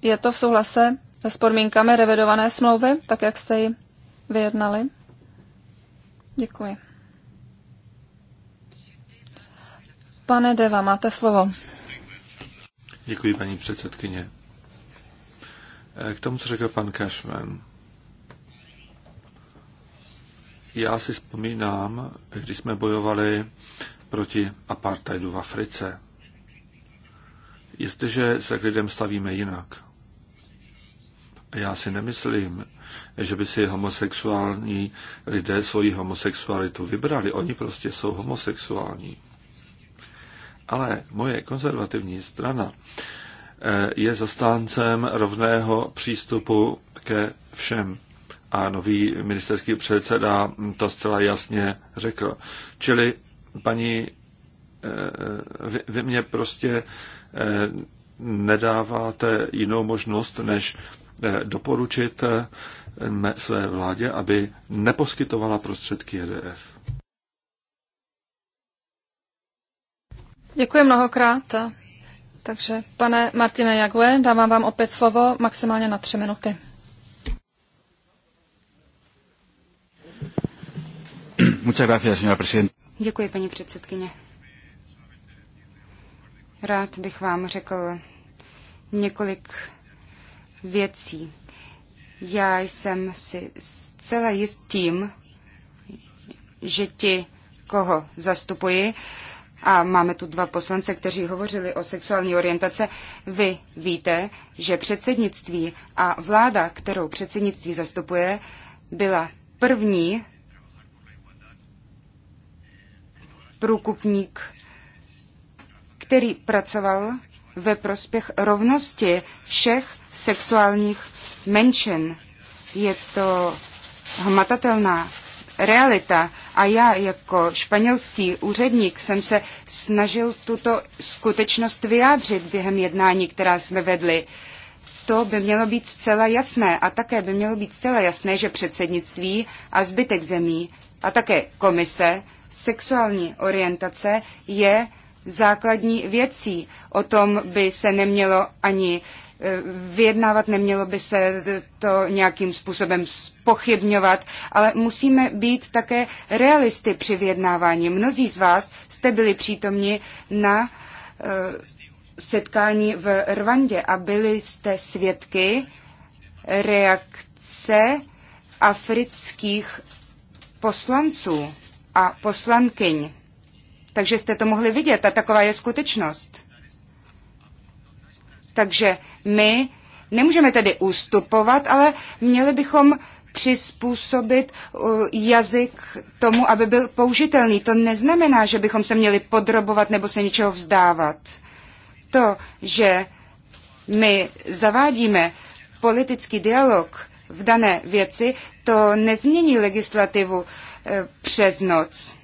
je to v souhlase s podmínkami revidované smlouvy, tak jak jste ji vyjednali? Děkuji. Pane Deva, máte slovo. Děkuji, paní předsedkyně. K tomu, co řekl pan Cashman. Já si vzpomínám, když jsme bojovali proti apartheidu v Africe. Jestliže se k lidem stavíme jinak, já si nemyslím, že by si homosexuální lidé svoji homosexualitu vybrali. Oni prostě jsou homosexuální. Ale moje konzervativní strana eh, je zastáncem rovného přístupu ke všem. A nový ministerský předseda to zcela jasně řekl. Čili paní, eh, eh, vy, vy mě prostě eh, nedáváte jinou možnost, než doporučit své vládě, aby neposkytovala prostředky EDF. Děkuji mnohokrát. Takže, pane Martine Jague, dávám vám opět slovo maximálně na tři minuty. Muchas gracias, señora presidenta. Děkuji, paní předsedkyně. Rád bych vám řekl několik věcí. Já jsem si zcela jist tím, že ti, koho zastupuji, a máme tu dva poslance, kteří hovořili o sexuální orientace, vy víte, že předsednictví a vláda, kterou předsednictví zastupuje, byla první průkupník, který pracoval ve prospěch rovnosti všech sexuálních menšin. Je to hmatatelná realita a já jako španělský úředník jsem se snažil tuto skutečnost vyjádřit během jednání, která jsme vedli. To by mělo být zcela jasné a také by mělo být zcela jasné, že předsednictví a zbytek zemí a také komise sexuální orientace je základní věcí. O tom by se nemělo ani e, vyjednávat, nemělo by se to nějakým způsobem spochybňovat, ale musíme být také realisty při vyjednávání. Mnozí z vás jste byli přítomni na e, setkání v Rwandě a byli jste svědky reakce afrických poslanců a poslankyň. Takže jste to mohli vidět a taková je skutečnost. Takže my nemůžeme tedy ústupovat, ale měli bychom přizpůsobit uh, jazyk tomu, aby byl použitelný. To neznamená, že bychom se měli podrobovat nebo se něčeho vzdávat. To, že my zavádíme politický dialog v dané věci, to nezmění legislativu. E, přes noc.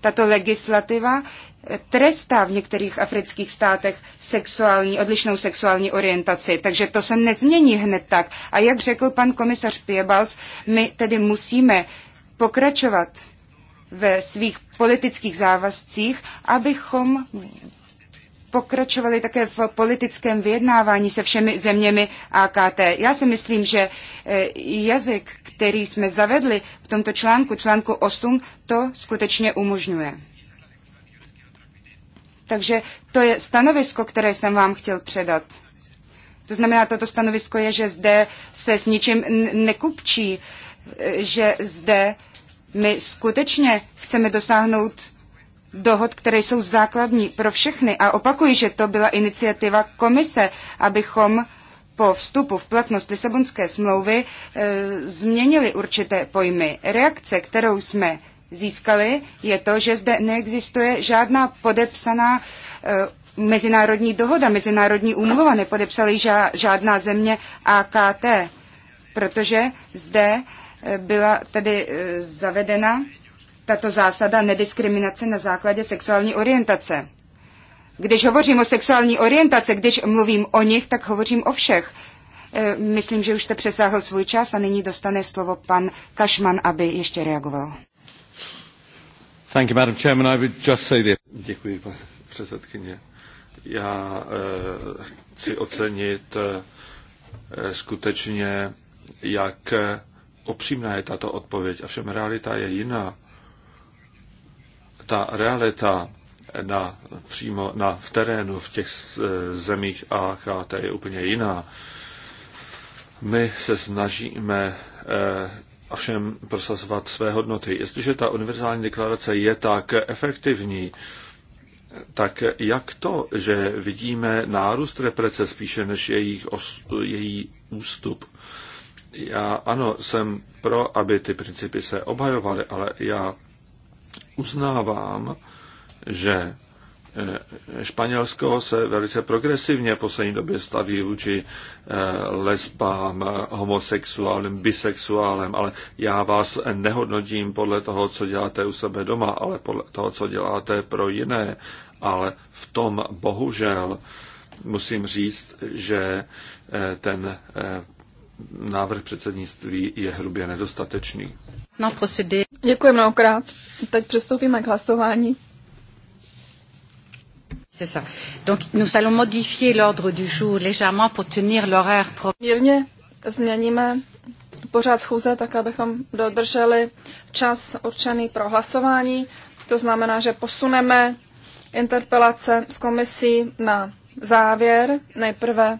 Tato legislativa e, trestá v některých afrických státech sexuální, odlišnou sexuální orientaci, takže to se nezmění hned tak. A jak řekl pan komisař Piebals, my tedy musíme pokračovat ve svých politických závazcích, abychom pokračovali také v politickém vyjednávání se všemi zeměmi AKT. Já si myslím, že eh, jazyk, který jsme zavedli v tomto článku, článku 8, to skutečně umožňuje. Takže to je stanovisko, které jsem vám chtěl předat. To znamená, toto stanovisko je, že zde se s ničím nekupčí, eh, že zde my skutečně chceme dosáhnout dohod, které jsou základní pro všechny. A opakuji, že to byla iniciativa komise, abychom po vstupu v platnost Lisabonské smlouvy e, změnili určité pojmy. Reakce, kterou jsme získali, je to, že zde neexistuje žádná podepsaná e, mezinárodní dohoda, mezinárodní úmluva, nepodepsali ža, žádná země AKT, protože zde e, byla tedy e, zavedena tato zásada nediskriminace na základě sexuální orientace. Když hovořím o sexuální orientaci, když mluvím o nich, tak hovořím o všech. E, myslím, že už jste přesáhl svůj čas a nyní dostane slovo pan Kašman, aby ještě reagoval. Thank you, Madam Chairman. I would just say this. Děkuji, pane předsedkyně. Já eh, chci ocenit eh, skutečně, jak e, opřímná je tato odpověď. Ovšem realita je jiná ta realita na, přímo na, v terénu v těch eh, zemích AKT je úplně jiná. My se snažíme a eh, všem prosazovat své hodnoty. Jestliže ta univerzální deklarace je tak efektivní, tak jak to, že vidíme nárůst represe spíše než jejich os, její ústup? Já ano, jsem pro, aby ty principy se obhajovaly, ale já uznávám, že eh, Španělsko se velice progresivně v poslední době staví vůči eh, lesbám, homosexuálem, bisexuálem, ale já vás nehodnotím podle toho, co děláte u sebe doma, ale podle toho, co děláte pro jiné. Ale v tom bohužel musím říct, že eh, ten návrh předsednictví je hrubě nedostatečný. No, Děkuji mnohokrát. Teď přistoupíme k hlasování. C'est ça. Donc nous allons modifier l'ordre du jour légèrement pour tenir l'horaire Mírně změníme pořád schůze, tak abychom dodrželi čas určený pro hlasování. To znamená, že posuneme interpelace z komisí na závěr. Nejprve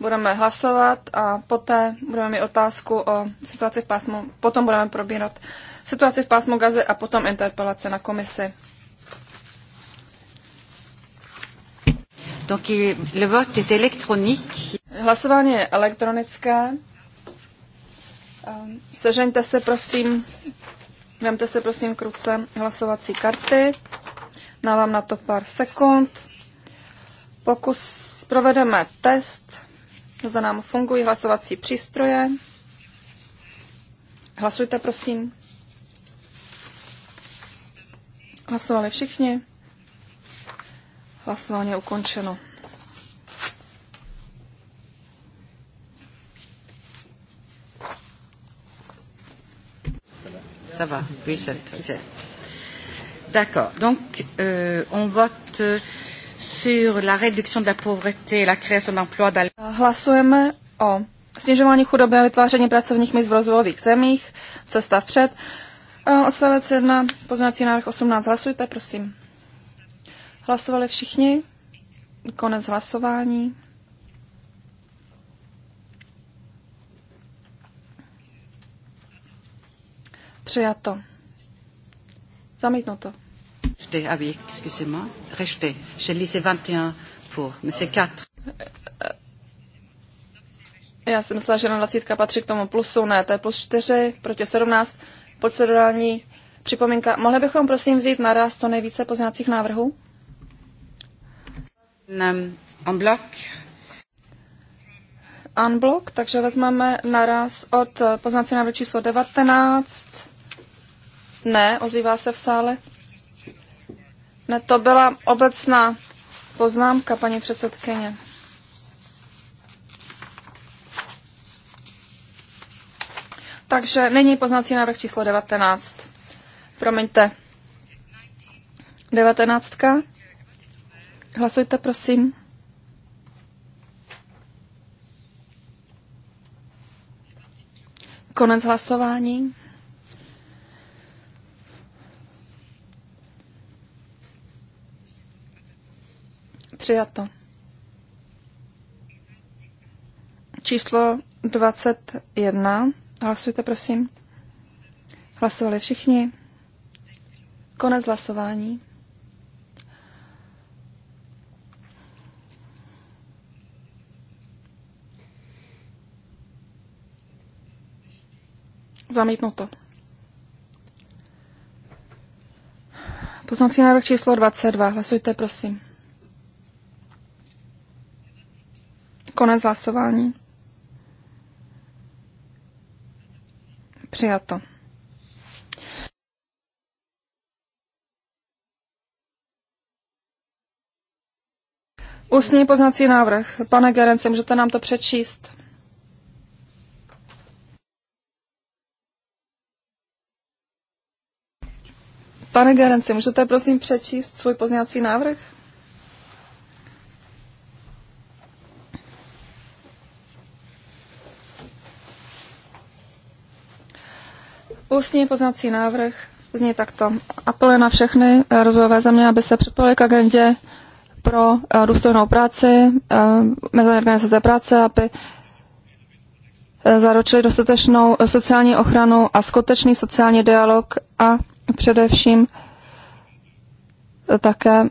budeme hlasovat a poté budeme mít otázku o situaci v pásmu, potom budeme probírat situaci v pásmu Gazy a potom interpelace na komisi. Donc le vote est électronique. Hlasování je elektronické. Ehm, sežeňte se prosím, vemte se prosím k ruce hlasovací karty. Dávám na to pár sekund. Pokus provedeme test. Zda nám fungují hlasovací přístroje. Hlasujte, prosím. Hlasovali všichni. Hlasování je ukončeno. Ça va, oui, c'est D'accord. Donc, euh, on vote. Euh sur la réduction de la pauvreté, la création d'emplois dans... Hlasujeme o snižování chudoby a vytváření pracovních míst v rozvojových zemích, cesta vpřed. Odstavec 1, pozměňovací návrh 18, hlasujte, prosím. Hlasovali všichni? Konec hlasování. Přijato. Zamítnuto. Rejeté avec, excusez-moi, rejeté. Je lisais 21 pour, mais c'est 4. Já jsem myslela, že na 20 patří k tomu plusu, ne, to je plus 4 proti 17, procedurální připomínka. Mohli bychom prosím vzít naraz to nejvíce pozměňovacích návrhů? Um, en bloc. En bloc, takže vezmeme naraz od pozměňovacího návrhu číslo 19. Ne, ozývá se v sále ne, to byla obecná poznámka, paní předsedkyně. Takže není poznací návrh číslo 19. Promiňte. 19. Hlasujte, prosím. Konec hlasování. Přijato. Číslo 21. Hlasujte, prosím. Hlasovali všichni. Konec hlasování. Zamítnuto. Poznací návrh číslo 22. Hlasujte, prosím. Konec hlasování. Přijato. Ústní poznací návrh. Pane Gerence, můžete nám to přečíst? Pane Gerenci, můžete prosím přečíst svůj poznací návrh? Ústní poznací návrh zní takto. Apeluje na všechny eh, rozvojové země, aby se připojili k agendě pro eh, důstojnou práci, eh, Mezinárodní organizace práce, aby zaručili dostatečnou sociální ochranu a skutečný sociální dialog a především také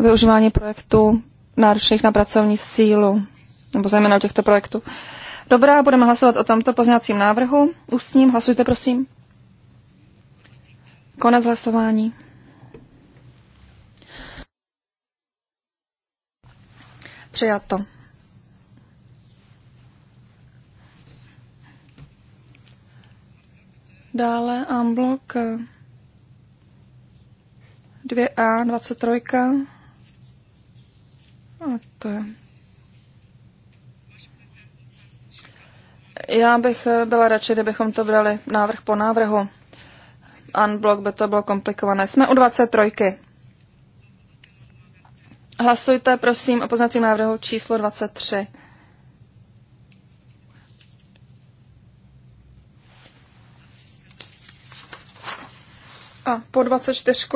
využívání projektů náročných na pracovní sílu, nebo zejména těchto projektů. Dobrá, budeme hlasovat o tomto pozněcím návrhu. Ústním hlasujte, prosím. Konec hlasování. Přijato. Dále amblok 2A 23. A to je. Já bych byla radši, kdybychom to brali návrh po návrhu unblock by to bylo komplikované. Jsme u 23. Hlasujte prosím o poznacím návrhu číslo 23. A po 24?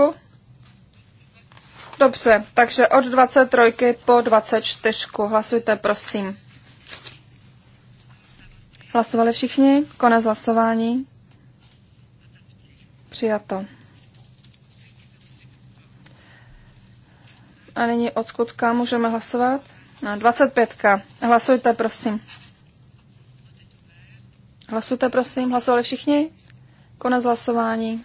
Dobře, takže od 23 po 24. Hlasujte, prosím. Hlasovali všichni? Konec hlasování. Přijato. A nyní od skutka můžeme hlasovat? Na no, 25. Hlasujte, prosím. Hlasujte, prosím. Hlasovali všichni? Konec hlasování.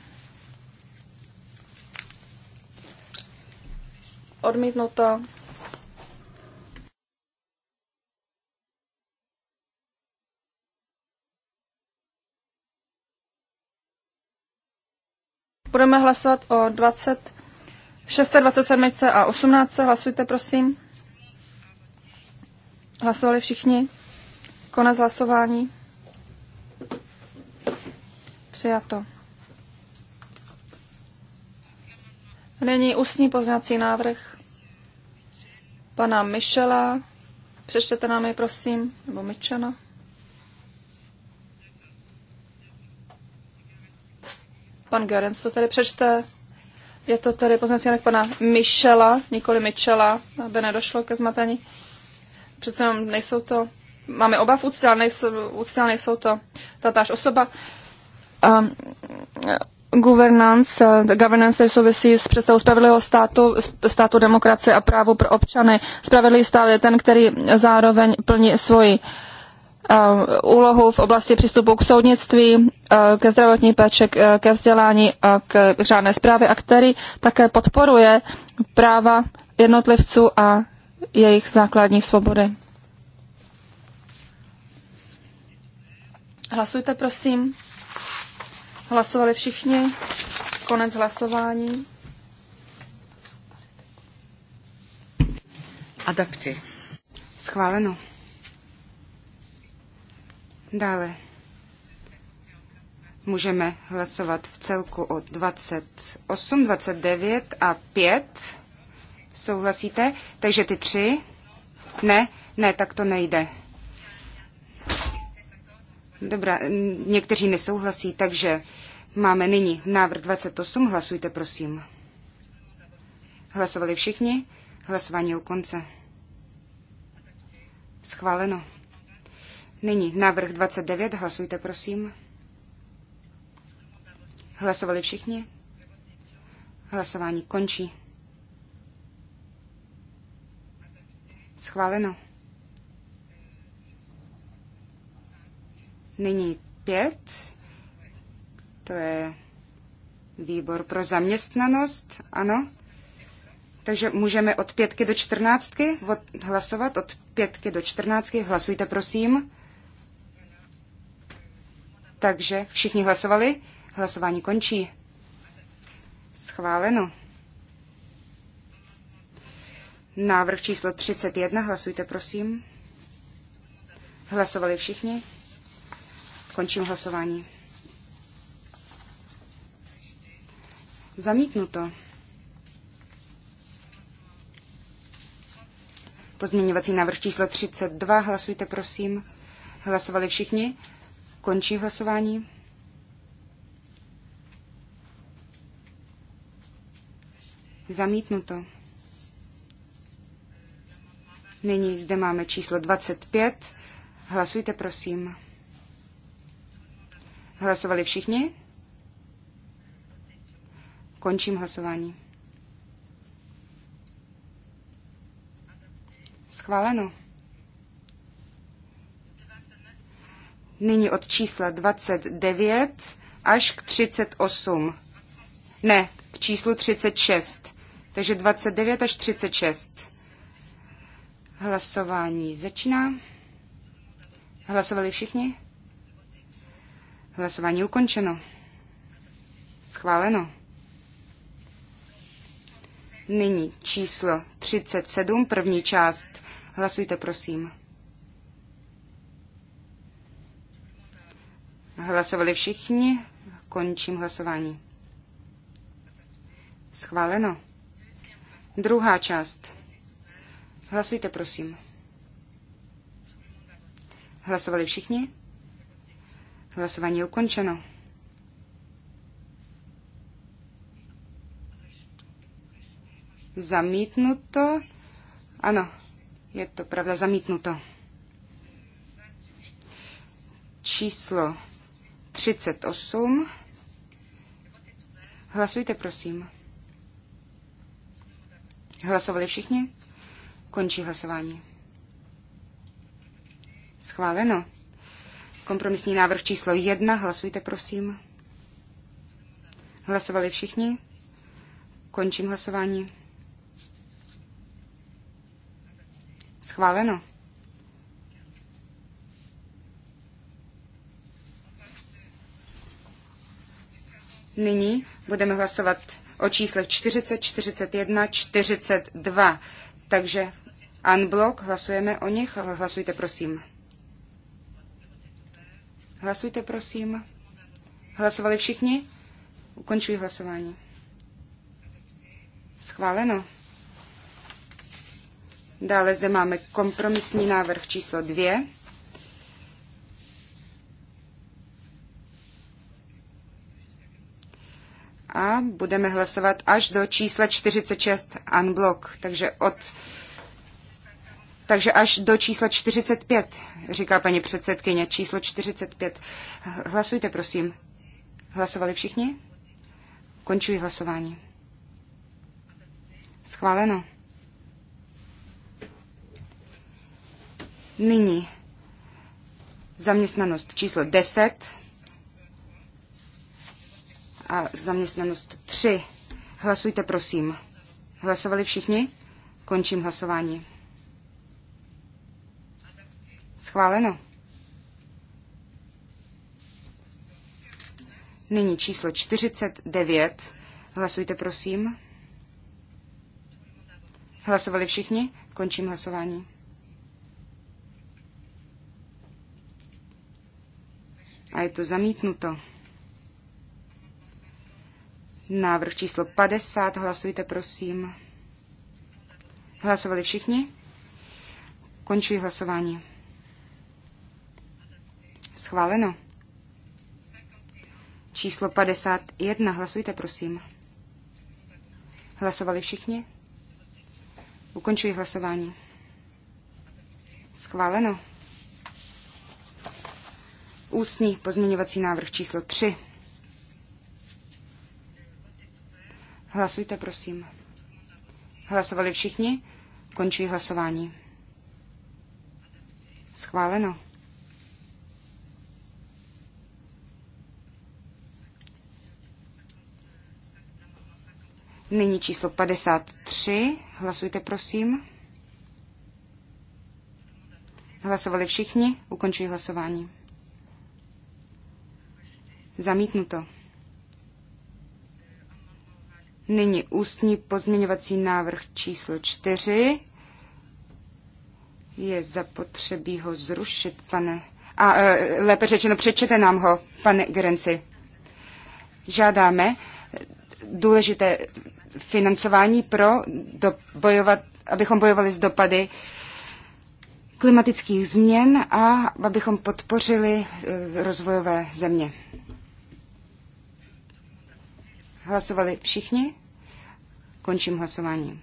Odmítnuto. Budeme hlasovat o 20, 27 a 18. Hlasujte, prosím. Hlasovali všichni. Konec hlasování. Přijato. Nyní ústní poznací návrh pana Michela. Přečtěte nám je, prosím, nebo Michela. Pan Gerenc to tady přečte. Je to tady poznací pana Michela, nikoli Michela, aby nedošlo ke zmatení. Přece jenom nejsou to, máme oba v úctě, ale nejsou, úctě, ale nejsou to tatáž osoba. Um, governance, eh, governance souvisí s představou spravedlivého státu, státu demokracie a právu pro občany. Spravedlivý stát je ten, který zároveň plní svoji uh, Eh, úlohu v oblasti přístupu k soudnictví, eh, ke zdravotní péči, eh, ke vzdělání, k řádné zprávě a který také podporuje práva jednotlivců a jejich základní svobody. Hlasujte, prosím. Hlasovali všichni. Konec hlasování. Adapty. Schváleno. Dále můžeme hlasovat v celku o 28, 29 a 5. Souhlasíte? Takže ty tři? Ne, ne, tak to nejde. Dobrá, někteří nesouhlasí, takže máme nyní návrh 28. Hlasujte, prosím. Hlasovali všichni? Hlasování u konce. Schváleno. Nyní návrh 29, hlasujte prosím. Hlasovali všichni? Hlasování končí. Schváleno. Nyní pět. To je výbor pro zaměstnanost, ano. Takže můžeme od pětky do čtrnáctky hlasovat, od pětky do čtrnáctky. Hlasujte, prosím. Takže všichni hlasovali? Hlasování končí. Schváleno. Návrh číslo 31, hlasujte prosím. Hlasovali všichni? Končím hlasování. Zamítnuto. Pozměňovací návrh číslo 32, hlasujte prosím. Hlasovali všichni? Končím hlasování. Zamítnuto. Nyní zde máme číslo 25. Hlasujte, prosím. Hlasovali všichni? Končím hlasování. Schváleno. Nyní od čísla 29 až k 38. Ne, k číslu 36. Takže 29 až 36. Hlasování začíná. Hlasovali všichni? Hlasování ukončeno. Schváleno. Nyní číslo 37, první část. Hlasujte, prosím. Hlasovali všichni. Končím hlasování. Schváleno. Druhá část. Hlasujte, prosím. Hlasovali všichni? Hlasování je ukončeno. Zamítnuto. Ano, je to pravda, zamítnuto. Číslo 38. Hlasujte, prosím. Hlasovali všichni? Končí hlasování. Schváleno. Kompromisní návrh číslo 1. Hlasujte, prosím. Hlasovali všichni? Končím hlasování. Schváleno. Nyní budeme hlasovat o číslech 40, 41, 42. Takže unblock, hlasujeme o nich. Hlasujte, prosím. Hlasujte, prosím. Hlasovali všichni? Ukončuji hlasování. Schváleno. Dále zde máme kompromisní návrh číslo 2. a budeme hlasovat až do čísla 46 unblock, takže od takže až do čísla 45, říká paní předsedkyně, číslo 45. Hlasujte, prosím. Hlasovali všichni? Končuji hlasování. Schváleno. Nyní zaměstnanost číslo 10 a zaměstnanost 3. Hlasujte, prosím. Hlasovali všichni? Končím hlasování. Schváleno. Nyní číslo 49. Hlasujte, prosím. Hlasovali všichni? Končím hlasování. A je to zamítnuto. Návrh číslo 50. Hlasujte, prosím. Hlasovali všichni? Končuji hlasování. Schváleno. Číslo 51. Hlasujte, prosím. Hlasovali všichni? Ukončuji hlasování. Schváleno. Ústní pozměňovací návrh číslo 3. Hlasujte, prosím. Hlasovali všichni? Končí hlasování. Schváleno. Nyní číslo 53. Hlasujte, prosím. Hlasovali všichni? Ukončuji hlasování. Zamítnuto. Nyní ústní pozměňovací návrh číslo čtyři Je zapotřebí ho zrušit, pane... A e, lépe řečeno, přečete nám ho, pane Gerenci. Žádáme důležité financování pro do, bojovat, abychom bojovali s dopady klimatických změn a abychom podpořili e, rozvojové země. Hlasovali všichni? Končím hlasování.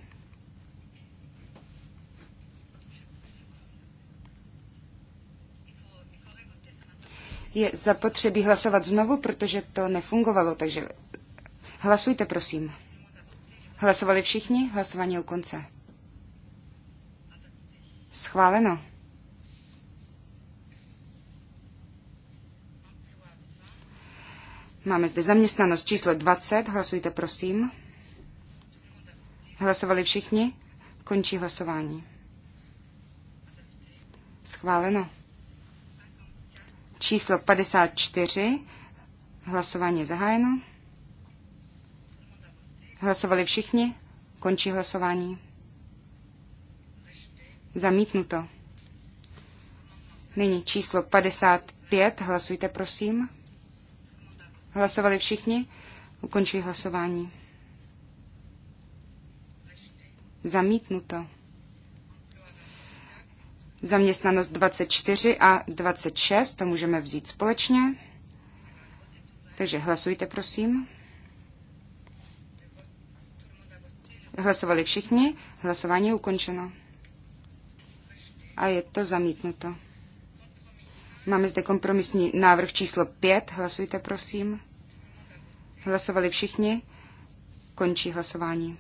Je zapotřebí hlasovat znovu, protože to nefungovalo, takže hlasujte, prosím. Hlasovali všichni? Hlasování u konce. Schváleno. Máme zde zaměstnanost číslo 20. Hlasujte, prosím. Hlasovali všichni? Končí hlasování. Schváleno. Číslo 54. Hlasování je zahájeno. Hlasovali všichni? Končí hlasování. Zamítnuto. Nyní číslo 55. Hlasujte, prosím. Hlasovali všichni? Ukončuji hlasování. Zamítnuto. Zaměstnanost 24 a 26, to můžeme vzít společně. Takže hlasujte, prosím. Hlasovali všichni, hlasování je ukončeno. A je to zamítnuto. Máme zde kompromisní návrh číslo 5. Hlasujte, prosím. Hlasovali všichni. Končí hlasování.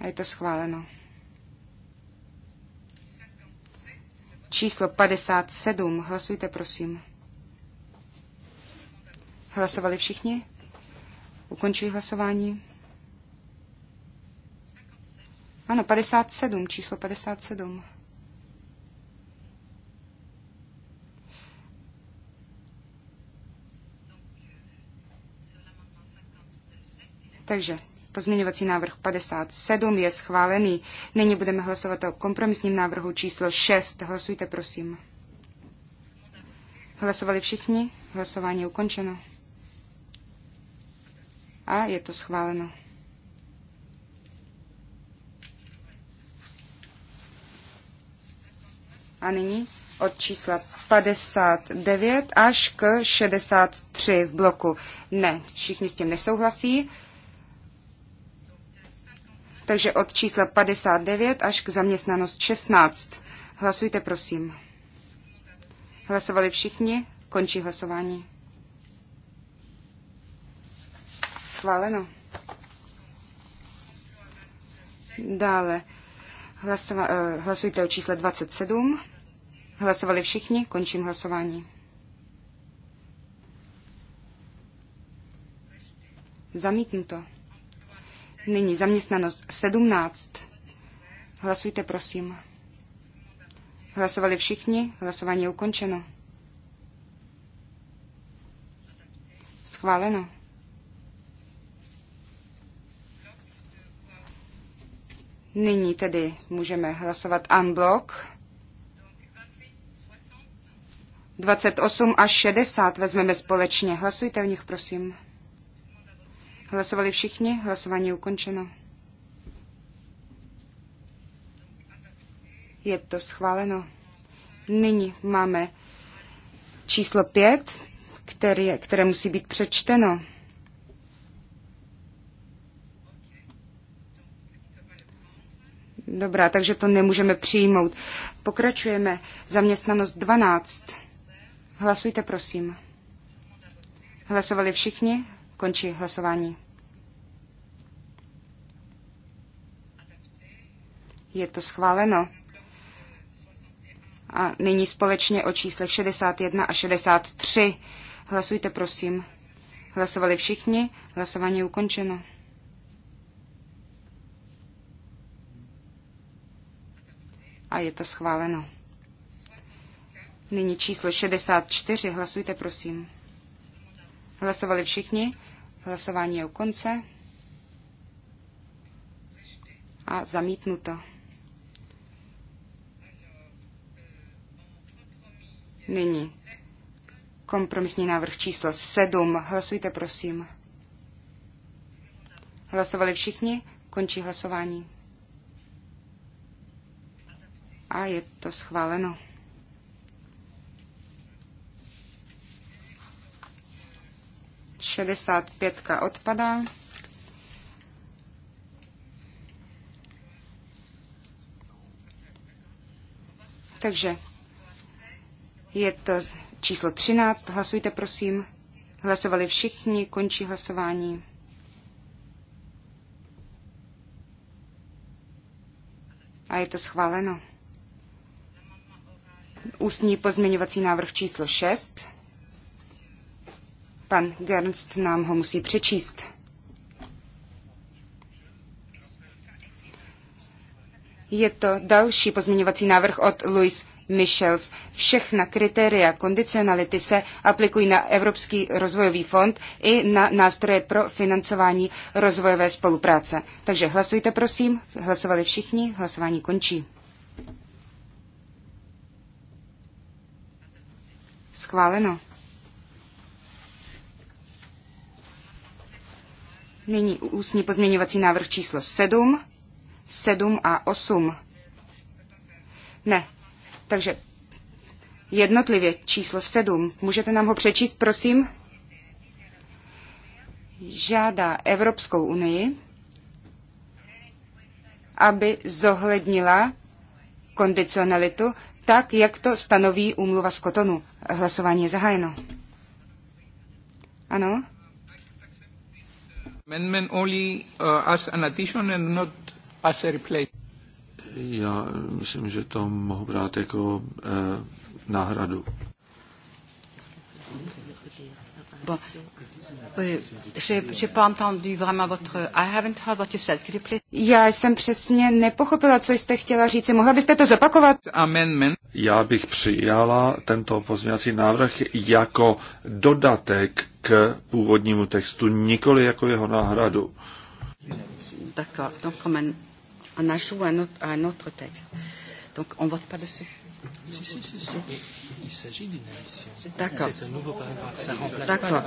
A je to schváleno. Číslo 57. Hlasujte, prosím. Hlasovali všichni? Ukončuji hlasování. Ano, 57, číslo 57. Takže pozměňovací návrh 57 je schválený. Nyní budeme hlasovat o kompromisním návrhu číslo 6. Hlasujte, prosím. Hlasovali všichni? Hlasování je ukončeno. A je to schváleno. A nyní od čísla 59 až k 63 v bloku. Ne, všichni s tím nesouhlasí. Takže od čísla 59 až k zaměstnanost 16. Hlasujte, prosím. Hlasovali všichni? Končí hlasování. Schváleno. Dále. Hlasova, uh, hlasujte o čísle 27. Hlasovali všichni? Končím hlasování. Zamítnuto. Nyní zaměstnanost 17. Hlasujte, prosím. Hlasovali všichni, hlasování je ukončeno. Schváleno. Nyní tedy můžeme hlasovat unblock. 28 až 60 vezmeme společně. Hlasujte o nich, prosím. Hlasovali všichni, hlasování je ukončeno. Je to schváleno. Nyní máme číslo pět, které, které musí být přečteno. Dobrá, takže to nemůžeme přijmout. Pokračujeme. Zaměstnanost 12. Hlasujte, prosím. Hlasovali všichni? Končí hlasování. Je to schváleno. A nyní společně o číslech 61 a 63. Hlasujte, prosím. Hlasovali všichni, hlasování je ukončeno. A je to schváleno. Nyní číslo 64, hlasujte, prosím. Hlasovali všichni, hlasování je u konce. A zamítnuto. Nyní kompromisní návrh číslo 7. Hlasujte, prosím. Hlasovali všichni? Končí hlasování. A je to schváleno. Šedesát pětka odpadá. Takže je to číslo 13. Hlasujte, prosím. Hlasovali všichni, končí hlasování. A je to schváleno. Ústní pozměňovací návrh číslo 6. Pan Gernst nám ho musí přečíst. Je to další pozměňovací návrh od Louis Michels. Všechna kritéria kondicionality se aplikují na Evropský rozvojový fond i na nástroje pro financování rozvojové spolupráce. Takže hlasujte prosím, hlasovali všichni, hlasování končí. Schváleno. Nyní ústní pozměňovací návrh číslo 7, 7 a 8. Ne, takže jednotlivě číslo sedm, Můžete nám ho přečíst, prosím? Žádá Evropskou unii, aby zohlednila kondicionalitu tak, jak to stanoví úmluva z Kotonu. Hlasování je zahájeno. Ano? Amendment only uh, as an addition and not as a replacement já myslím, že to mohu brát jako eh, náhradu. Bon. Já jsem přesně nepochopila, co jste chtěla říct. Mohla byste to zopakovat? Já bych přijala tento pozměňovací návrh jako dodatek k původnímu textu, nikoli jako jeho náhradu. D'accord, donc comme un un ajout à, autre, à un autre texte. Donc on ne vote pas dessus. Si, si, si, si. Il s'agit d'une addition. D'accord. C'est un nouveau paragraphe. Ça remplace D'accord.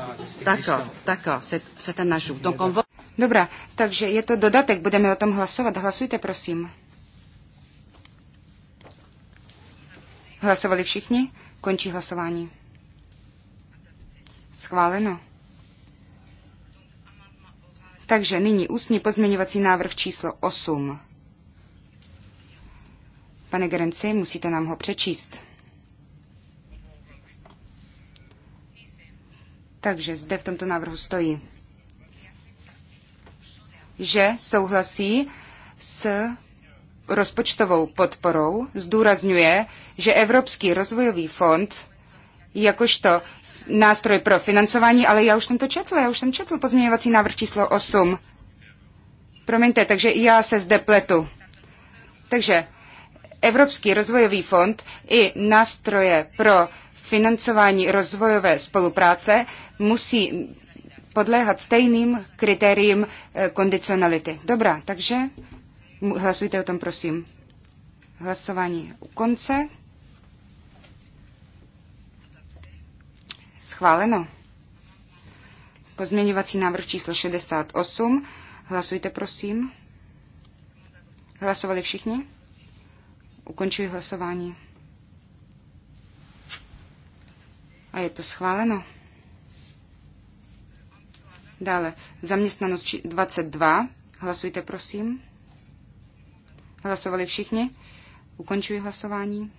D'accord. D'accord. C'est un ajout. Donc on vote. Dobra, takže je to dodatek, budeme o tom hlasovat. Hlasujte, prosím. Hlasovali všichni? Končí hlasování. Schváleno. Takže nyní ústní pozměňovací návrh číslo 8. Pane Gerenci, musíte nám ho přečíst. Takže zde v tomto návrhu stojí, že souhlasí s rozpočtovou podporou, zdůrazňuje, že Evropský rozvojový fond jakožto nástroj pro financování, ale já už jsem to četl, já už jsem četl pozměňovací návrh číslo 8. Promiňte, takže já se zde pletu. Takže Evropský rozvojový fond i nástroje pro financování rozvojové spolupráce musí podléhat stejným kritériím eh, kondicionality. Dobrá, takže hlasujte o tom, prosím. Hlasování u konce. Schváleno. Pozměňovací návrh číslo 68. Hlasujte, prosím. Hlasovali všichni? Ukončuji hlasování. A je to schváleno. Dále zaměstnanost 22. Hlasujte, prosím. Hlasovali všichni. Ukončuji hlasování.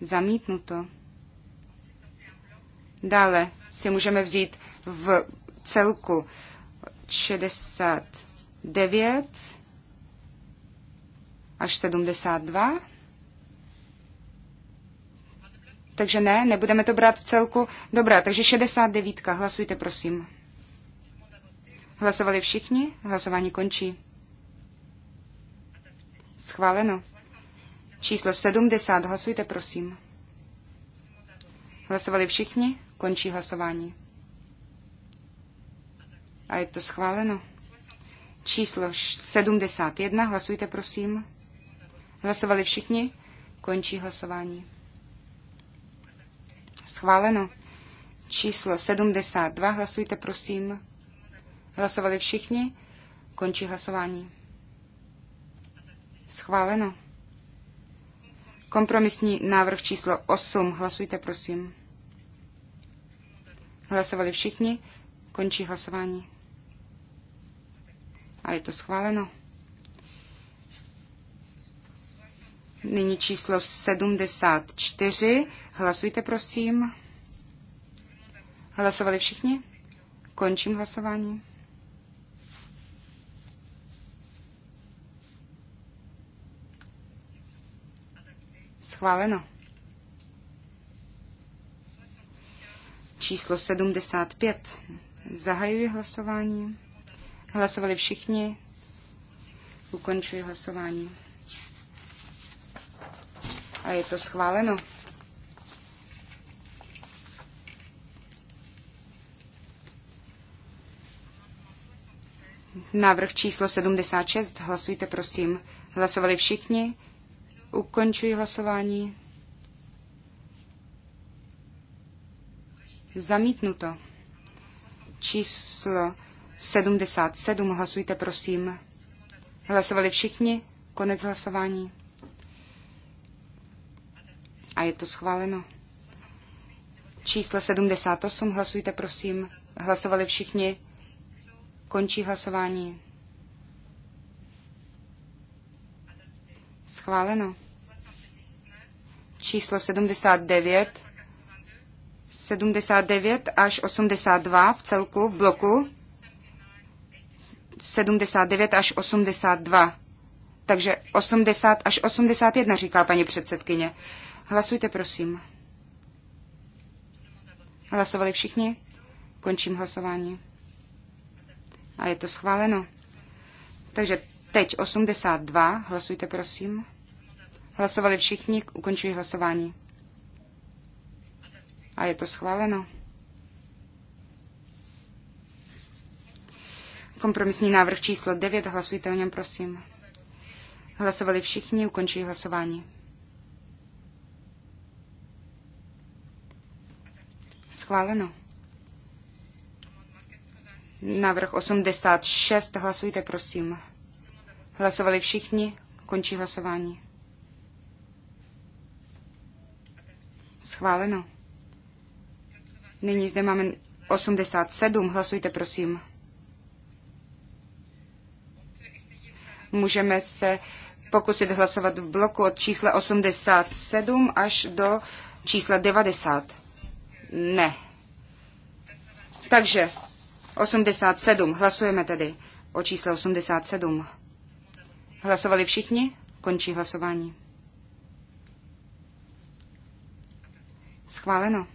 Zamítnuto. Dále si můžeme vzít v celku 69 až 72. Takže ne, nebudeme to brát v celku. Dobrá, takže 69. Hlasujte, prosím. Hlasovali všichni? Hlasování končí. Schváleno. Číslo 70. Hlasujte, prosím. Hlasovali všichni? Končí hlasování. A je to schváleno. Číslo 71. Hlasujte, prosím. Hlasovali všichni? Končí hlasování. Schváleno. Číslo 72. Hlasujte, prosím. Hlasovali všichni? Končí hlasování. Schváleno. Kompromisní návrh číslo 8. Hlasujte, prosím. Hlasovali všichni? Končí hlasování. A je to schváleno. Nyní číslo 74. Hlasujte, prosím. Hlasovali všichni? Končím hlasování. Schváleno. Číslo 75. Zahajuji hlasování. Hlasovali všichni. Ukončuji hlasování. A je to schváleno. Návrh číslo 76. Hlasujte, prosím. Hlasovali všichni? Ukončuji hlasování. Zamítnuto. Číslo 77. Hlasujte, prosím. Hlasovali všichni? Konec hlasování. A je to schváleno. Číslo 78, hlasujte prosím. Hlasovali všichni. Končí hlasování. Schváleno. Číslo 79. 79 až 82 v celku v bloku. 79 až 82. Takže 80 až 81, říká paní předsedkyně. Hlasujte, prosím. Hlasovali všichni? Končím hlasování. A je to schváleno. Takže teď 82. Hlasujte, prosím. Hlasovali všichni? Ukončuji hlasování. A je to schváleno. Kompromisní návrh číslo 9. Hlasujte o něm, prosím. Hlasovali všichni? Ukončuji hlasování. Schváleno. Návrh 86. Hlasujte, prosím. Hlasovali všichni. Končí hlasování. Schváleno. Nyní zde máme 87. Hlasujte, prosím. Můžeme se pokusit hlasovat v bloku od čísla 87 až do čísla 90. Ne. Takže 87. Hlasujeme tedy o čísle 87. Hlasovali všichni? Končí hlasování. Schváleno.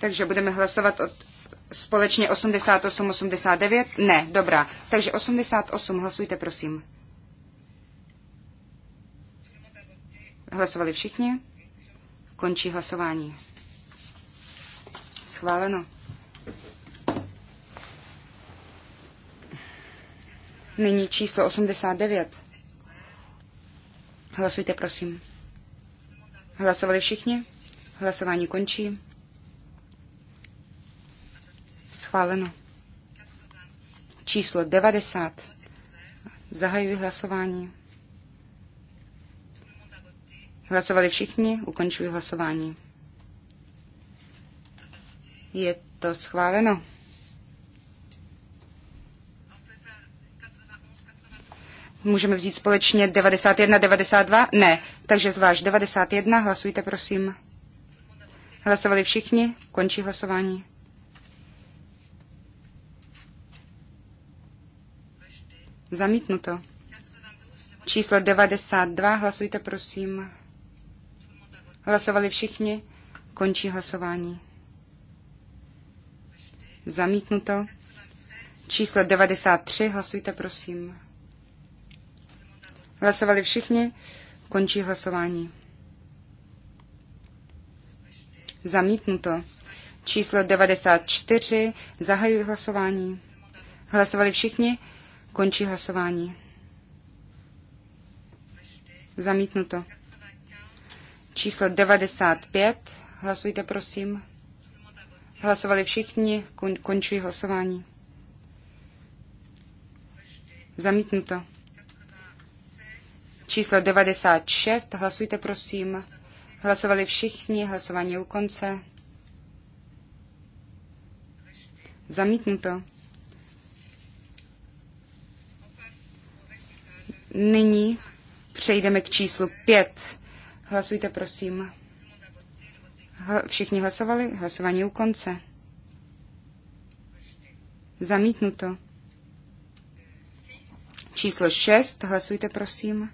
Takže budeme hlasovat od společně 88, 89? Ne, dobrá. Takže 88, hlasujte prosím. Hlasovali všichni? Končí hlasování. Schváleno. Nyní číslo 89. Hlasujte, prosím. Hlasovali všichni? Hlasování končí. Schváleno. Číslo 90. Zahajuji hlasování. Hlasovali všichni, ukončuji hlasování. Je to schváleno. Můžeme vzít společně 91, 92? Ne. Takže zvlášť 91, hlasujte prosím. Hlasovali všichni, končí hlasování. Zamítnuto. Číslo 92, hlasujte prosím. Hlasovali všichni? Končí hlasování. Zamítnuto. Číslo 93, hlasujte prosím. Hlasovali všichni? Končí hlasování. Zamítnuto. Číslo 94, zahajuji hlasování. Hlasovali všichni? Končí hlasování. Zamítnuto číslo 95. Hlasujte, prosím. Hlasovali všichni, končí hlasování. Zamítnuto. Číslo 96, hlasujte, prosím. Hlasovali všichni, hlasování u konce. Zamítnuto. Nyní přejdeme k číslu 5 Hlasujte, prosím. Všichni hlasovali? Hlasování u konce. Zamítnuto. Číslo 6. Hlasujte, prosím.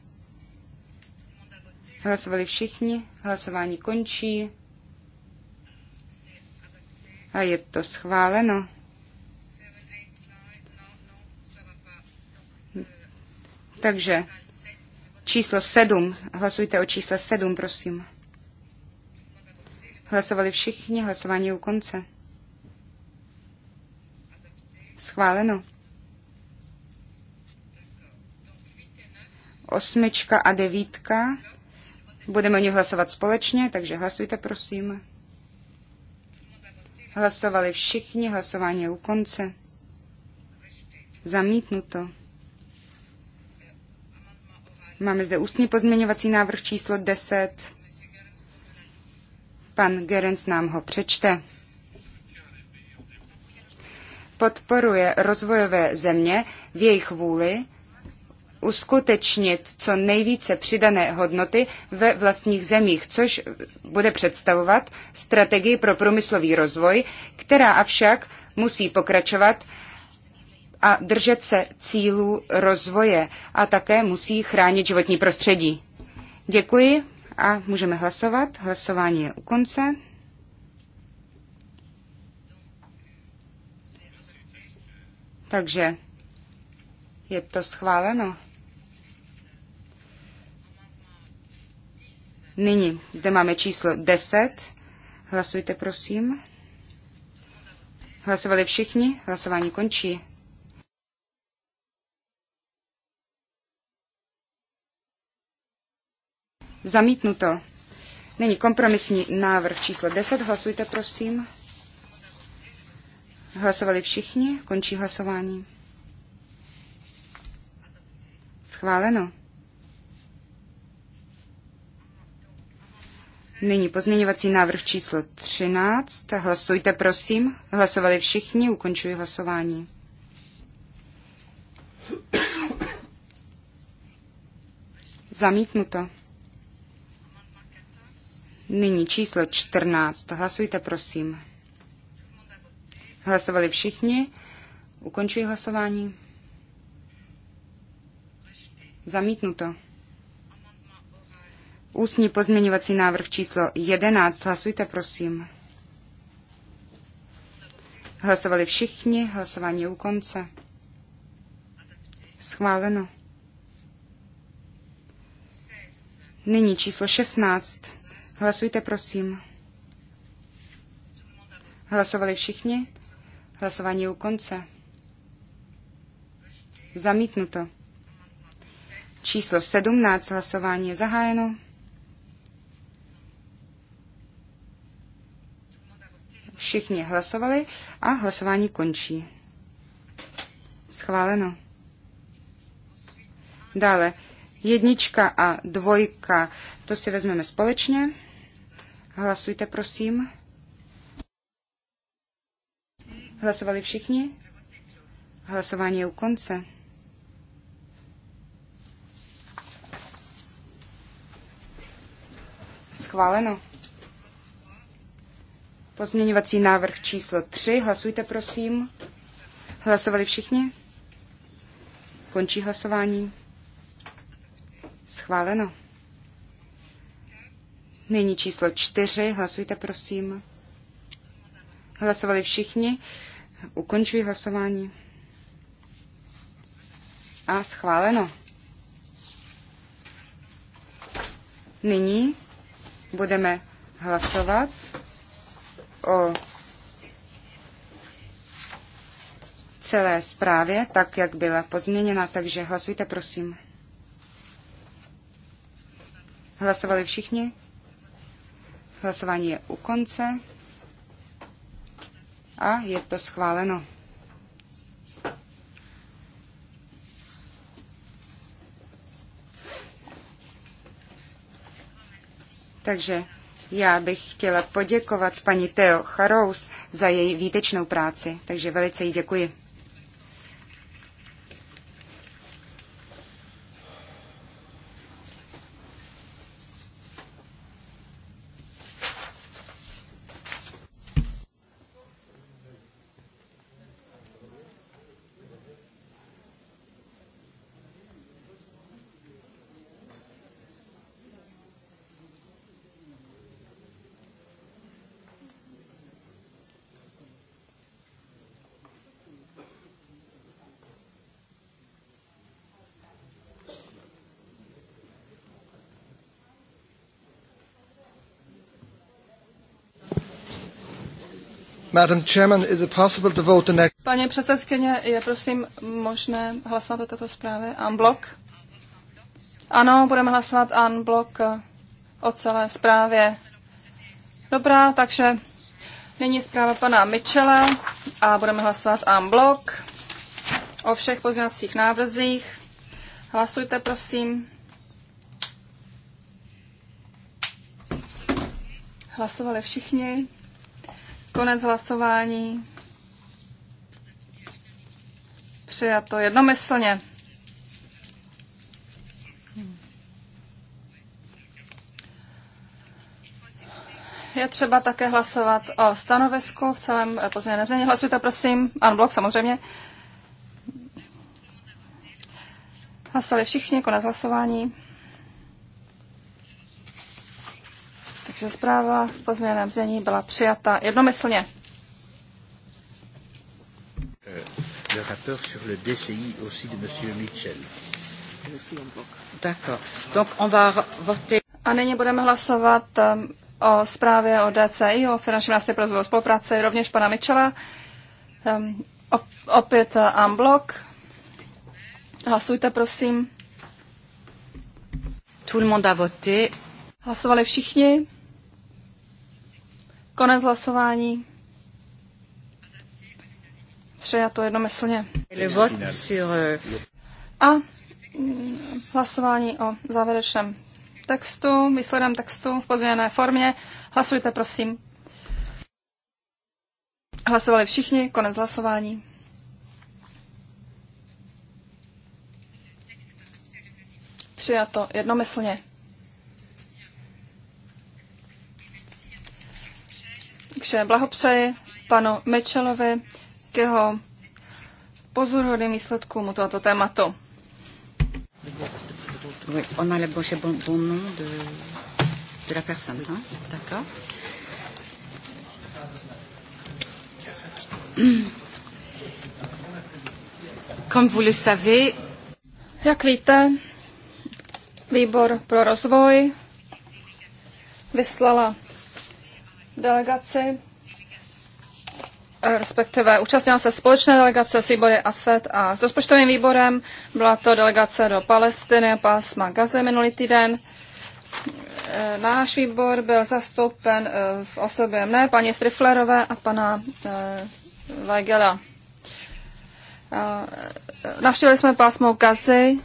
Hlasovali všichni. Hlasování končí. A je to schváleno. Takže Číslo 7. Hlasujte o čísle 7, prosím. Hlasovali všichni, hlasování u konce. Schváleno. Osmička a devítka. Budeme o nich hlasovat společně, takže hlasujte, prosím. Hlasovali všichni, hlasování je u konce. Zamítnuto. Máme zde ústní pozměňovací návrh číslo 10. Pan Gerenc nám ho přečte. Podporuje rozvojové země v jejich vůli uskutečnit co nejvíce přidané hodnoty ve vlastních zemích, což bude představovat strategii pro průmyslový rozvoj, která avšak musí pokračovat a držet se cílů rozvoje a také musí chránit životní prostředí. Děkuji a můžeme hlasovat. Hlasování je u konce. Takže je to schváleno. Nyní zde máme číslo 10. Hlasujte, prosím. Hlasovali všichni? Hlasování končí. Zamítnuto. Není kompromisní návrh číslo 10. Hlasujte, prosím. Hlasovali všichni. Končí hlasování. Schváleno. Nyní pozměňovací návrh číslo 13. Hlasujte, prosím. Hlasovali všichni. Ukončuji hlasování. Zamítnuto. Nyní číslo 14. Hlasujte, prosím. Hlasovali všichni. Ukončuji hlasování. Zamítnuto. Ústní pozměňovací návrh číslo 11. Hlasujte, prosím. Hlasovali všichni. Hlasování je u konce. Schváleno. Nyní číslo 16. Hlasujte, prosím. Hlasovali všichni? Hlasování je u konce. Zamítnuto. Číslo 17. Hlasování je zahájeno. Všichni hlasovali a hlasování končí. Schváleno. Dále jednička a dvojka, to si vezmeme společně. Hlasujte, prosím. Hlasovali všichni? Hlasování je u konce. Schváleno. Pozměňovací návrh číslo 3. Hlasujte, prosím. Hlasovali všichni? Končí hlasování. Schváleno. Nyní číslo čtyři. Hlasujte, prosím. Hlasovali všichni. Ukončuji hlasování. A schváleno. Nyní budeme hlasovat o celé zprávě, tak jak byla pozměněna, takže hlasujte prosím. Hlasovali všichni? Hlasování je u konce a je to schváleno. Takže já bych chtěla poděkovat paní Teo Charous za její výtečnou práci, takže velice jí děkuji. Pane Paní předsedkyně, je prosím možné hlasovat o této zprávě unblock? Ano, budeme hlasovat unblock eh, o celé zprávě. Dobrá, takže nyní zpráva pana Michela a budeme hlasovat unblock o všech pozměňovacích návrzích. Hlasujte, prosím. Hlasovali všichni. Konec hlasování. Přijato jednomyslně. Je třeba také hlasovat o stanovisku v celém pozměněném znění. Hlasujte, prosím. Ano, blok samozřejmě. Hlasovali všichni, konec hlasování. Takže zpráva v pozměněném znění byla přijata jednomyslně. Euh, le rapport sur le DCI aussi de Mitchell. A nyní budeme hlasovat um, o zprávě o DCI, o finančním nástroji pro rozvoj spolupráce, rovněž pana Michela. Um, opět Amblok. Uh, Hlasujte, prosím. Tout le monde a voté. Hlasovali všichni. Konec hlasování. Přijato jednomyslně. Euh, A mm, hlasování o závěrečném textu, výsledném textu v pozměněné formě. Hlasujte, prosím. Hlasovali všichni, konec hlasování. Přijato jednomyslně. Takže blahopřeji panu Mitchellovi k jeho pozoruhodným výsledkům u tohoto tématu. on a le bon, bon, bon nom de, de la personne, hein? d'accord. Comme vous le savez, jak víte, výbor pro rozvoj vyslala delegaci, respektive účastnila se společné delegace s výbory AFET a s rozpočtovým výborem. Byla to delegace do Palestiny a pásma Gaze minulý týden. E, náš výbor byl zastoupen e, v osobě mne, paní Striflerové a pana e, Weigela. Navštívili jsme pásmo Gazy.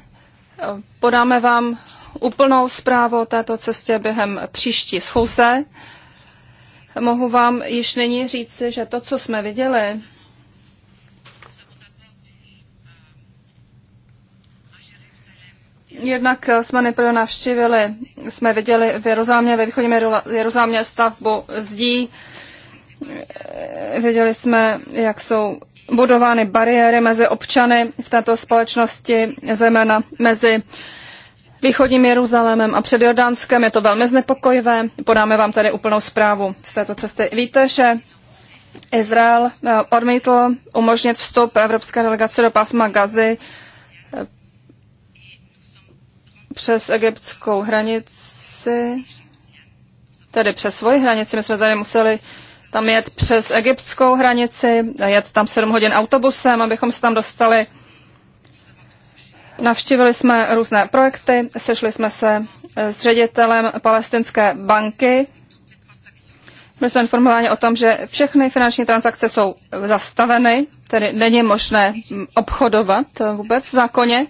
Podáme vám úplnou zprávu o této cestě během příští schůze mohu vám již nyní říci, že to, co jsme viděli, Jednak jsme nejprve navštívili, jsme viděli v Jeruzámě, ve východním Jeruzámě stavbu zdí. Viděli jsme, jak jsou budovány bariéry mezi občany v této společnosti, zejména mezi uh, východním Jeruzalémem a před Jordánskem. Je to velmi znepokojivé. Podáme vám tady úplnou zprávu z této cesty. Víte, že Izrael eh, odmítl umožnit vstup evropské delegace do pásma Gazy eh, přes egyptskou hranici, tedy přes svoji hranici. My jsme tady museli tam jet přes egyptskou hranici, jet tam 7 hodin autobusem, abychom se tam dostali. Navštívili jsme různé projekty, sešli jsme se eh, s ředitelem palestinské banky. Byli jsme informováni o tom, že všechny finanční transakce jsou zastaveny, tedy není možné mm, obchodovat vůbec v zákoně.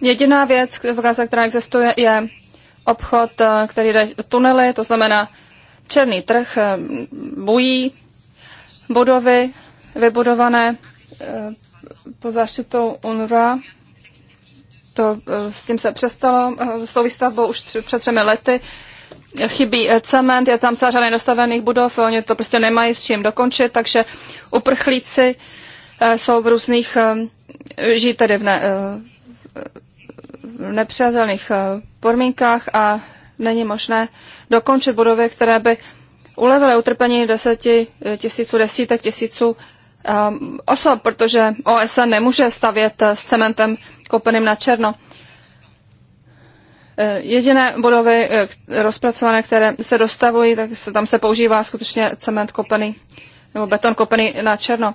Jediná věc v Gaze, která existuje, je obchod, eh, který jde tunely, to znamená černý trh, eh, bují, budovy vybudované pod zaštitou UNRWA to, eh, s tím se přestalo, eh, s tou výstavbou už tři, před třemi lety. Chybí eh, cement, je tam celá řada nedostavených budov, oni to prostě nemají s čím dokončit, takže uprchlíci jsou v různých, žijí tedy v, ne, v nepřijatelných podmínkách a není možné dokončit budovy, které by ulevily utrpení deseti tisíců, desítek tisíců um, osob, protože OSN nemůže stavět eh, s cementem kopeným na černo. Eh, jediné budovy eh, rozpracované, které se dostavují, tak se, tam se používá skutečně cement kopený nebo beton kopený na černo.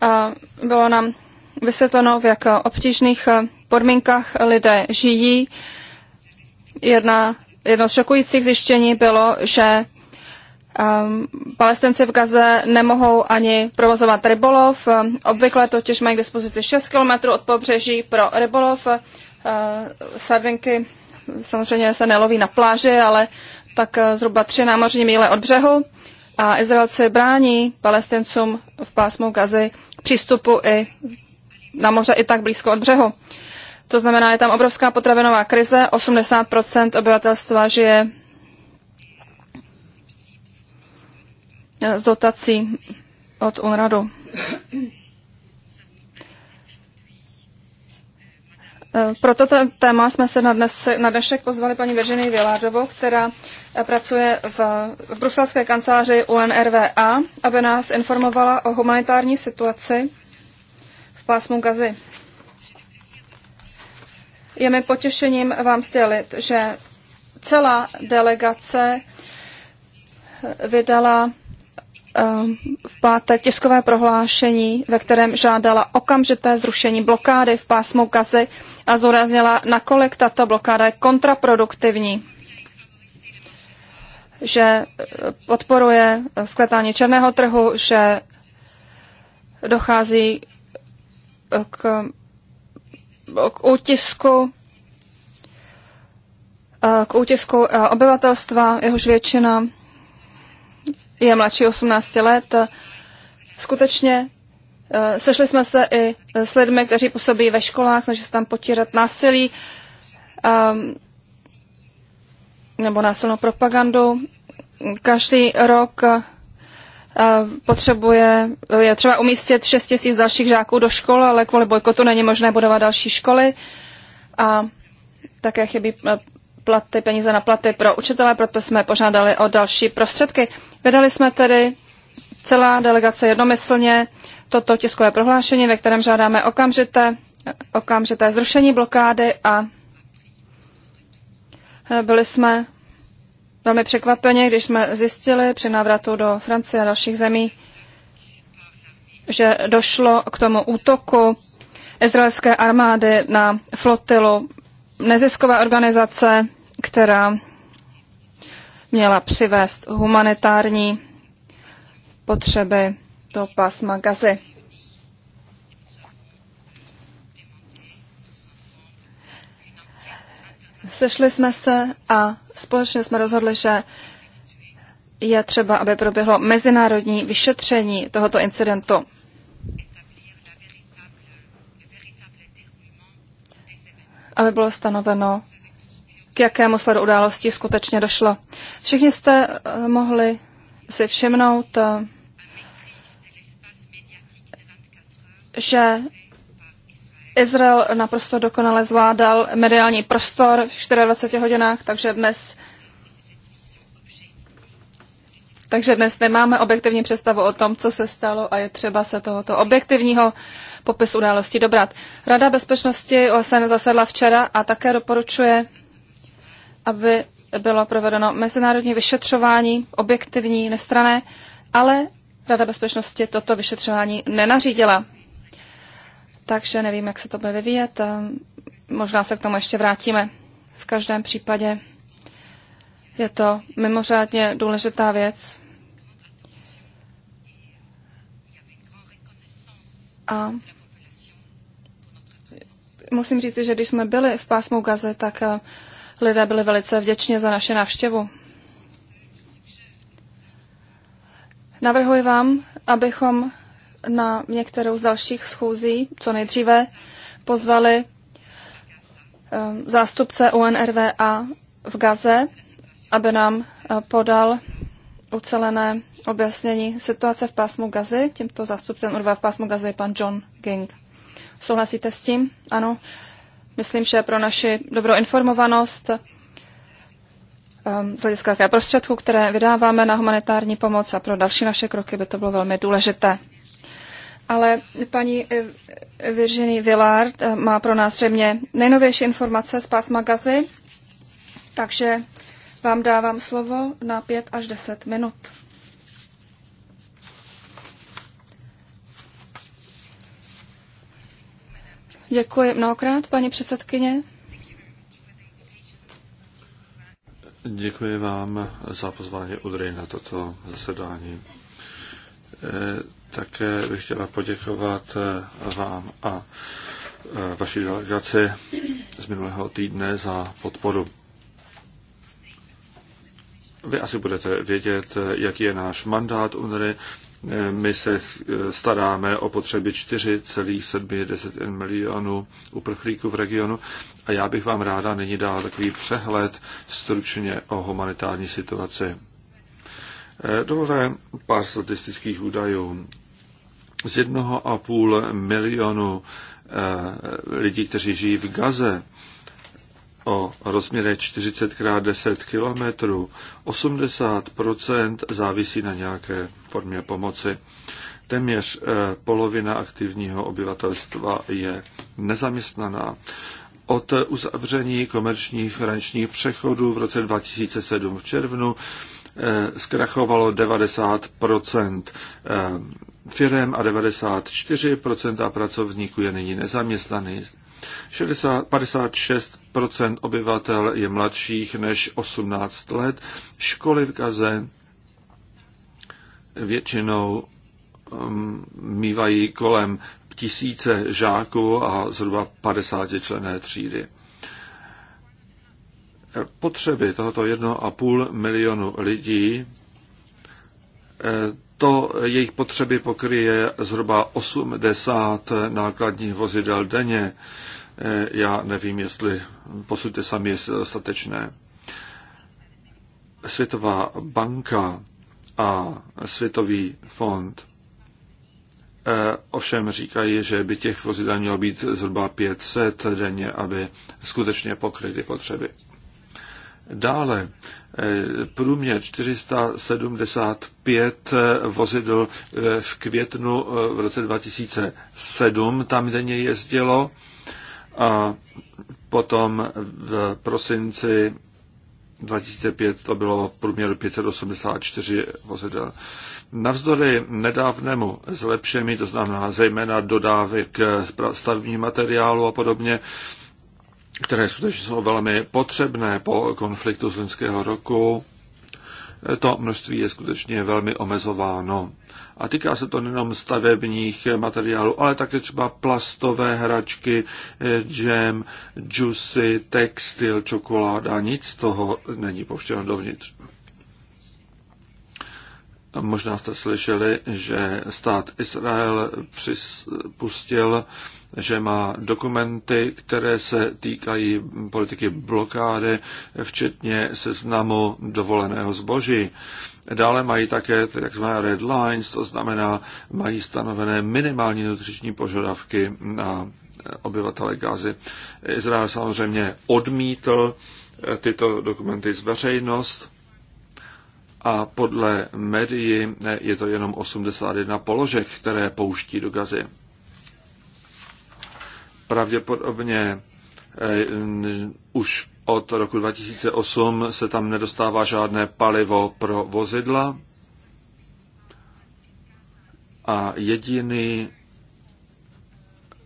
A bylo nám vysvětleno, v jak obtížných podmínkách lidé žijí. Jedna, jedno z šokujících zjištění bylo, že Um, palestinci v Gaze nemohou ani provozovat rybolov. Um, obvykle totiž mají k dispozici 6 km od pobřeží pro rybolov. Uh, sardinky samozřejmě se neloví na pláži, ale tak uh, zhruba 3 námořní míle od břehu. A Izraelci brání palestincům v pásmu Gazy přístupu i na moře i tak blízko od břehu. To znamená, je tam obrovská potravinová krize, 80% obyvatelstva žije z dotací od UNRADu. Pro toto téma jsme se na, dnes, na dnešek pozvali paní Virginie Vilárdovou, která pracuje v, v bruselské kanceláři UNRWA, aby nás informovala o humanitární situaci v pásmu Gazy. Je mi potěšením vám sdělit, že celá delegace vydala Ehm, v pátek tiskové prohlášení, ve kterém žádala okamžité zrušení blokády v pásmu Gazy a zdůraznila, nakolik tato blokáda je kontraproduktivní že eh, podporuje eh, skvětání černého trhu, že dochází eh, k, k útisku k útisku obyvatelstva, jehož většina je mladší 18 let. Skutečně eh, sešli jsme se i s lidmi, kteří působí ve školách, snaží se tam potírat násilí ehm, nebo násilnou propagandu. Každý rok eh, potřebuje, je třeba umístit 6 tisíc dalších žáků do škol, ale kvůli bojkotu není možné budovat další školy. A také chybí eh, platy, peníze na platy pro učitele, proto jsme požádali o další prostředky. Vydali jsme tedy celá delegace jednomyslně toto tiskové prohlášení, ve kterém žádáme okamžité, okamžité zrušení blokády a eh, byli jsme velmi překvapeni, když jsme zjistili při návratu do Francie a dalších zemí, že došlo k tomu útoku izraelské armády na flotilu neziskové organizace která měla přivést humanitární potřeby do pásma Gazy. Sešli jsme se a společně jsme rozhodli, že je třeba, aby proběhlo mezinárodní vyšetření tohoto incidentu. Aby bylo stanoveno, k jakému sledu událostí skutečně došlo. Všichni jste eh, mohli si všimnout, eh, že Izrael naprosto dokonale zvládal mediální prostor v 24 hodinách, takže dnes takže dnes nemáme objektivní představu o tom, co se stalo a je třeba se tohoto objektivního popisu události dobrat. Rada bezpečnosti OSN zasedla včera a také doporučuje aby bylo provedeno mezinárodní vyšetřování, objektivní, nestrané, ale Rada bezpečnosti toto vyšetřování nenařídila. Takže nevím, jak se to bude vyvíjet. Možná se k tomu ještě vrátíme. V každém případě je to mimořádně důležitá věc. A musím říct, že když jsme byli v pásmu Gaze, tak eh, lidé byli velice vděční za naše návštěvu. Navrhuji vám, abychom na některou z dalších schůzí co nejdříve pozvali ehm, zástupce UNRWA v Gaze, aby nám e, podal ucelené objasnění situace v pásmu Gazy. Tímto zástupcem UNRWA v pásmu Gazy je pan John Ging. Souhlasíte s tím? Ano. Myslím, že pro naši dobrou informovanost um, z hlediska také prostředků, které vydáváme na humanitární pomoc a pro další naše kroky by to bylo velmi důležité. Ale paní Virginie Villard eh, má pro nás zřejmě nejnovější informace z Pás Magazy, takže vám dávám slovo na 5 až 10 minut. Děkuji mnohokrát, paní předsedkyně. Děkuji vám za pozvání Udry na toto zasedání. Eh, také bych chtěla poděkovat eh, vám a eh, vaší delegaci z minulého týdne za podporu. Vy asi budete vědět, jaký je náš mandát UNRY. My se eh, staráme o potřeby 4,7 milionů uprchlíků v regionu a já bych vám ráda nyní dala takový přehled stručně o humanitární situaci. Eh, dovolte pár statistických údajů. Z jednoho a půl milionu eh, lidí, kteří žijí v Gaze, o rozměrech 40 x 10 km, 80 závisí na nějaké formě pomoci. Téměř eh, polovina aktivního obyvatelstva je nezaměstnaná. Od uzavření komerčních hraničních přechodů v roce 2007 v červnu eh, zkrachovalo 90 eh, firem a 94 pracovníků je nyní nezaměstnaných. 56 obyvatel je mladších než 18 let. Školy v Gaze většinou mm, mývají kolem tisíce žáků a zhruba 50 člené třídy. Potřeby tohoto 1,5 milionu lidí, eh, to jejich potřeby pokryje zhruba 80 nákladních vozidel denně. Eh, já nevím, jestli posudte sami, jestli je dostatečné. Světová banka a Světový fond eh, ovšem říkají, že by těch vozidel mělo být zhruba 500 denně, aby skutečně pokryly potřeby. Dále eh, průměr 475 vozidel v květnu v roce 2007 tam denně jezdilo a potom v prosinci 2005 to bylo v průměru 584 vozidel. Navzdory nedávnému zlepšení, to znamená zejména dodávek stavebních materiálu a podobně, které skutečně jsou velmi potřebné po konfliktu z loňského roku, to množství je skutečně velmi omezováno. A týká se to nejenom stavebních materiálů, ale také třeba plastové hračky, eh, džem, džusy, textil, čokoláda. Nic z toho není pouštěno dovnitř. Možná jste slyšeli, že stát Izrael připustil, že má dokumenty, které se týkají politiky blokády, včetně seznamu dovoleného zboží. Dále mají také tzv. red lines, to znamená, mají stanovené minimální nutriční požadavky na eh, obyvatele Gazy. Izrael samozřejmě odmítl eh, tyto dokumenty z veřejnost a podle médií eh, je to jenom 81 položek, které pouští do Gazy. Pravděpodobně Eh, už od roku 2008 se tam nedostává žádné palivo pro vozidla a jediný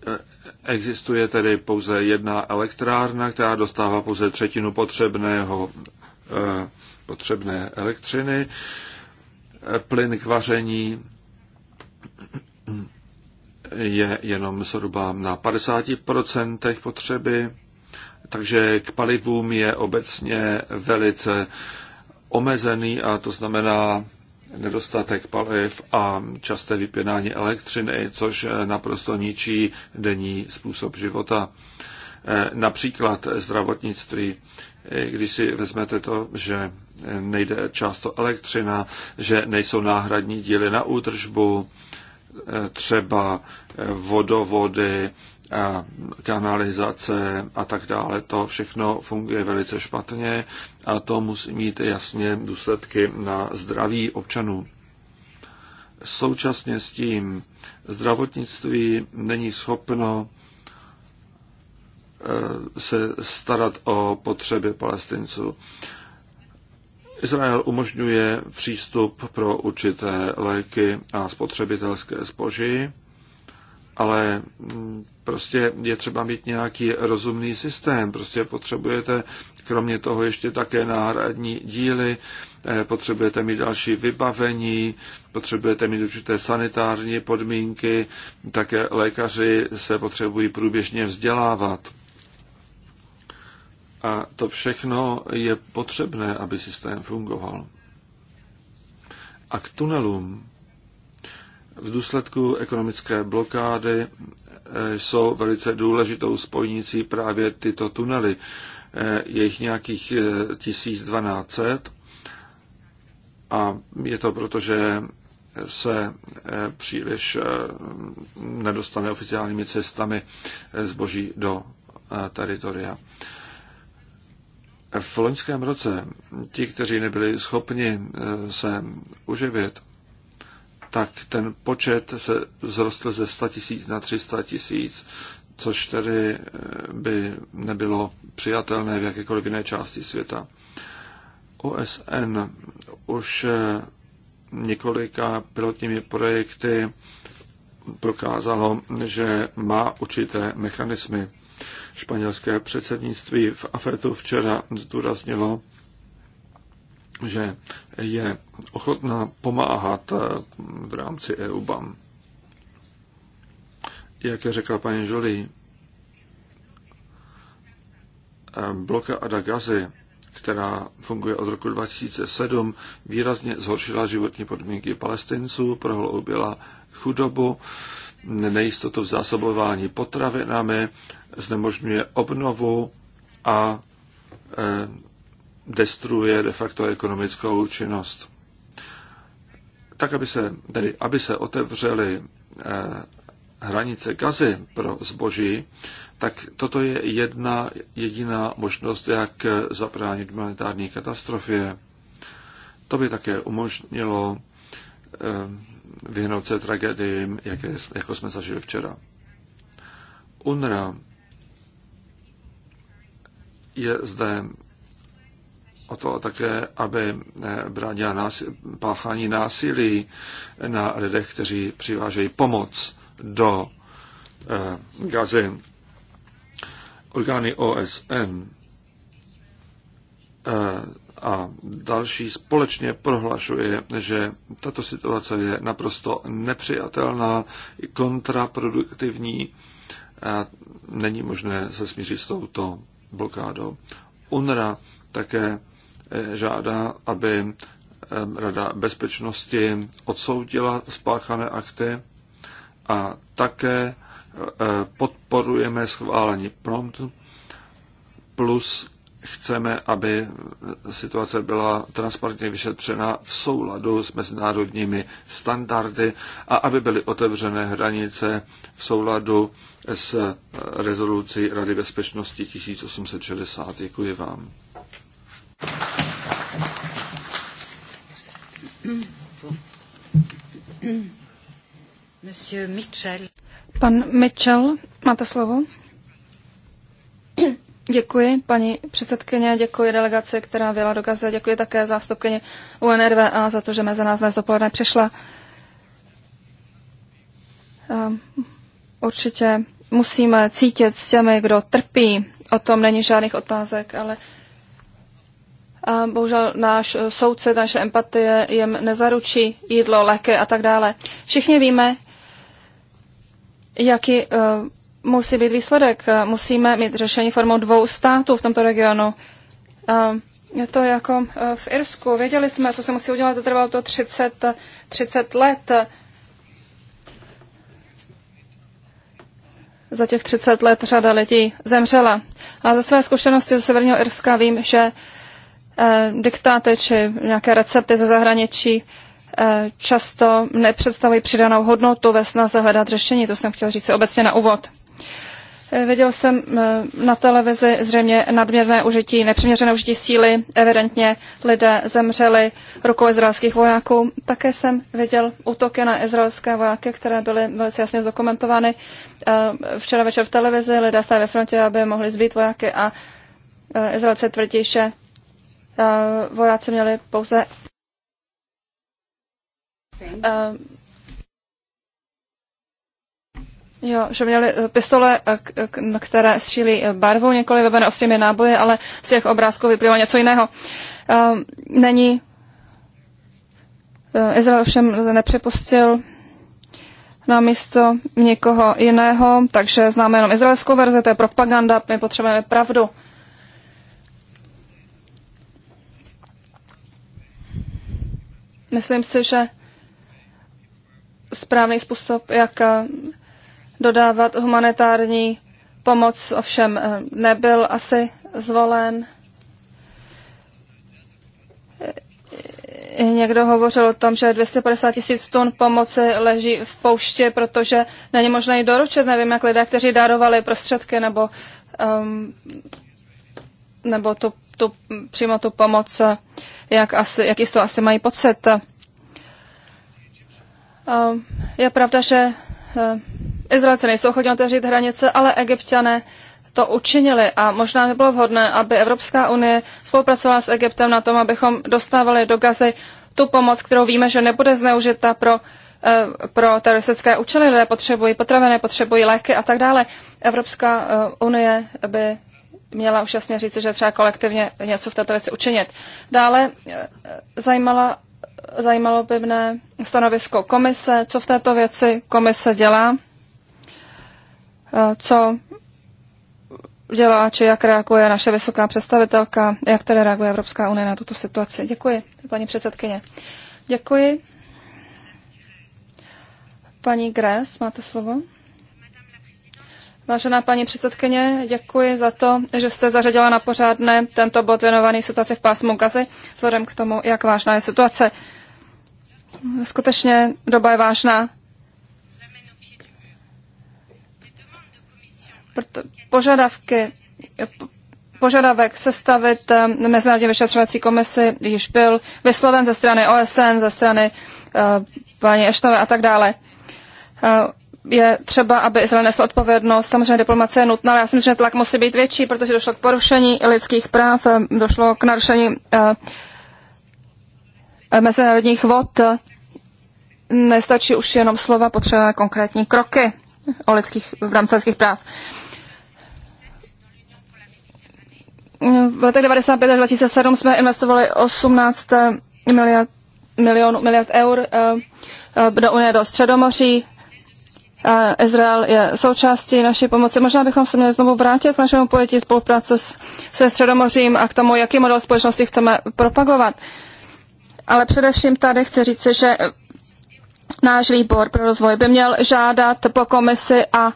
eh, existuje tedy pouze jedna elektrárna, která dostává pouze třetinu potřebného, eh, potřebné elektřiny. Plyn k vaření je jenom zhruba na 50% potřeby, takže k palivům je obecně velice omezený a to znamená nedostatek paliv a časté vypínání elektřiny, což naprosto ničí denní způsob života. E, například zdravotnictví, e, když si vezmete to, že nejde často elektřina, že nejsou náhradní díly na údržbu, třeba vodovody, a kanalizace a tak dále. To všechno funguje velice špatně a to musí mít jasně důsledky na zdraví občanů. Současně s tím zdravotnictví není schopno eh, se starat o potřeby palestinců. Izrael umožňuje přístup pro určité léky a spotřebitelské spoži, ale mm, prostě je třeba mít nějaký rozumný systém. Prostě potřebujete kromě toho ještě také náhradní díly, eh, potřebujete mít další vybavení, potřebujete mít určité sanitární podmínky, také lékaři se potřebují průběžně vzdělávat. A to všechno je potřebné, aby systém fungoval. A k tunelům v důsledku ekonomické blokády eh, jsou velice důležitou spojnicí právě tyto tunely. Eh, je jich nějakých 1200 eh, a je to proto, že se příliš nedostane oficiálními cestami zboží do teritoria. V loňském roce ti, kteří nebyli schopni eh, se uživit, tak ten počet se zrostl ze 100 tisíc na 300 tisíc, což tedy eh, by nebylo přijatelné v jakékoliv jiné části světa. OSN už eh, několika pilotními projekty prokázalo, že má určité mechanismy Španělské předsednictví v AFETu včera zdůraznilo, že je ochotná pomáhat eh, v rámci e BAM. Jak řekla paní Jolie, eh, bloka Adagazy, která funguje od roku 2007, výrazně zhoršila životní podmínky palestinců, prohloubila chudobu, nejistotu v zásobování potravinami, znemožňuje obnovu a eh, destruuje de facto ekonomickou činnost. Tak, aby se, tedy, aby se otevřely eh, hranice gazy pro zboží, tak toto je jedna jediná možnost, jak zabránit humanitární katastrofě. To by také umožnilo eh, vyhnout se tragédiím, jaké, jako jsme zažili včera. UNRA je zde o to také, aby eh, bránila násil, páchání násilí na lidech, kteří přivážejí pomoc do eh, Gazy. Orgány OSN eh, a další společně prohlašuje, že tato situace je naprosto nepřijatelná, kontraproduktivní a není možné se smířit s touto blokádou. UNRA také eh, žádá, aby eh, Rada bezpečnosti odsoudila spáchané akty a také eh, podporujeme schválení prompt plus chceme, aby situace byla transparentně vyšetřena v souladu s mezinárodními standardy a aby byly otevřené hranice v souladu s rezolucí Rady bezpečnosti 1860. Děkuji vám. Monsieur Mitchell. Pan Mitchell, máte slovo? Děkuji paní předsedkyně, děkuji delegaci, která byla do Gaze, děkuji také zástupkyni a za to, že mezi nás dnes dopoledne přišla. Ehm, určitě musíme cítit s těmi, kdo trpí, o tom není žádných otázek, ale a bohužel náš soudce, naše empatie jim nezaručí jídlo, léky a tak dále. Všichni víme, jaký eh, musí být výsledek. Musíme mít řešení formou dvou států v tomto regionu. Je to jako e, v Irsku. Věděli jsme, co se musí udělat, to trvalo to 30, 30 let. Za těch 30 let řada lidí zemřela. A ze své zkušenosti ze Severního Irska vím, že eh, diktáty či nějaké recepty ze zahraničí eh, často nepředstavují přidanou hodnotu ve snaze hledat řešení. To jsem chtěl říct obecně na úvod. Eh, viděl jsem eh, na televizi zřejmě nadměrné užití, nepřiměřené užití síly. Evidentně lidé zemřeli rukou izraelských vojáků. Také jsem viděl útoky na izraelské vojáky, které byly velice jasně zdokumentovány. Eh, včera večer v televizi lidé stáli ve frontě, aby mohli zbýt vojáky a Izraelce tvrdí, že vojáci měli pouze Jo, že měli eh, pistole, eh, eh, které střílí barvou, několik vybavené ostrými náboje, ale z těch obrázků vyplývá něco jiného. Ehm, není Izrael všem nepřepustil na místo někoho jiného, takže známe jenom izraelskou verzi, to je propaganda, my potřebujeme pravdu. Myslím si, že správný způsob, jak dodávat humanitární pomoc, ovšem eh, nebyl asi zvolen. Někdo hovořil o tom, že 250 tisíc tun pomoci leží v poušti, protože není možné ji doručit. Nevím, jak lidé, kteří darovali prostředky nebo, um, nebo tu, tu, přímo tu pomoc, eh, jak asi, jaký z toho asi mají pocit. Um, je pravda, že eh, Izraelci nejsou ochotní otevřít hranice, ale egyptiané to učinili a možná by bylo vhodné, aby Evropská unie spolupracovala s Egyptem na tom, abychom dostávali do Gazy tu pomoc, kterou víme, že nebude zneužita pro, eh, pro teroristické účely. Lidé potřebují potraviny, potřebují léky a tak dále. Evropská eh, unie by měla už jasně říct, že třeba kolektivně něco v této věci učinit. Dále eh, zajímala, zajímalo by mne stanovisko komise, co v této věci komise dělá co dělá, či jak reaguje naše vysoká představitelka, jak tedy reaguje Evropská unie na tuto situaci. Děkuji, paní předsedkyně. Děkuji. Paní Gres, máte slovo. Vážená paní předsedkyně, děkuji za to, že jste zařadila na pořádné tento bod věnovaný situaci v pásmu Gazy, vzhledem k tomu, jak vážná je situace. Skutečně doba je vážná požadavky, požadavek sestavit eh, Mezinárodní vyšetřovací komisi již byl vysloven ze strany OSN, ze strany uh, paní Eštové a tak dále. Uh, je třeba, aby Izrael nesl odpovědnost. Samozřejmě diplomace je nutná, ale já si myslím, že tlak musí být větší, protože došlo k porušení lidských práv, došlo k narušení uh, mezinárodních vod. Nestačí už jenom slova, potřebujeme konkrétní kroky o lidských, v rámci lidských práv. Uh, V letech 95 až 2007 jsme investovali 18 eh, miliard, milionů, miliard eur eh, eh, do Unie do Středomoří. Izrael je součástí naší pomoci. Možná bychom se měli znovu vrátit k našemu pojetí spolupráce s, se Středomořím a k tomu, jaký model společnosti chceme propagovat. Ale především tady chci říct, že náš výbor pro rozvoj by měl žádat po komisi a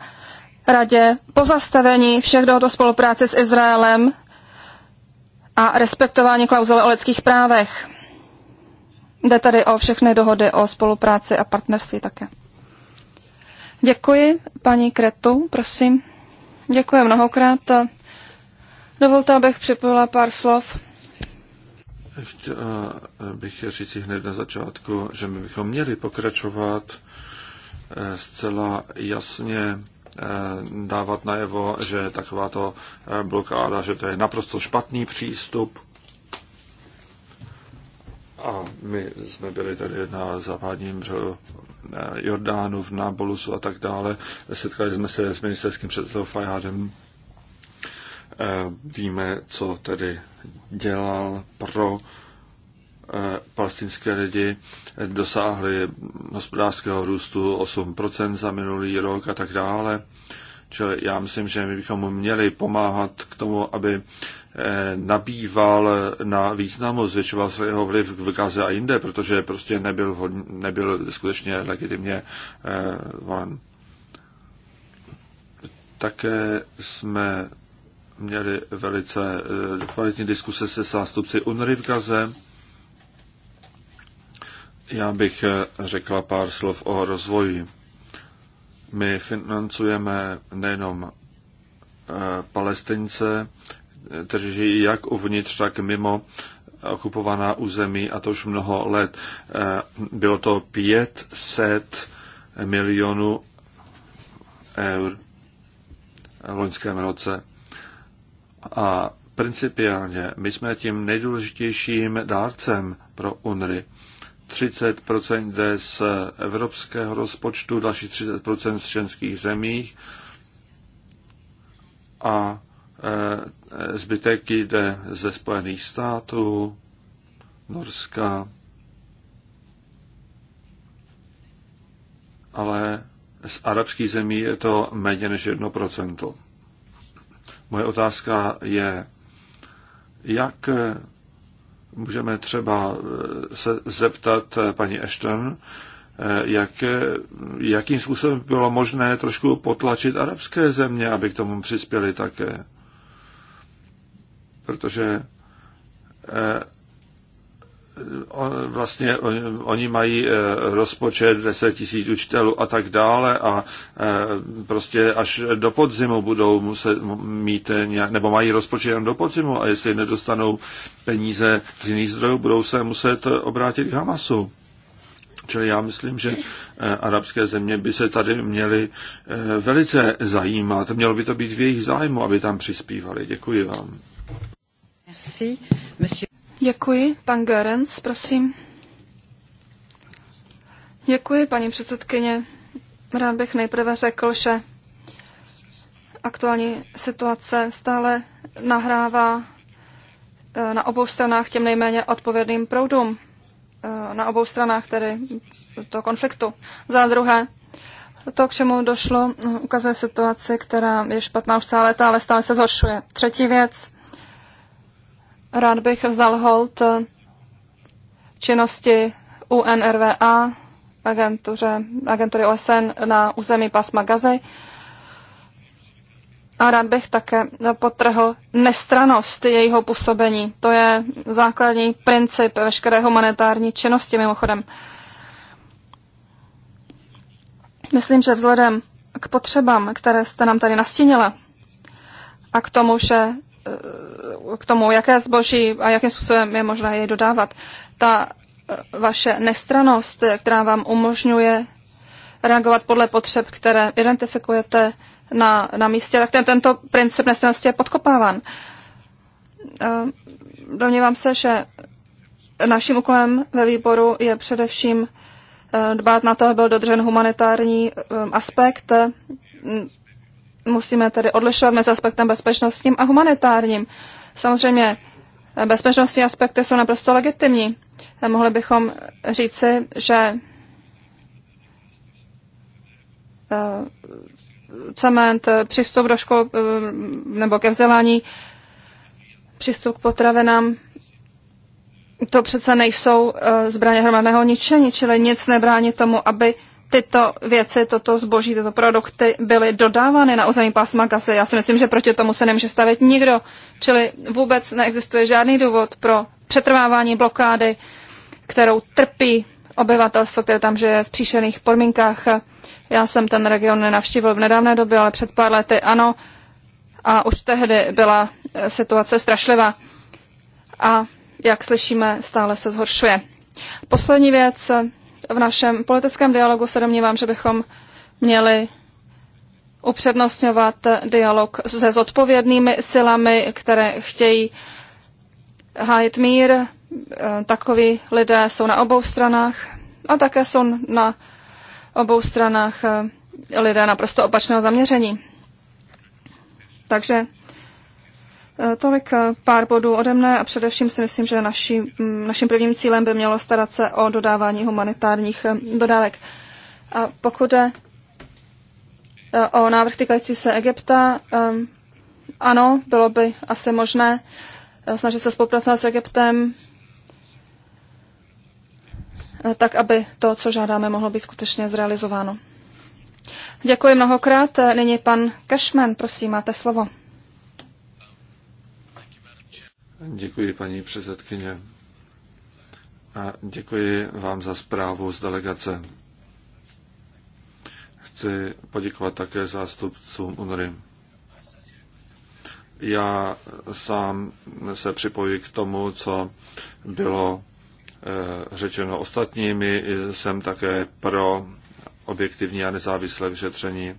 radě pozastavení všech dohod o spolupráci s Izraelem a respektování klauzule o lidských právech. Jde tady o všechny dohody o spolupráci a partnerství také. Děkuji paní Kretu, prosím. Děkuji mnohokrát. Dovolte, abych připojila pár slov. Chtěla bych říct hned na začátku, že my bychom měli pokračovat eh, zcela jasně Eh, dávat najevo, že takováto eh, blokáda, že to je naprosto špatný přístup. A my jsme byli tady na západním břehu eh, Jordánu, v Nábolusu a tak dále. Setkali jsme se s ministerským předsedou Fajádem. Víme, co tedy dělal pro Eh, palestinské lidi dosáhli hospodářského růstu 8% za minulý rok a tak dále. Čili já myslím, že my bychom měli pomáhat k tomu, aby eh, nabýval na významu, zvětšoval se jeho vliv v Gaze a jinde, protože prostě nebyl, vhodný, nebyl skutečně legitimně eh, volen. Také jsme měli velice kvalitní diskuse se zástupci UNRY v Gaze já bych eh, řekla pár slov o rozvoji. My financujeme nejenom eh, Palestince, eh, kteří žijí jak uvnitř, tak mimo okupovaná území a to už mnoho let. Bylo to 500 milionů eur v loňském roce. A principiálně my jsme tím nejdůležitějším dárcem pro UNRY. 30 jde z evropského rozpočtu, další 30 z členských zemích a e, zbytek jde ze Spojených států, Norska, ale z arabských zemí je to méně než 1%. Moje otázka je, jak Můžeme třeba eh, se zeptat eh, paní Ashton, eh, jak, jakým způsobem bylo možné trošku potlačit arabské země, aby k tomu přispěli také. Protože vlastně oni mají e, rozpočet 10 tisíc učitelů a tak dále a e, prostě až do podzimu budou muset mít nějak, nebo mají rozpočet jen do podzimu a jestli nedostanou peníze z jiných zdrojů, budou se muset obrátit k Hamasu. Čili já myslím, že e, arabské země by se tady měly velice zajímat. Mělo by to být v jejich zájmu, aby tam přispívali. Děkuji vám. Merci. Děkuji. Pan Görens, prosím. Děkuji, paní předsedkyně. Rád bych nejprve řekl, že aktuální situace stále nahrává eh, na obou stranách těm nejméně odpovědným proudům. Eh, na obou stranách tedy toho konfliktu. Za druhé, to, k čemu došlo, eh, ukazuje situaci, která je špatná už stále, ale stále se zhoršuje. Třetí věc, Rád bych vzal hold eh, činnosti UNRWA, agentuře, agentury OSN na území pasma Gazy. A rád bych také potrhl nestranost jejího působení. To je základní princip veškeré humanitární činnosti mimochodem. Myslím, že vzhledem k potřebám, které jste nám tady nastínila, a k tomu, že k tomu, jaké zboží a jakým způsobem je možné jej dodávat. Ta eh, vaše nestranost, která vám umožňuje reagovat podle potřeb, které identifikujete na, na místě, tak ten, tento princip nestranosti je podkopáván. Eh, domnívám se, že naším úkolem ve výboru je především eh, dbát na to, aby byl dodržen humanitární aspekt musíme tedy odlišovat mezi aspektem bezpečnostním a humanitárním. Samozřejmě eh, bezpečnostní aspekty jsou naprosto legitimní. Eh, mohli bychom říci, že eh, cement, přístup do škol nebo ke vzdělání, přístup k potravinám, to přece nejsou zbraně hromadného ničení, čili nic nebrání tomu, aby tyto věci, toto zboží, tyto produkty byly dodávány na území pásma Gazy. Já si myslím, že proti tomu se nemůže stavět nikdo. Čili vůbec neexistuje žádný důvod pro přetrvávání blokády, kterou trpí obyvatelstvo, které tam žije v příšerných podmínkách. Já jsem ten region nenavštívil v nedávné době, ale před pár lety ano. A už tehdy byla eh, situace strašlivá. A jak slyšíme, stále se zhoršuje. Poslední věc, v našem politickém dialogu se domnívám, že bychom měli upřednostňovat dialog se zodpovědnými silami, které chtějí hájit mír. E, takoví lidé jsou na obou stranách a také jsou na obou stranách e, lidé naprosto opačného zaměření. Takže Eh, tolik eh, pár bodů ode mne a především si myslím, že naši, mm, naším prvním cílem by mělo starat se o dodávání humanitárních eh, dodávek. A pokud jde o návrh týkající se Egypta, ano, bylo by asi možné snažit se spolupracovat s Egyptem, tak aby to, co žádáme, mohlo být skutečně zrealizováno. Děkuji mnohokrát. Nyní pan Cashman, prosím, máte slovo. Děkuji, paní předsedkyně. A děkuji vám za zprávu z delegace. Chci poděkovat také zástupcům UNRY. Já sám se připojuji k tomu, co bylo eh, řečeno ostatními. Jsem také pro objektivní a nezávislé vyšetření.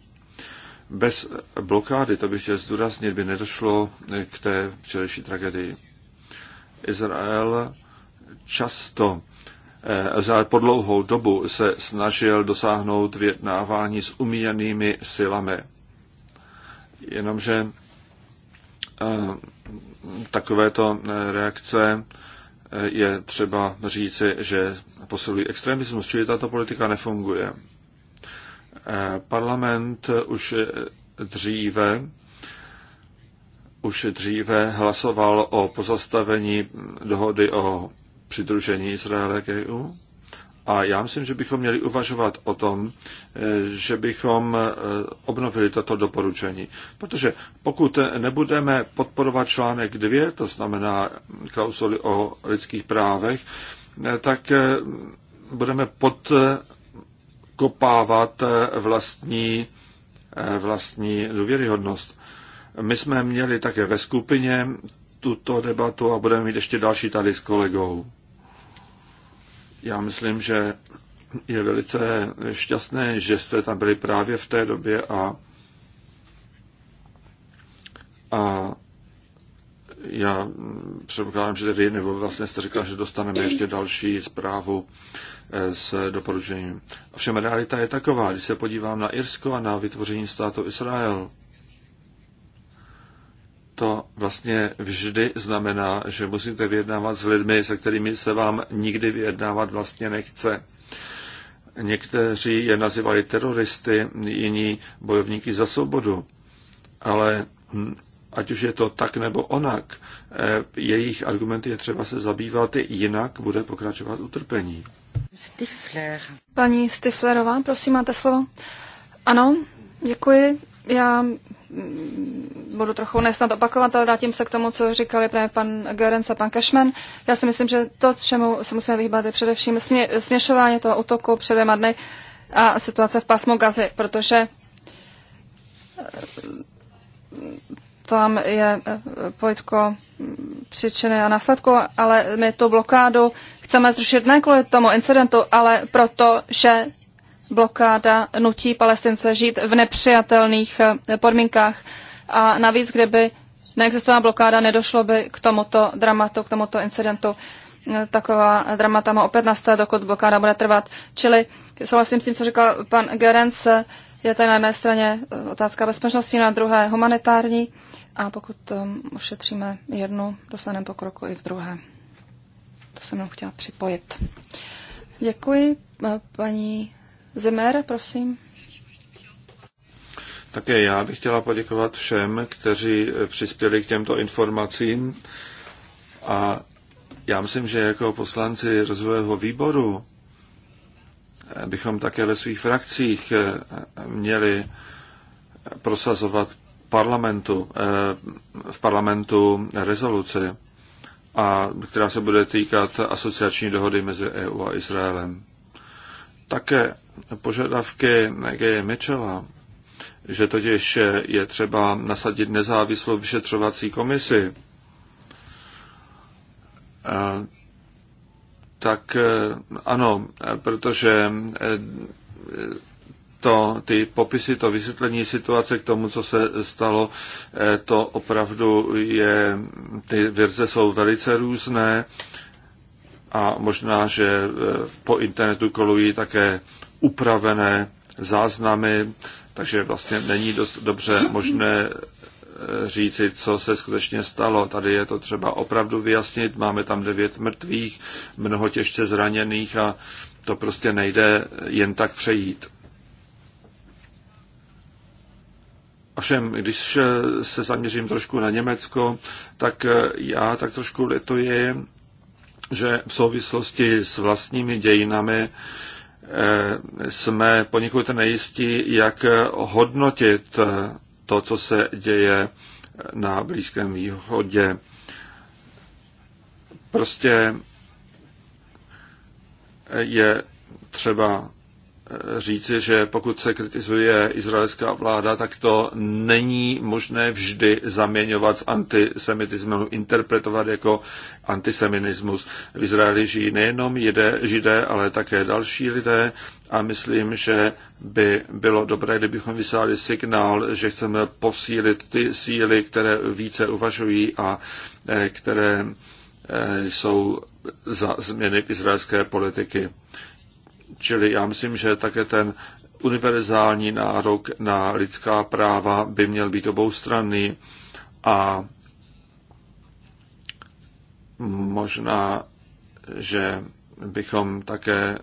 Bez blokády, to bych chtěl zdůraznit, by nedošlo k té včerejší tragédii. Izrael často eh, za podlouhou dobu se snažil dosáhnout vyjednávání s umíjenými silami. Jenomže eh, takovéto eh, reakce je třeba říci, že posilují extremismus, čili tato politika nefunguje. Parlament už dříve už dříve hlasoval o pozastavení dohody o přidružení Izraele k EU. A já myslím, že bychom měli uvažovat o tom, eh, že bychom eh, obnovili toto doporučení. Protože pokud nebudeme podporovat článek 2, to znamená klausuly o lidských právech, eh, tak budeme podkopávat vlastní, vlastní důvěryhodnost. My jsme měli také ve skupině tuto debatu a budeme mít ještě další tady s kolegou. Já myslím, že je velice šťastné, že jste tam byli právě v té době a, a já předpokládám, že tedy, nebo vlastně jste říkal, že dostaneme ještě další zprávu eh, s doporučením. Všem realita je taková, když se podívám na Irsko a na vytvoření státu Izrael, to vlastně vždy znamená, že musíte vyjednávat s lidmi, se kterými se vám nikdy vyjednávat vlastně nechce. Někteří je nazývají teroristy, jiní bojovníky za svobodu. Ale ať už je to tak nebo onak, eh, jejich argumenty je třeba se zabývat, jinak bude pokračovat utrpení. Stifler. Paní Stiflerová, prosím, máte slovo. Ano, děkuji. Já Mm, budu trochu nesnad opakovat, ale vrátím se k tomu, co říkali právě pan Gerenc a pan Cashman. Já si myslím, že to, čemu se musíme vyhýbat, je především smě, směšování toho útoku před dvěma dny a situace v pásmu Gazy, protože eh, tam je eh, pojitko mm, příčiny a následku, ale my tu blokádu chceme zrušit ne kvůli tomu incidentu, ale proto, že blokáda nutí Palestince žít v nepřijatelných eh, podmínkách. A navíc, kdyby neexistovala blokáda, nedošlo by k tomuto dramatu, k tomuto incidentu. Eh, taková dramata má opět nastat, dokud blokáda bude trvat. Čili souhlasím s tím, co říkal pan Gerens, je tady na jedné straně eh, otázka bezpečnosti, na druhé humanitární a pokud ošetříme ehm, jednu, dostaneme pokroku i v druhé. To jsem jenom chtěla připojit. Děkuji, paní Zemer, prosím. Také já bych chtěla poděkovat všem, kteří přispěli k těmto informacím. A já myslím, že jako poslanci rozvojového výboru bychom také ve svých frakcích měli prosazovat parlamentu, eh, v parlamentu rezoluci, a, která se bude týkat asociační dohody mezi EU a Izraelem. Také požadavky G. Mitchella, že totiž je třeba nasadit nezávislou vyšetřovací komisi, tak e, ano, protože e, to, ty popisy, to vysvětlení situace k tomu, co se stalo, e, to opravdu je, ty verze jsou velice různé a možná, že po internetu kolují také upravené záznamy, takže vlastně není dost dobře možné eh, říci, co se skutečně stalo. Tady je to třeba opravdu vyjasnit. Máme tam devět mrtvých, mnoho těžce zraněných a to prostě nejde jen tak přejít. Ovšem, když se zaměřím trošku na Německo, tak eh, já tak trošku lituji, že v souvislosti s vlastními dějinami Eh, jsme poněkud nejistí, jak hodnotit eh, to, co se děje eh, na Blízkém východě. Prostě je třeba říci, že pokud se kritizuje izraelská vláda, tak to není možné vždy zaměňovat s antisemitismem, interpretovat jako antisemitismus. V Izraeli žijí nejenom jde, židé, ale také další lidé a myslím, že by bylo dobré, kdybychom vyslali signál, že chceme posílit ty síly, které více uvažují a eh, které eh, jsou za změny izraelské politiky. Čili já myslím, že také ten univerzální nárok na lidská práva by měl být oboustranný a možná, že bychom také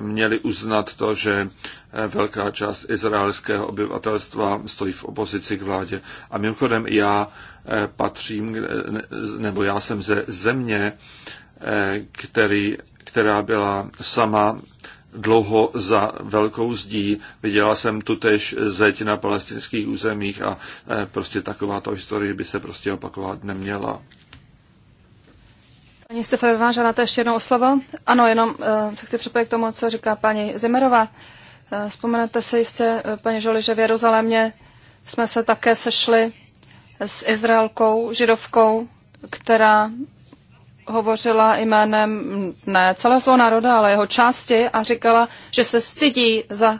měli uznat to, že velká část izraelského obyvatelstva stojí v opozici k vládě. A mimochodem já eh, patřím, eh, nebo já jsem ze země, eh, který která byla sama dlouho za velkou zdí. Viděla jsem tu tež zeď na palestinských územích a eh, prostě takováto historie by se prostě opakovat neměla. Paní Stefanová, to ještě jednou o slovo? Ano, jenom eh, se chci připojit k tomu, co říká paní Zimerová. Eh, vzpomenete si jistě, paní Žoli, že v Jeruzalémě jsme se také sešli s Izraelkou, židovkou, která hovořila jménem ne celého svého národa, ale jeho části a říkala, že se stydí za,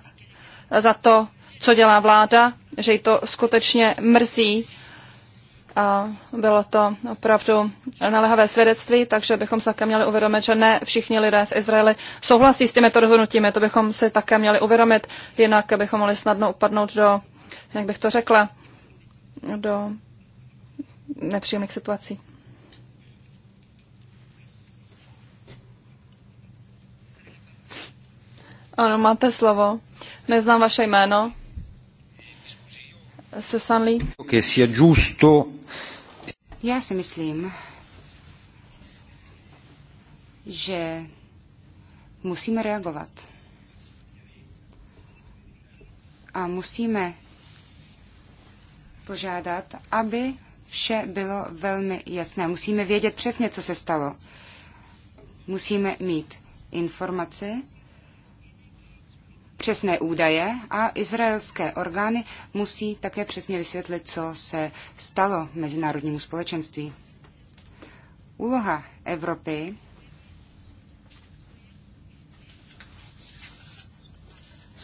za to, co dělá vláda, že ji to skutečně mrzí. A bylo to opravdu nalehavé svědectví, takže bychom se také měli uvědomit, že ne všichni lidé v Izraeli souhlasí s těmito rozhodnutími. To bychom si také měli uvědomit, jinak bychom mohli snadno upadnout do, jak bych to řekla, do nepříjemných situací. Ano, máte slovo. Neznám vaše jméno. Se Lee. Já si myslím, že musíme reagovat. A musíme požádat, aby vše bylo velmi jasné. Musíme vědět přesně, co se stalo. Musíme mít informaci, přesné údaje a izraelské orgány musí také přesně vysvětlit, co se stalo mezinárodnímu společenství. Úloha Evropy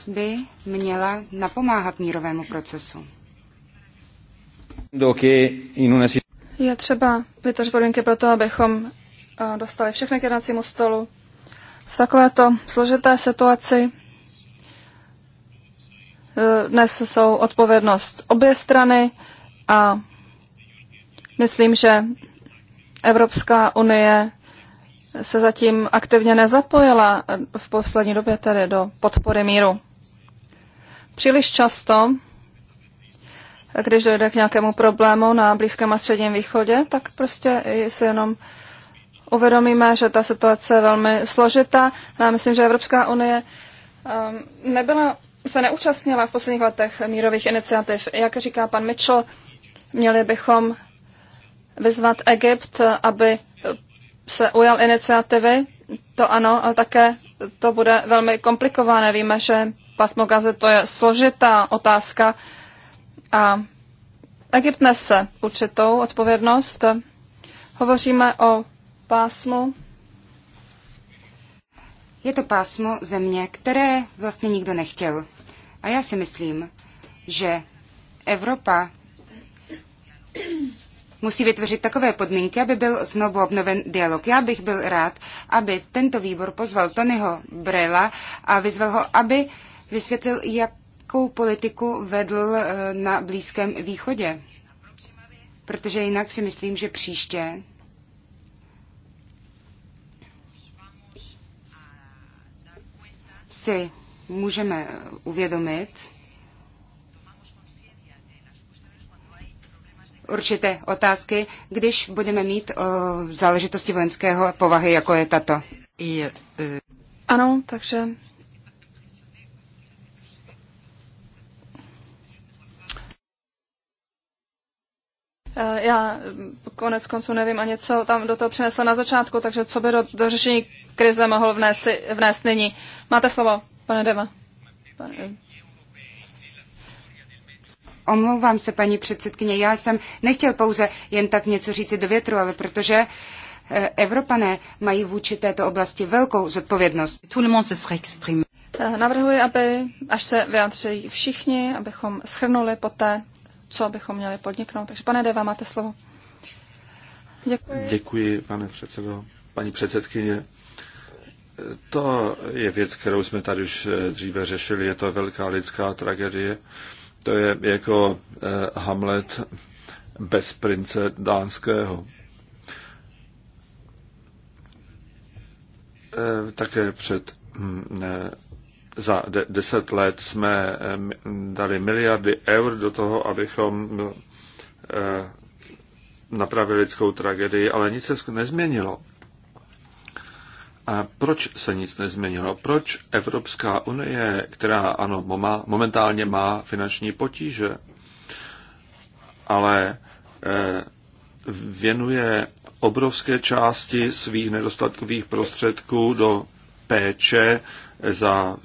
by měla napomáhat mírovému procesu. Je třeba vytvořit podmínky pro to, abychom eh, dostali všechny k jednacímu stolu. V takovéto složité situaci Eh, nesou odpovědnost obě strany a myslím, že Evropská unie se zatím aktivně nezapojila eh, v poslední době tedy do podpory míru. Příliš často, když dojde k nějakému problému na Blízkém a Středním východě, tak prostě si jenom uvědomíme, že ta situace je velmi složitá. Já myslím, že Evropská unie ehm, nebyla se neúčastnila v posledních letech mírových iniciativ. Jak říká pan Mitchell, měli bychom vyzvat Egypt, aby se ujal iniciativy. To ano, ale také to bude velmi komplikované. Víme, že pasmo gaze to je složitá otázka a Egypt nese určitou odpovědnost. Hovoříme o pásmu. Je to pásmo země, které vlastně nikdo nechtěl. A já si myslím, že Evropa musí vytvořit takové podmínky, aby byl znovu obnoven dialog. Já bych byl rád, aby tento výbor pozval Tonyho Brela a vyzval ho, aby vysvětlil, jakou politiku vedl eh, na Blízkém východě. Protože jinak si myslím, že příště si můžeme uvědomit určité otázky, když budeme mít o záležitosti vojenského povahy, jako je tato. E, ano, takže e, Já konec konců nevím ani, co tam do toho přinesla na začátku, takže co by do, do řešení krize mohl vnést, vnést nyní. Máte slovo. Pane Dema. Pane... Omlouvám se, paní předsedkyně, já jsem nechtěl pouze jen tak něco říci do větru, ale protože eh, Evropané mají vůči této oblasti velkou zodpovědnost. Eh, navrhuji, aby až se vyjádří všichni, abychom schrnuli poté, co bychom měli podniknout. Takže pane Deva, máte slovo. Děkuji. Děkuji, pane předsedo, paní předsedkyně. To je věc, kterou jsme tady už eh, dříve řešili. Je to velká lidská tragédie. To je jako eh, Hamlet bez prince dánského. Eh, také před hm, za de- deset let jsme dali miliardy eur do toho, abychom napravili lidskou tragédii, ale nic se nezměnilo. A proč se nic nezměnilo? Proč Evropská unie, která ano, má, momentálně má finanční potíže, ale eh, věnuje obrovské části svých nedostatkových prostředků do péče za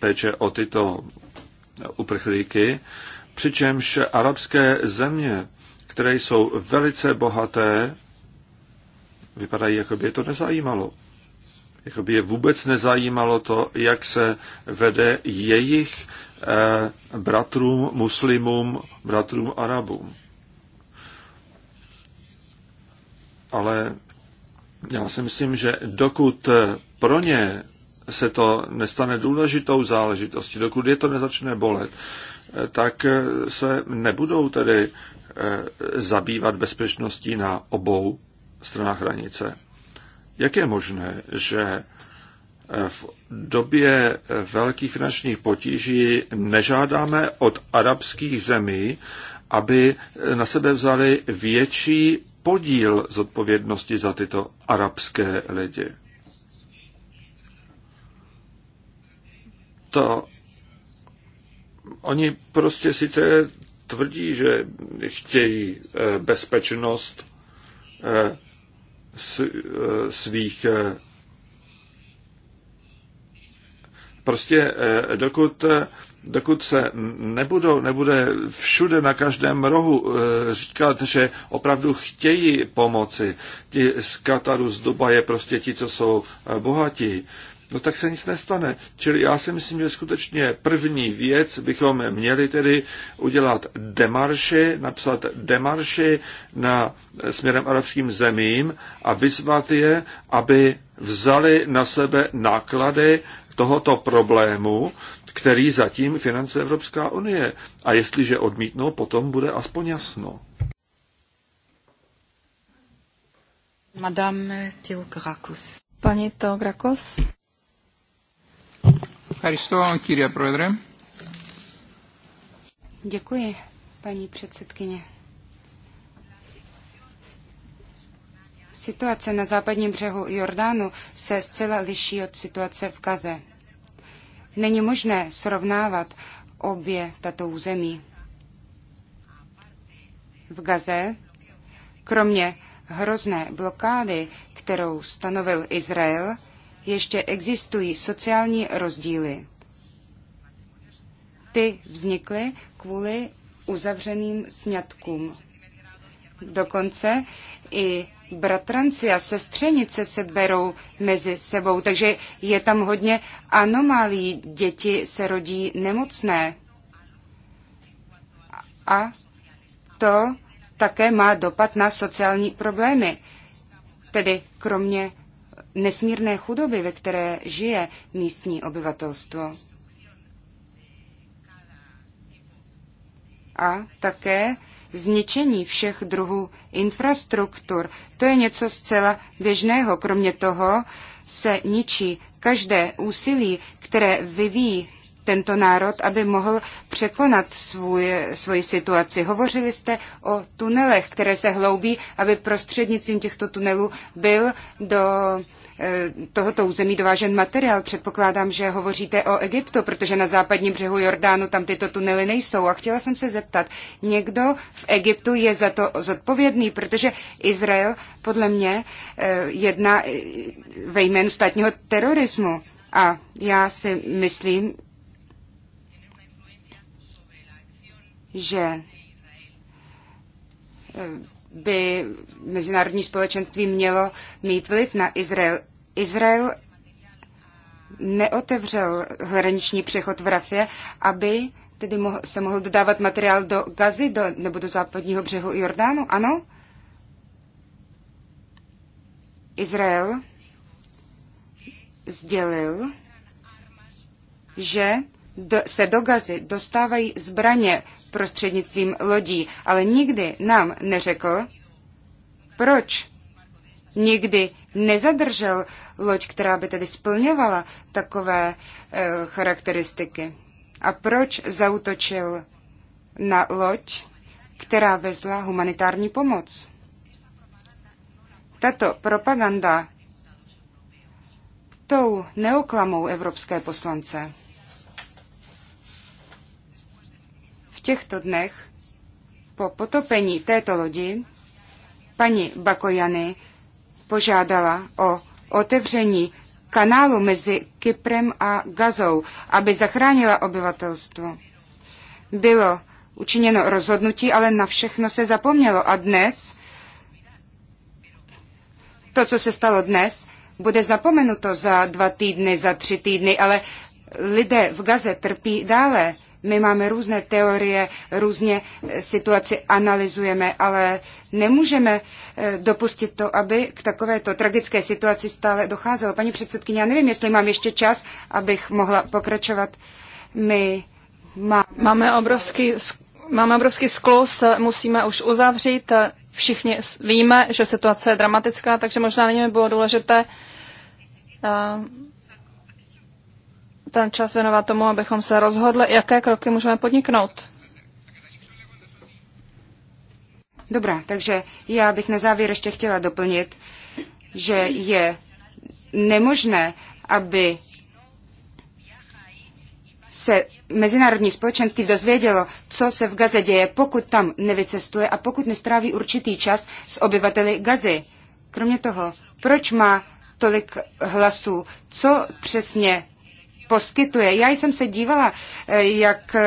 péče o tyto uprchlíky, přičemž arabské země, které jsou velice bohaté, vypadají, jako by je to nezajímalo jakoby je vůbec nezajímalo to, jak se vede jejich eh, bratrům muslimům, bratrům arabům. Ale já si myslím, že dokud pro ně se to nestane důležitou záležitostí, dokud je to nezačne bolet, eh, tak eh, se nebudou tedy zabývat bezpečností na obou stranách hranice. Jak je možné, že v době velkých finančních potíží nežádáme od arabských zemí, aby na sebe vzali větší podíl zodpovědnosti za tyto arabské lidi. To oni prostě sice tvrdí, že chtějí eh, bezpečnost, eh, Eh, svých eh, prostě eh, dokud, dokud se nebudou, nebude všude na každém rohu říkat, že opravdu chtějí pomoci. Ti z Kataru, z Dubaje, prostě ti, co jsou bohatí, no tak se nic nestane. Čili já si myslím, že skutečně první věc bychom měli tedy udělat demarši, napsat demarši na eh, směrem arabským zemím a vyzvat je, aby vzali na sebe náklady tohoto problému, který zatím financuje Evropská unie. A jestliže odmítnou, potom bude aspoň jasno. Madame Teograkus. Pani Teograkus. Děkuji, paní předsedkyně. Situace na západním břehu Jordánu se zcela liší od situace v Gaze. Není možné srovnávat obě tato území. V Gaze, kromě hrozné blokády, kterou stanovil Izrael, ještě existují sociální rozdíly. Ty vznikly kvůli uzavřeným sňatkům. Dokonce i bratranci a sestřenice se berou mezi sebou, takže je tam hodně anomálí. Děti se rodí nemocné. A to také má dopad na sociální problémy. Tedy kromě nesmírné chudoby, ve které žije místní obyvatelstvo. A také zničení všech druhů infrastruktur. To je něco zcela běžného. Kromě toho se ničí každé úsilí, které vyvíjí tento národ, aby mohl překonat svůj, svoji situaci. Hovořili jste o tunelech, které se hloubí, aby prostřednictvím těchto tunelů byl do Eh, tohoto území dovážen materiál. Předpokládám, že hovoříte o Egyptu, protože na západním břehu Jordánu tam tyto tunely nejsou. A chtěla jsem se zeptat, někdo v Egyptu je za to zodpovědný, protože Izrael podle mě eh, jedná eh, ve jménu státního terorismu. A já si myslím, že by mezinárodní společenství mělo mít vliv na Izrael. Izrael neotevřel hraniční přechod v Rafě, aby tedy mohl, se mohl dodávat materiál do Gazy do, nebo do západního břehu Jordánu, ano? Izrael sdělil, že do, se do Gazy dostávají zbraně prostřednictvím lodí, ale nikdy nám neřekl, proč. Nikdy nezadržel loď, která by tedy splňovala takové e, charakteristiky. A proč zautočil na loď, která vezla humanitární pomoc? Tato propaganda tou neoklamou evropské poslance. těchto dnech po potopení této lodi paní Bakojany požádala o otevření kanálu mezi Kyprem a Gazou, aby zachránila obyvatelstvo. Bylo učiněno rozhodnutí, ale na všechno se zapomnělo a dnes to, co se stalo dnes, bude zapomenuto za dva týdny, za tři týdny, ale lidé v Gaze trpí dále. My máme různé teorie, různě situaci analyzujeme, ale nemůžeme eh, dopustit to, aby k takovéto tragické situaci stále docházelo. Paní předsedkyně, já nevím, jestli mám ještě čas, abych mohla pokračovat. My má... máme obrovský Máme obrovský sklus, musíme už uzavřít. Všichni víme, že situace je dramatická, takže možná není by bylo důležité uh, ten čas věnovat tomu, abychom se rozhodli, jaké kroky můžeme podniknout. Dobrá, takže já bych na závěr ještě chtěla doplnit, že je nemožné, aby se mezinárodní společenství dozvědělo, co se v Gaze děje, pokud tam nevycestuje a pokud nestráví určitý čas s obyvateli Gazy. Kromě toho, proč má tolik hlasů? Co přesně poskytuje. Já jsem se dívala, eh, jak eh,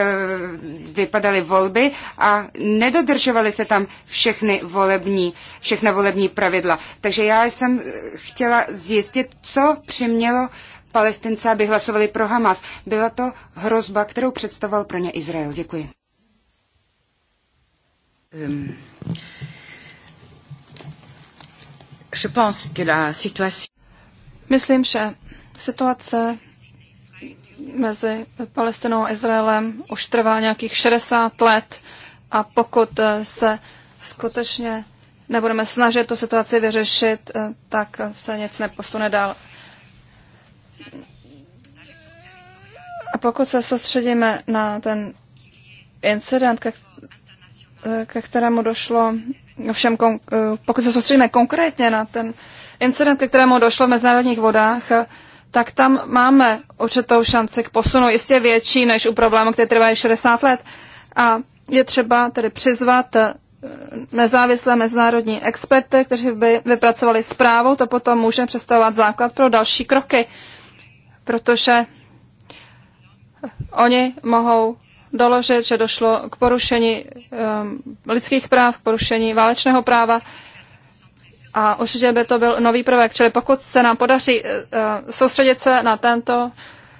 vypadaly volby a nedodržovaly se tam všechny volební, všechna volební pravidla. Takže já jsem eh, chtěla zjistit, co přimělo palestince, aby hlasovali pro Hamas. Byla to hrozba, kterou představoval pro ně Izrael. Děkuji. Um, Myslím, že situace mezi Palestinou a Izraelem už trvá nějakých 60 let a pokud eh, se skutečně nebudeme snažit tu situaci vyřešit, eh, tak se nic neposune dál. A pokud se soustředíme na ten incident, ke, eh, kterému došlo, ovšem pokud se soustředíme konkrétně na ten incident, ke kterému došlo v mezinárodních vodách, tak tam máme určitou šanci k posunu, jistě větší než u problémů, které trvají 60 let. A je třeba tedy přizvat eh, nezávislé mezinárodní experty, kteří by vypracovali zprávu, to potom může představovat základ pro další kroky, protože oni mohou doložit, že došlo k porušení um, lidských práv, porušení válečného práva a určitě by to byl nový prvek. Čili pokud se nám podaří eh, eh, soustředit se na tento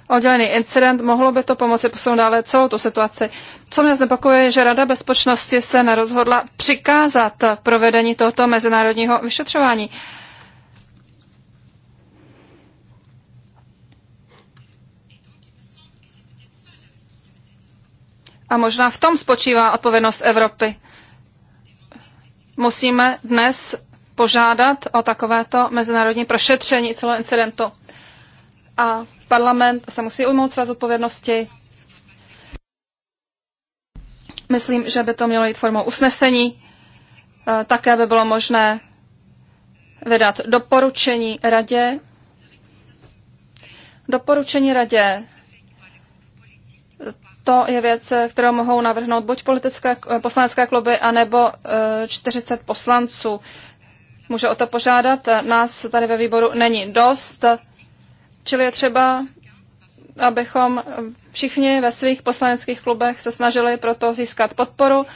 oddělený incident, mohlo by to pomoci posunout dále celou tu situaci. Co mě znepokojuje, že Rada bezpečnosti se nerozhodla přikázat provedení tohoto mezinárodního vyšetřování. A možná v tom spočívá odpovědnost Evropy. Musíme dnes požádat o takovéto mezinárodní prošetření celého incidentu. A parlament se musí ujmout své zodpovědnosti. Myslím, že by to mělo jít formou usnesení. E, také by bylo možné vydat doporučení radě. Doporučení radě to je věc, kterou mohou navrhnout buď politické, e, poslanecké kluby, anebo 40 e, poslanců může o to požádat. Nás tady ve výboru není dost, čili je třeba, abychom všichni ve svých poslaneckých klubech se snažili proto získat podporu,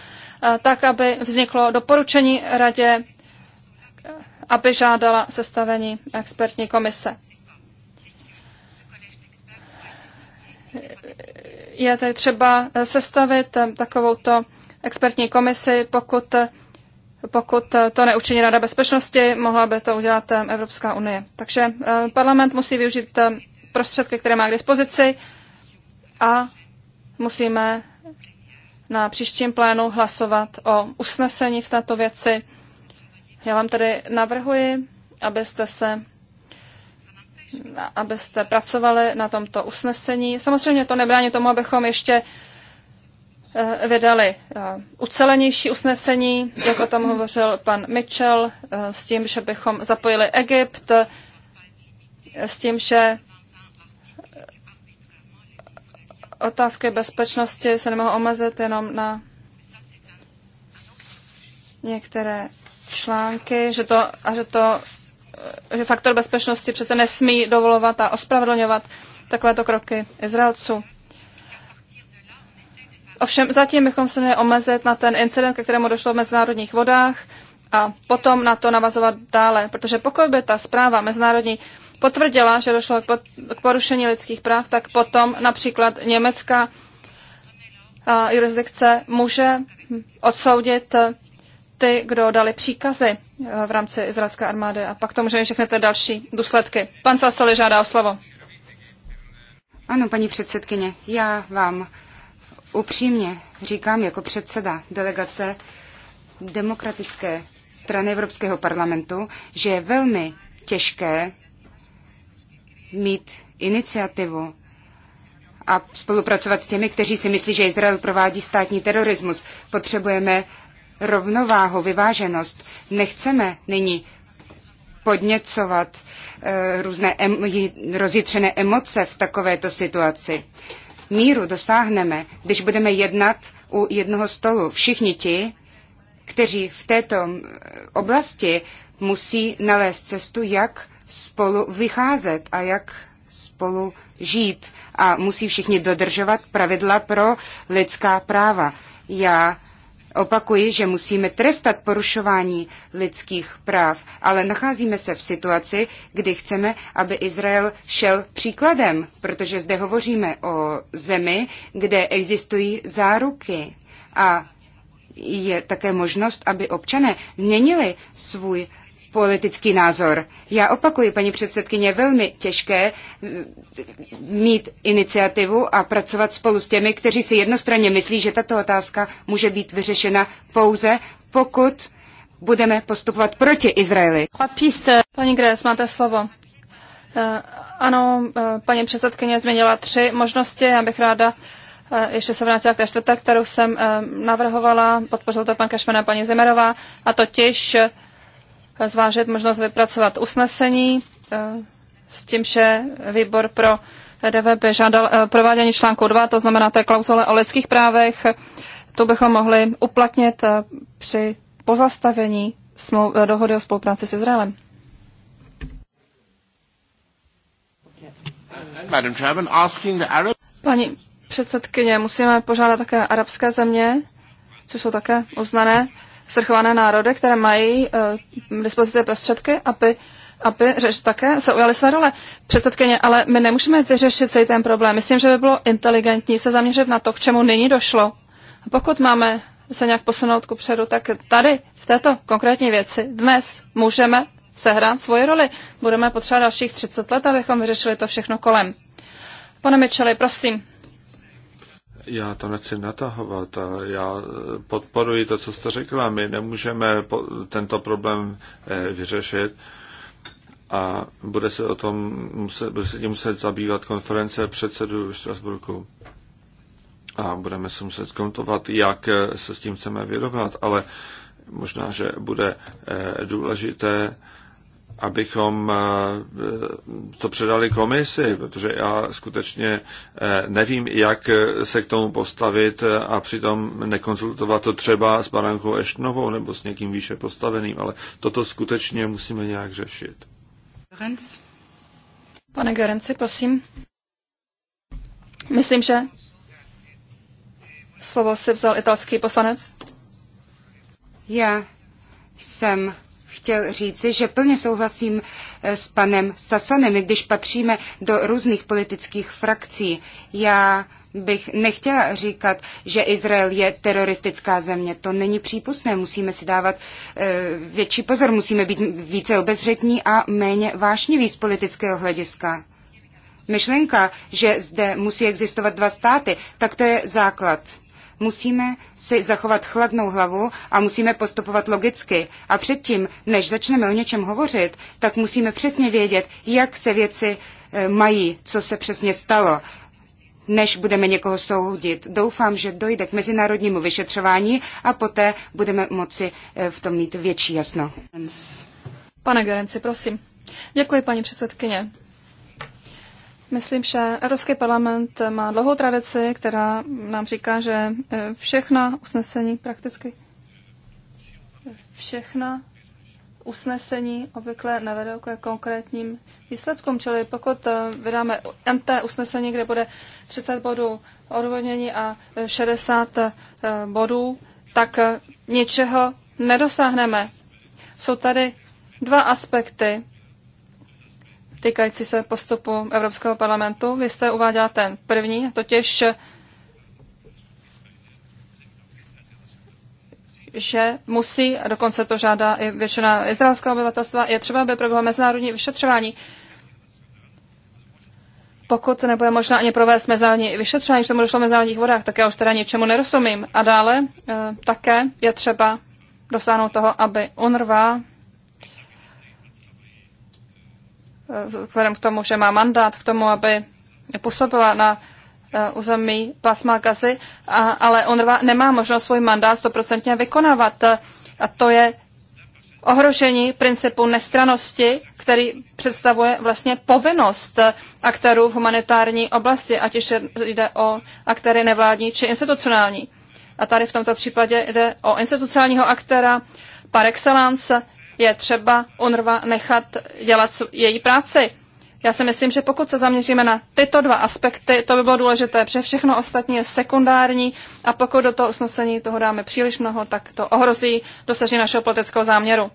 eh, tak aby vzniklo doporučení radě, aby žádala sestavení expertní komise. Je tady třeba sestavit takovouto expertní komisi, pokud pokud to neučiní Rada bezpečnosti, mohla by to udělat eh, Evropská unie. Takže eh, parlament musí využít eh, prostředky, které má k dispozici a musíme na příštím plénu hlasovat o usnesení v této věci. Já vám tedy navrhuji, abyste se abyste pracovali na tomto usnesení. Samozřejmě to nebrání tomu, abychom ještě Eh, vydali eh, ucelenější usnesení, jak o tom hovořil pan Mitchell, eh, s tím, že bychom zapojili Egypt, s tím, že otázky bezpečnosti se nemohou omezit jenom na některé články, že to, a že to že faktor bezpečnosti přece nesmí dovolovat a ospravedlňovat takovéto kroky Izraelců. Ovšem zatím bychom se měli omezit na ten incident, ke kterému došlo v mezinárodních vodách a potom na to navazovat dále, protože pokud by ta zpráva mezinárodní potvrdila, že došlo k porušení lidských práv, tak potom například německá jurisdikce může odsoudit ty, kdo dali příkazy e, v rámci izraelské armády a pak to může všechny ty další důsledky. Pan Sastoli žádá o slovo. Ano, paní předsedkyně, já vám upřímně říkám jako předseda delegace demokratické strany Evropského parlamentu, že je velmi těžké mít iniciativu a spolupracovat s těmi, kteří si myslí, že Izrael provádí státní terorismus. Potřebujeme rovnováhu, vyváženost. Nechceme nyní podněcovat e, různé em, rozjitřené emoce v takovéto situaci míru dosáhneme, když budeme jednat u jednoho stolu všichni ti, kteří v této oblasti musí nalézt cestu, jak spolu vycházet a jak spolu žít. A musí všichni dodržovat pravidla pro lidská práva. Já Opakuji, že musíme trestat porušování lidských práv, ale nacházíme se v situaci, kdy chceme, aby Izrael šel příkladem, protože zde hovoříme o zemi, kde existují záruky a je také možnost, aby občané měnili svůj politický názor. Já opakuji, paní předsedkyně, velmi těžké mm, mít iniciativu a pracovat spolu s těmi, kteří si jednostranně myslí, že tato otázka může být vyřešena pouze, pokud budeme postupovat proti Izraeli. Paní Gres, máte slovo. Eh, ano, eh, paní předsedkyně změnila tři možnosti. Já bych ráda eh, ještě se vrátila k té čtvrté, kterou jsem navrhovala, podpořil to pan Kašmen a paní Zemerová, a totiž zvážit možnost vypracovat usnesení eh, s tím, že výbor pro DVP žádal eh, provádění článku 2, to znamená té klauzule o lidských právech. To bychom mohli uplatnit eh, při pozastavení dohody o spolupráci s Izraelem. Paní předsedkyně, musíme požádat také arabské země, což jsou také uznané svrchované národy, které mají uh, eh, dispozice prostředky, aby aby řeš, také se ujali své role. Předsedkyně, ale my nemůžeme vyřešit celý ten problém. Myslím, že by bylo inteligentní se zaměřit na to, k čemu nyní došlo. A pokud máme se nějak posunout ku předu, tak tady, v této konkrétní věci, dnes můžeme sehrát svoji roli. Budeme potřebovat dalších 30 let, abychom vyřešili to všechno kolem. Pane Mičeli, prosím, já to nechci natahovat, ale já podporuji to, co jste řekla. My nemůžeme tento problém eh, vyřešit a bude se o tom muset, bude se tím muset zabývat konference v Štrasburku a budeme se muset kontovat, jak eh, se s tím chceme vyrovnat, ale možná, že bude eh, důležité abychom eh, to předali komisi, protože já skutečně eh, nevím, jak se k tomu postavit eh, a přitom nekonzultovat to třeba s Barankou Eštnovou nebo s někým výše postaveným, ale toto skutečně musíme nějak řešit. Pane Garenci, prosím. Myslím, že slovo si vzal italský poslanec. Já jsem chtěl říci, že plně souhlasím eh, s panem Sasonem, když patříme do různých politických frakcí. Já bych nechtěla říkat, že Izrael je teroristická země. To není přípustné. Musíme si dávat eh, větší pozor, musíme být více obezřetní a méně vášniví z politického hlediska. Myšlenka, že zde musí existovat dva státy, tak to je základ. Musíme si zachovat chladnou hlavu a musíme postupovat logicky. A předtím, než začneme o něčem hovořit, tak musíme přesně vědět, jak se věci eh, mají, co se přesně stalo než budeme někoho soudit. Doufám, že dojde k mezinárodnímu vyšetřování a poté budeme moci eh, v tom mít větší jasno. Pane Gerenci, prosím. Děkuji, paní předsedkyně. Myslím, že Evropský parlament má dlouhou tradici, která nám říká, že eh, všechna usnesení prakticky všechna usnesení obvykle nevedou ke konkrétním výsledkům. Čili pokud eh, vydáme NT usnesení, kde bude 30 bodů odvodnění a 60 eh, bodů, tak ničeho nedosáhneme. Jsou tady dva aspekty týkající se postupu Evropského parlamentu. Vy jste uváděla ten první, totiž že musí, a dokonce to žádá i většina izraelského obyvatelstva, je třeba, aby proběhlo mezinárodní vyšetřování. Pokud nebude možná ani provést mezinárodní vyšetřování, že tomu došlo v mezinárodních vodách, tak já už teda ničemu nerozumím. A dále e, také je třeba dosáhnout toho, aby UNRWA Eh, vzhledem k tomu, že má mandát k tomu, aby působila na eh, území pásma Gazy, a, ale on nemá možnost svůj mandát stoprocentně vykonávat. A to je ohrožení principu nestranosti, který představuje vlastně povinnost aktérů v humanitární oblasti, ať už jde o aktéry nevládní či institucionální. A tady v tomto případě jde o institucionálního aktéra par excellence, je třeba UNRWA nechat dělat její práci. Já si myslím, že pokud se zaměříme na tyto dva aspekty, to by bylo důležité, protože všechno ostatní je sekundární a pokud do toho usnesení toho dáme příliš mnoho, tak to ohrozí dosažení našeho politického záměru.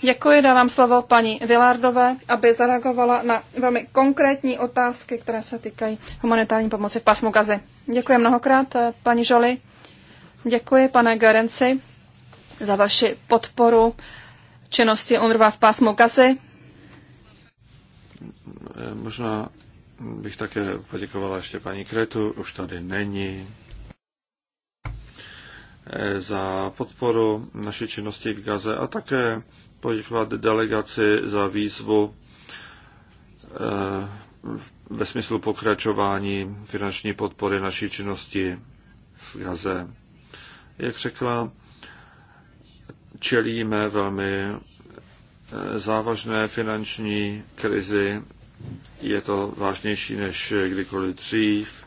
Děkuji, dávám slovo paní Vilardové, aby zareagovala na velmi konkrétní otázky, které se týkají humanitární pomoci v pasmu Gazy. Děkuji mnohokrát, eh, paní Žoli. Děkuji, pane Garenci, za vaši podporu činnosti UNRWA v pásmu Gazy. Možná bych také poděkovala ještě paní Kretu, už tady není, eh, za podporu naší činnosti v Gaze a také poděkovat delegaci za výzvu eh, ve smyslu pokračování finanční podpory naší činnosti v Gaze. Jak řekla čelíme velmi eh, závažné finanční krizi. Je to vážnější než kdykoliv dřív.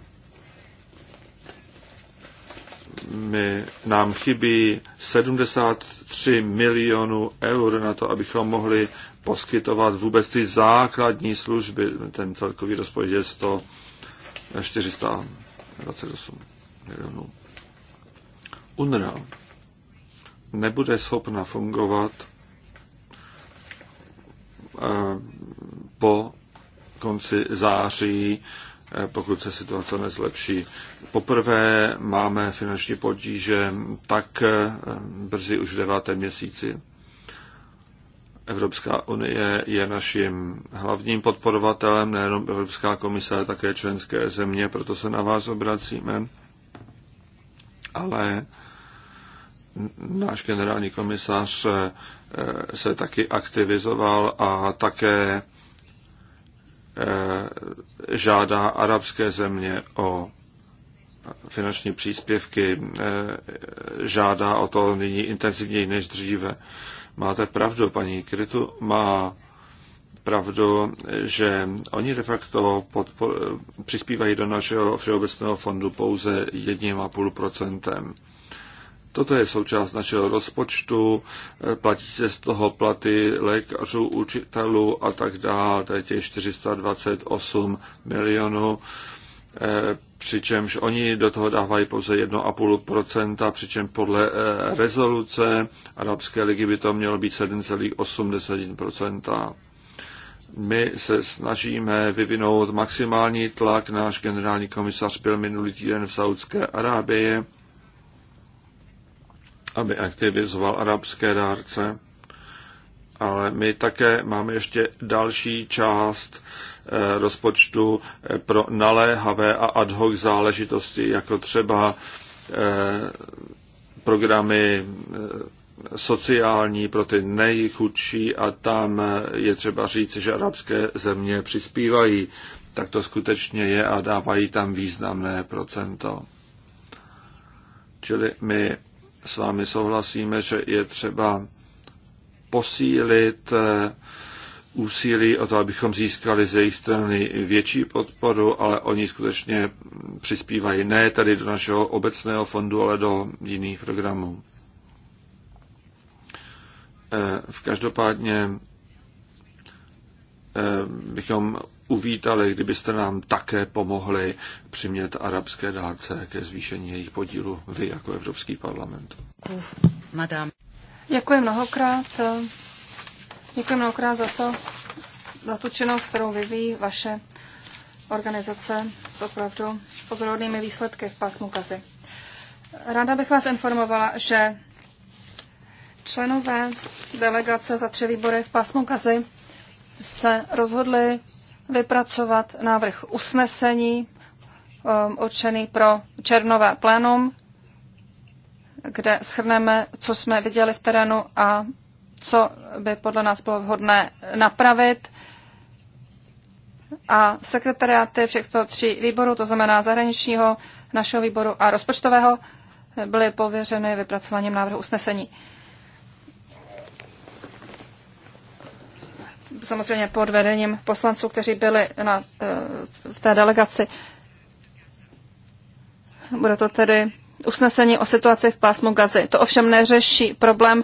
My, nám chybí 73 milionů eur na to, abychom mohli poskytovat vůbec ty základní služby. Ten celkový rozpočet je 100, 428 eh, milionů. UNRWA nebude schopna fungovat eh, po konci září, eh, pokud se situace nezlepší. Poprvé máme finanční potíže tak eh, brzy už v devátém měsíci. Evropská unie je naším hlavním podporovatelem, nejenom Evropská komise, ale také členské země, proto se na vás obracíme. Ale náš generální komisař eh, eh, se taky aktivizoval a také eh, žádá arabské země o finanční příspěvky, žádá o to nyní intenzivněji než dříve. Máte pravdu, paní Krytu má pravdu, že oni de facto podpor- přispívají do našeho všeobecného fondu pouze 1,5%. Toto je součást našeho rozpočtu, eh, platí se z toho platy lékařů, učitelů a tak dále, to je těch 428 milionů, eh, přičemž oni do toho dávají pouze 1,5%, přičemž podle eh, rezoluce Arabské ligy by to mělo být 7,8%. My se snažíme vyvinout maximální tlak. Náš generální komisař byl minulý týden v Saudské Arábii aby aktivizoval arabské dárce, ale my také máme ještě další část eh, rozpočtu eh, pro naléhavé a ad hoc záležitosti, jako třeba eh, programy sociální pro ty nejchudší a tam je třeba říct, že arabské země přispívají. Tak to skutečně je a dávají tam významné procento. Čili my s vámi souhlasíme, že je třeba posílit eh, úsilí o to, abychom získali z jejich strany větší podporu, ale oni skutečně přispívají ne tady do našeho obecného fondu, ale do jiných programů. Eh, v každopádně eh, bychom uvítali, kdybyste nám také pomohli přimět arabské dárce ke zvýšení jejich podílu vy jako Evropský parlament. Madame. Děkuji mnohokrát. Děkuji mnohokrát za to, za tu činnost, kterou vyvíjí vaše organizace s opravdu pozorovnými výsledky v pásmu kazy. Ráda bych vás informovala, že členové delegace za tři výbory v pásmu kazy se rozhodli vypracovat návrh usnesení um, určený pro černové plénum, kde schrneme, co jsme viděli v terénu a co by podle nás bylo vhodné napravit. A sekretariáty těchto tří výborů, to znamená zahraničního, našeho výboru a rozpočtového, byly pověřeny vypracováním návrhu usnesení. samozřejmě pod vedením poslanců, kteří byli na, eh, v té delegaci. Bude to tedy usnesení o situaci v pásmu Gazy. To ovšem neřeší problém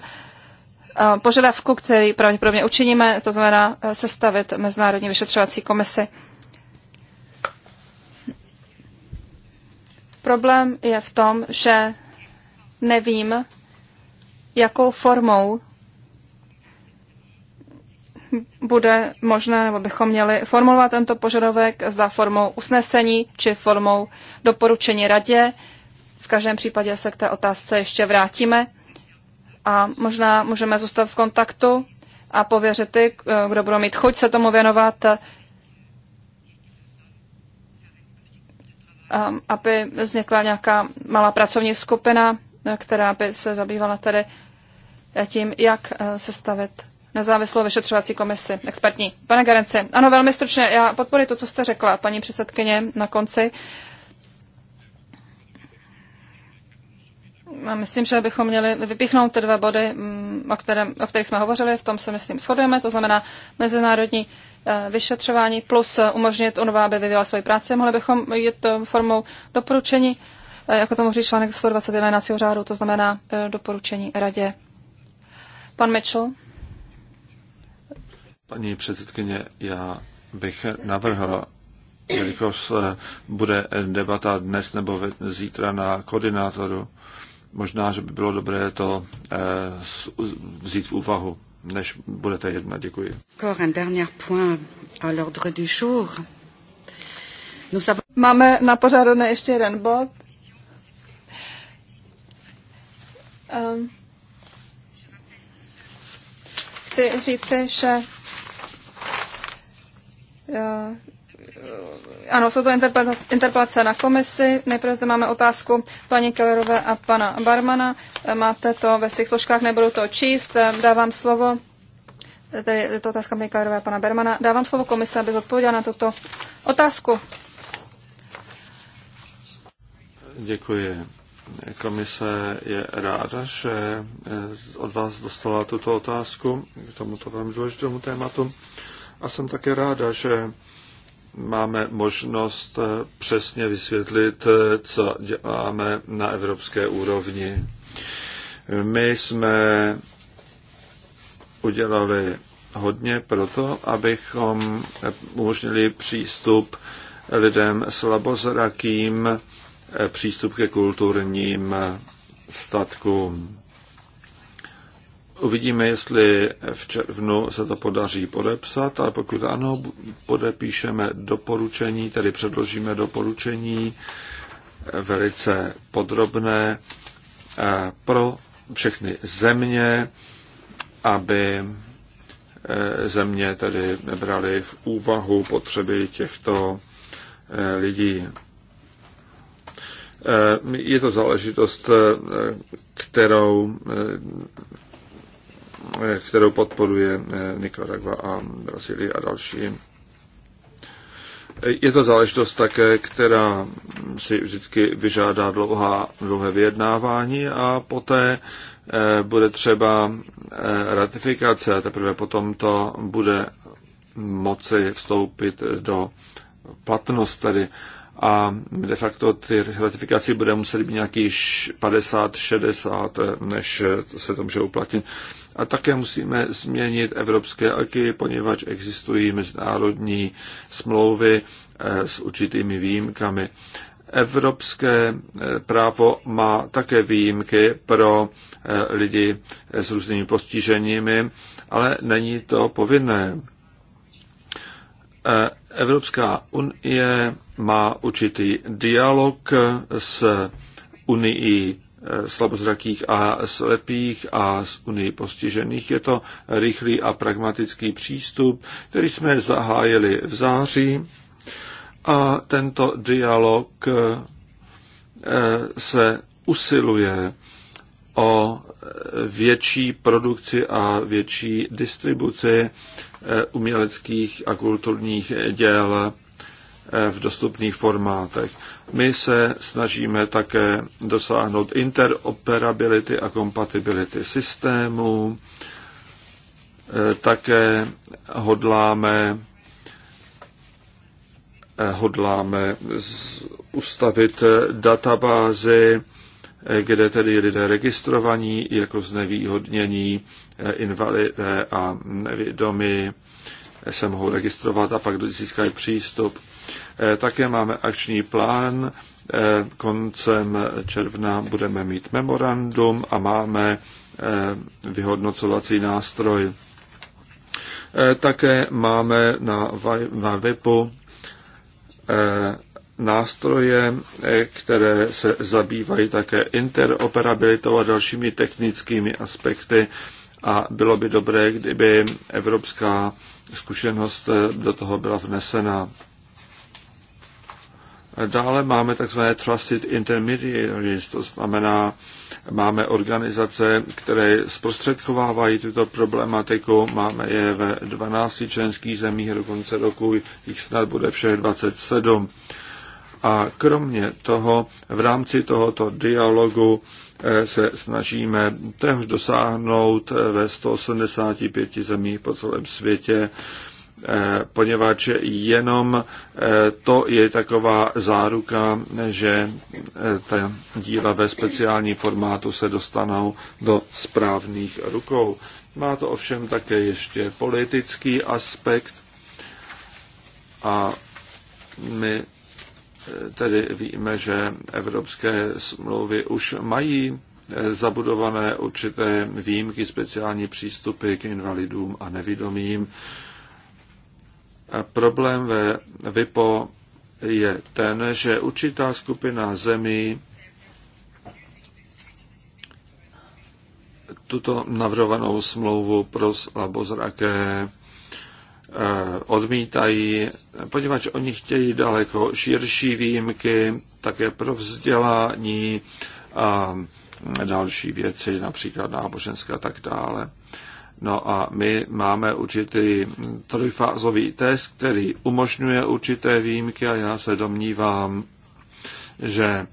eh, požadavku, který pravděpodobně učiníme, to znamená eh, sestavit Mezinárodní vyšetřovací komisi. Problém je v tom, že nevím, jakou formou bude možné, nebo bychom měli formulovat tento požadavek, zda formou usnesení či formou doporučení radě. V každém případě se k té otázce ještě vrátíme a možná můžeme zůstat v kontaktu a pověřit ty, eh, kdo budou mít chuť se tomu věnovat, eh, aby vznikla nějaká malá pracovní skupina, eh, která by se zabývala tedy tím, jak sestavit nezávislou vyšetřovací komisi, expertní. Pane Garenci, ano, velmi stručně, já podporuji to, co jste řekla, paní předsedkyně, na konci. A myslím, že bychom měli vypíchnout ty dva body, mm, o, kterém, o kterých jsme hovořili, v tom se, myslím, shodujeme, to znamená mezinárodní eh, vyšetřování plus eh, umožnit UNOVA, aby vyvíjela svoji práci. Mohli bychom jít eh, formou doporučení, jako tomu říct článek 121 jednacího řádu, to znamená doporučení radě. Pan Mitchell. Paní předsedkyně, já bych navrhl, jelikož eh, bude debata dnes nebo zítra na koordinátoru, možná, že by bylo dobré to eh, vzít v úvahu, než budete jednat. Děkuji. Máme na pořadu ještě jeden bod. Um, chci říci, že Eh, ano, jsou to interpelace na komisi. Nejprve zde máme otázku paní Kellerové a pana Barmana. Eh, máte to ve svých složkách, nebudu to číst. Eh, dávám slovo, tedy je to otázka paní Kellerové a pana Bermana. Dávám slovo komise, aby zodpověděla na tuto otázku. Děkuji. Komise je ráda, že od vás dostala tuto otázku k tomuto velmi důležitému tématu. A jsem také ráda, že máme možnost eh, přesně vysvětlit, eh, co děláme na evropské úrovni. My jsme udělali hodně proto, abychom umožnili přístup lidem slabozrakým, eh, přístup ke kulturním statkům. Uvidíme, jestli v červnu se to podaří podepsat, ale pokud ano, podepíšeme doporučení, tedy předložíme doporučení eh, velice podrobné eh, pro všechny země, aby eh, země tedy brali v úvahu potřeby těchto lidí. Je to záležitost, kterou kterou podporuje eh, Nicaragua a Brazílie a další. Je to záležitost také, která si vždycky vyžádá dlouhá, dlouhé vyjednávání a poté eh, bude třeba eh, ratifikace a teprve potom to bude moci vstoupit do platnost tedy. A de facto ty ratifikace bude muset být nějakých 50-60, než se to může uplatnit. A také musíme změnit evropské aky, poněvadž existují mezinárodní smlouvy eh, s určitými výjimkami. Evropské eh, právo má také výjimky pro eh, lidi s různými postiženími, ale není to povinné. Evropská unie má určitý dialog s unii slabozrakých a slepých a z Unii postižených. Je to rychlý a pragmatický přístup, který jsme zahájili v září a tento dialog eh, se usiluje o eh, větší produkci a větší distribuci eh, uměleckých a kulturních děl v dostupných formátech. My se snažíme také dosáhnout interoperability a kompatibility systému. Eh, také hodláme, eh, hodláme ustavit eh, databázy, kde tedy lidé registrovaní jako znevýhodnění, invalidé a nevědomí se mohou registrovat a pak získají přístup Eh, také máme akční plán. Eh, koncem června budeme mít memorandum a máme eh, vyhodnocovací nástroj. Také máme na, na webu nástroje, které se zabývají také interoperabilitou a dalšími technickými aspekty a bylo by dobré, kdyby evropská zkušenost do toho byla vnesena. Dále máme tzv. trusted intermediaries, to znamená, máme organizace, které zprostředkovávají tuto problematiku, máme je ve 12 členských zemích, do konce roku jich snad bude všech 27. A kromě toho, v rámci tohoto dialogu eh, se snažíme téhož dosáhnout eh, ve 185 zemích po celém světě Eh, poněvadž jenom eh, to je taková záruka, že eh, ta díla ve speciálním formátu se dostanou do správných rukou. Má to ovšem také ještě politický aspekt a my tedy víme, že evropské smlouvy už mají zabudované určité výjimky, speciální přístupy k invalidům a nevidomým. Problém ve VIPO je ten, že určitá skupina zemí tuto navrhovanou smlouvu pro slabozraké eh, odmítají, poněvadž oni chtějí daleko širší výjimky, také pro vzdělání a další věci, například náboženské a tak dále. No a my máme určitý trojfázový test, který umožňuje určité výjimky a já se domnívám, že eh,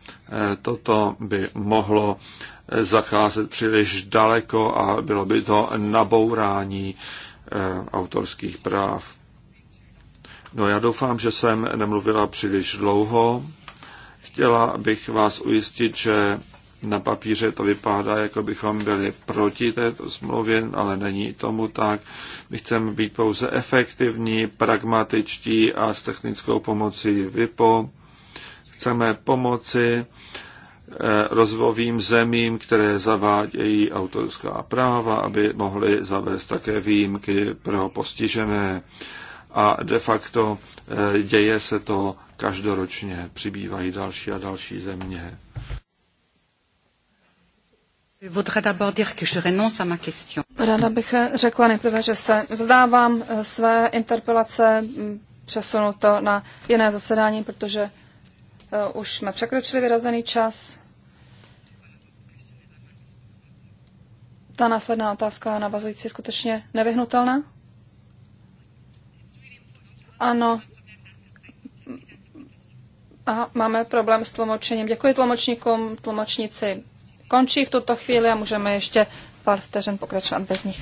toto by mohlo eh, zacházet příliš daleko a bylo by to nabourání eh, autorských práv. No já doufám, že jsem nemluvila příliš dlouho. Chtěla bych vás ujistit, že na papíře to vypadá, jako bychom byli proti této smlouvě, ale není tomu tak. My chceme být pouze efektivní, pragmatičtí a s technickou pomocí VIPO. Chceme pomoci eh, rozvojovým zemím, které zavádějí autorská práva, aby mohly zavést také výjimky pro postižené. A de facto eh, děje se to každoročně, přibývají další a další země. Ráda bych eh, řekla nejprve, že se vzdávám eh, své interpelace, přesunu to na jiné zasedání, protože eh, už jsme překročili vyrazený čas. Ta následná otázka navazující je skutečně nevyhnutelná? Ano. A máme problém s tlumočením. Děkuji tlumočníkům. Tlumočníci končí v tuto chvíli a můžeme ještě pár vteřin pokračovat bez nich.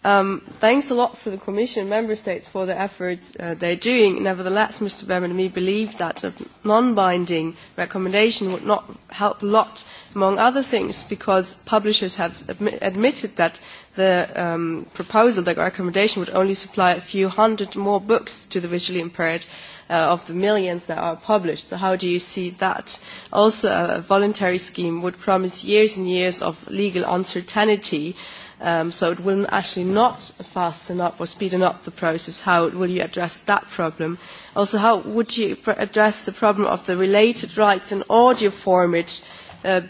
Um, thanks a lot for the Commission member states for the efforts uh, they're doing. Nevertheless, Mr. Berman and me believe that a non-binding recommendation would not help a lot, among other things, because publishers have admi admitted that the um, proposal, the recommendation, would only supply a few hundred more books to the visually impaired Uh, of the millions that are published. So how do you see that? Also, a voluntary scheme would promise years and years of legal uncertainty. Um, so it will actually not fasten up or speeden up the process. How will you address that problem? Also, how would you address the problem of the related rights in audio format, uh,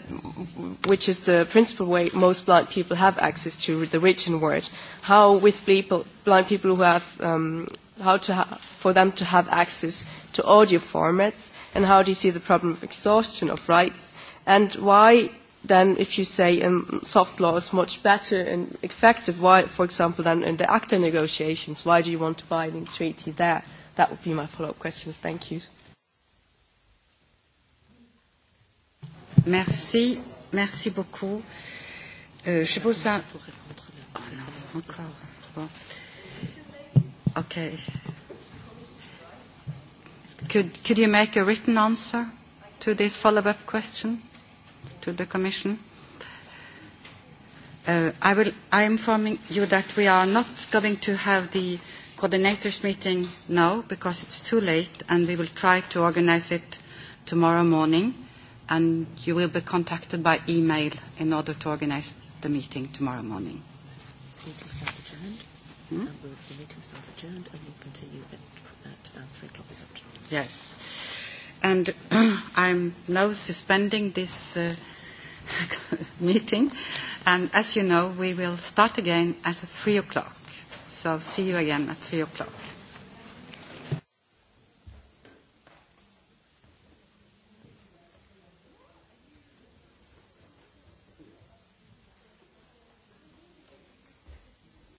which is the principal way most blind people have access to the written word? How, with people, blind people who have um, how to ha- for them to have access to audio formats, and how do you see the problem of exhaustion of rights, and why then, if you say um, soft law is much better and effective, why, for example, than in the ACTA negotiations, why do you want a binding treaty there? That would be my follow-up question. Thank you. Merci, merci beaucoup. Euh, je pose un. Oh ah non, encore. Bon. Okay. Could, could you make a written answer to this follow-up question to the Commission? Uh, I, will, I am informing you that we are not going to have the coordinators meeting now because it's too late and we will try to organize it tomorrow morning and you will be contacted by email in order to organize the meeting tomorrow morning. Hmm? adjourned and we'll continue at, at um, uh, 3 o'clock this afternoon. Yes. And I'm now suspending this uh, meeting. And as you know, we will start again at 3 o'clock. So see you again at 3 o'clock.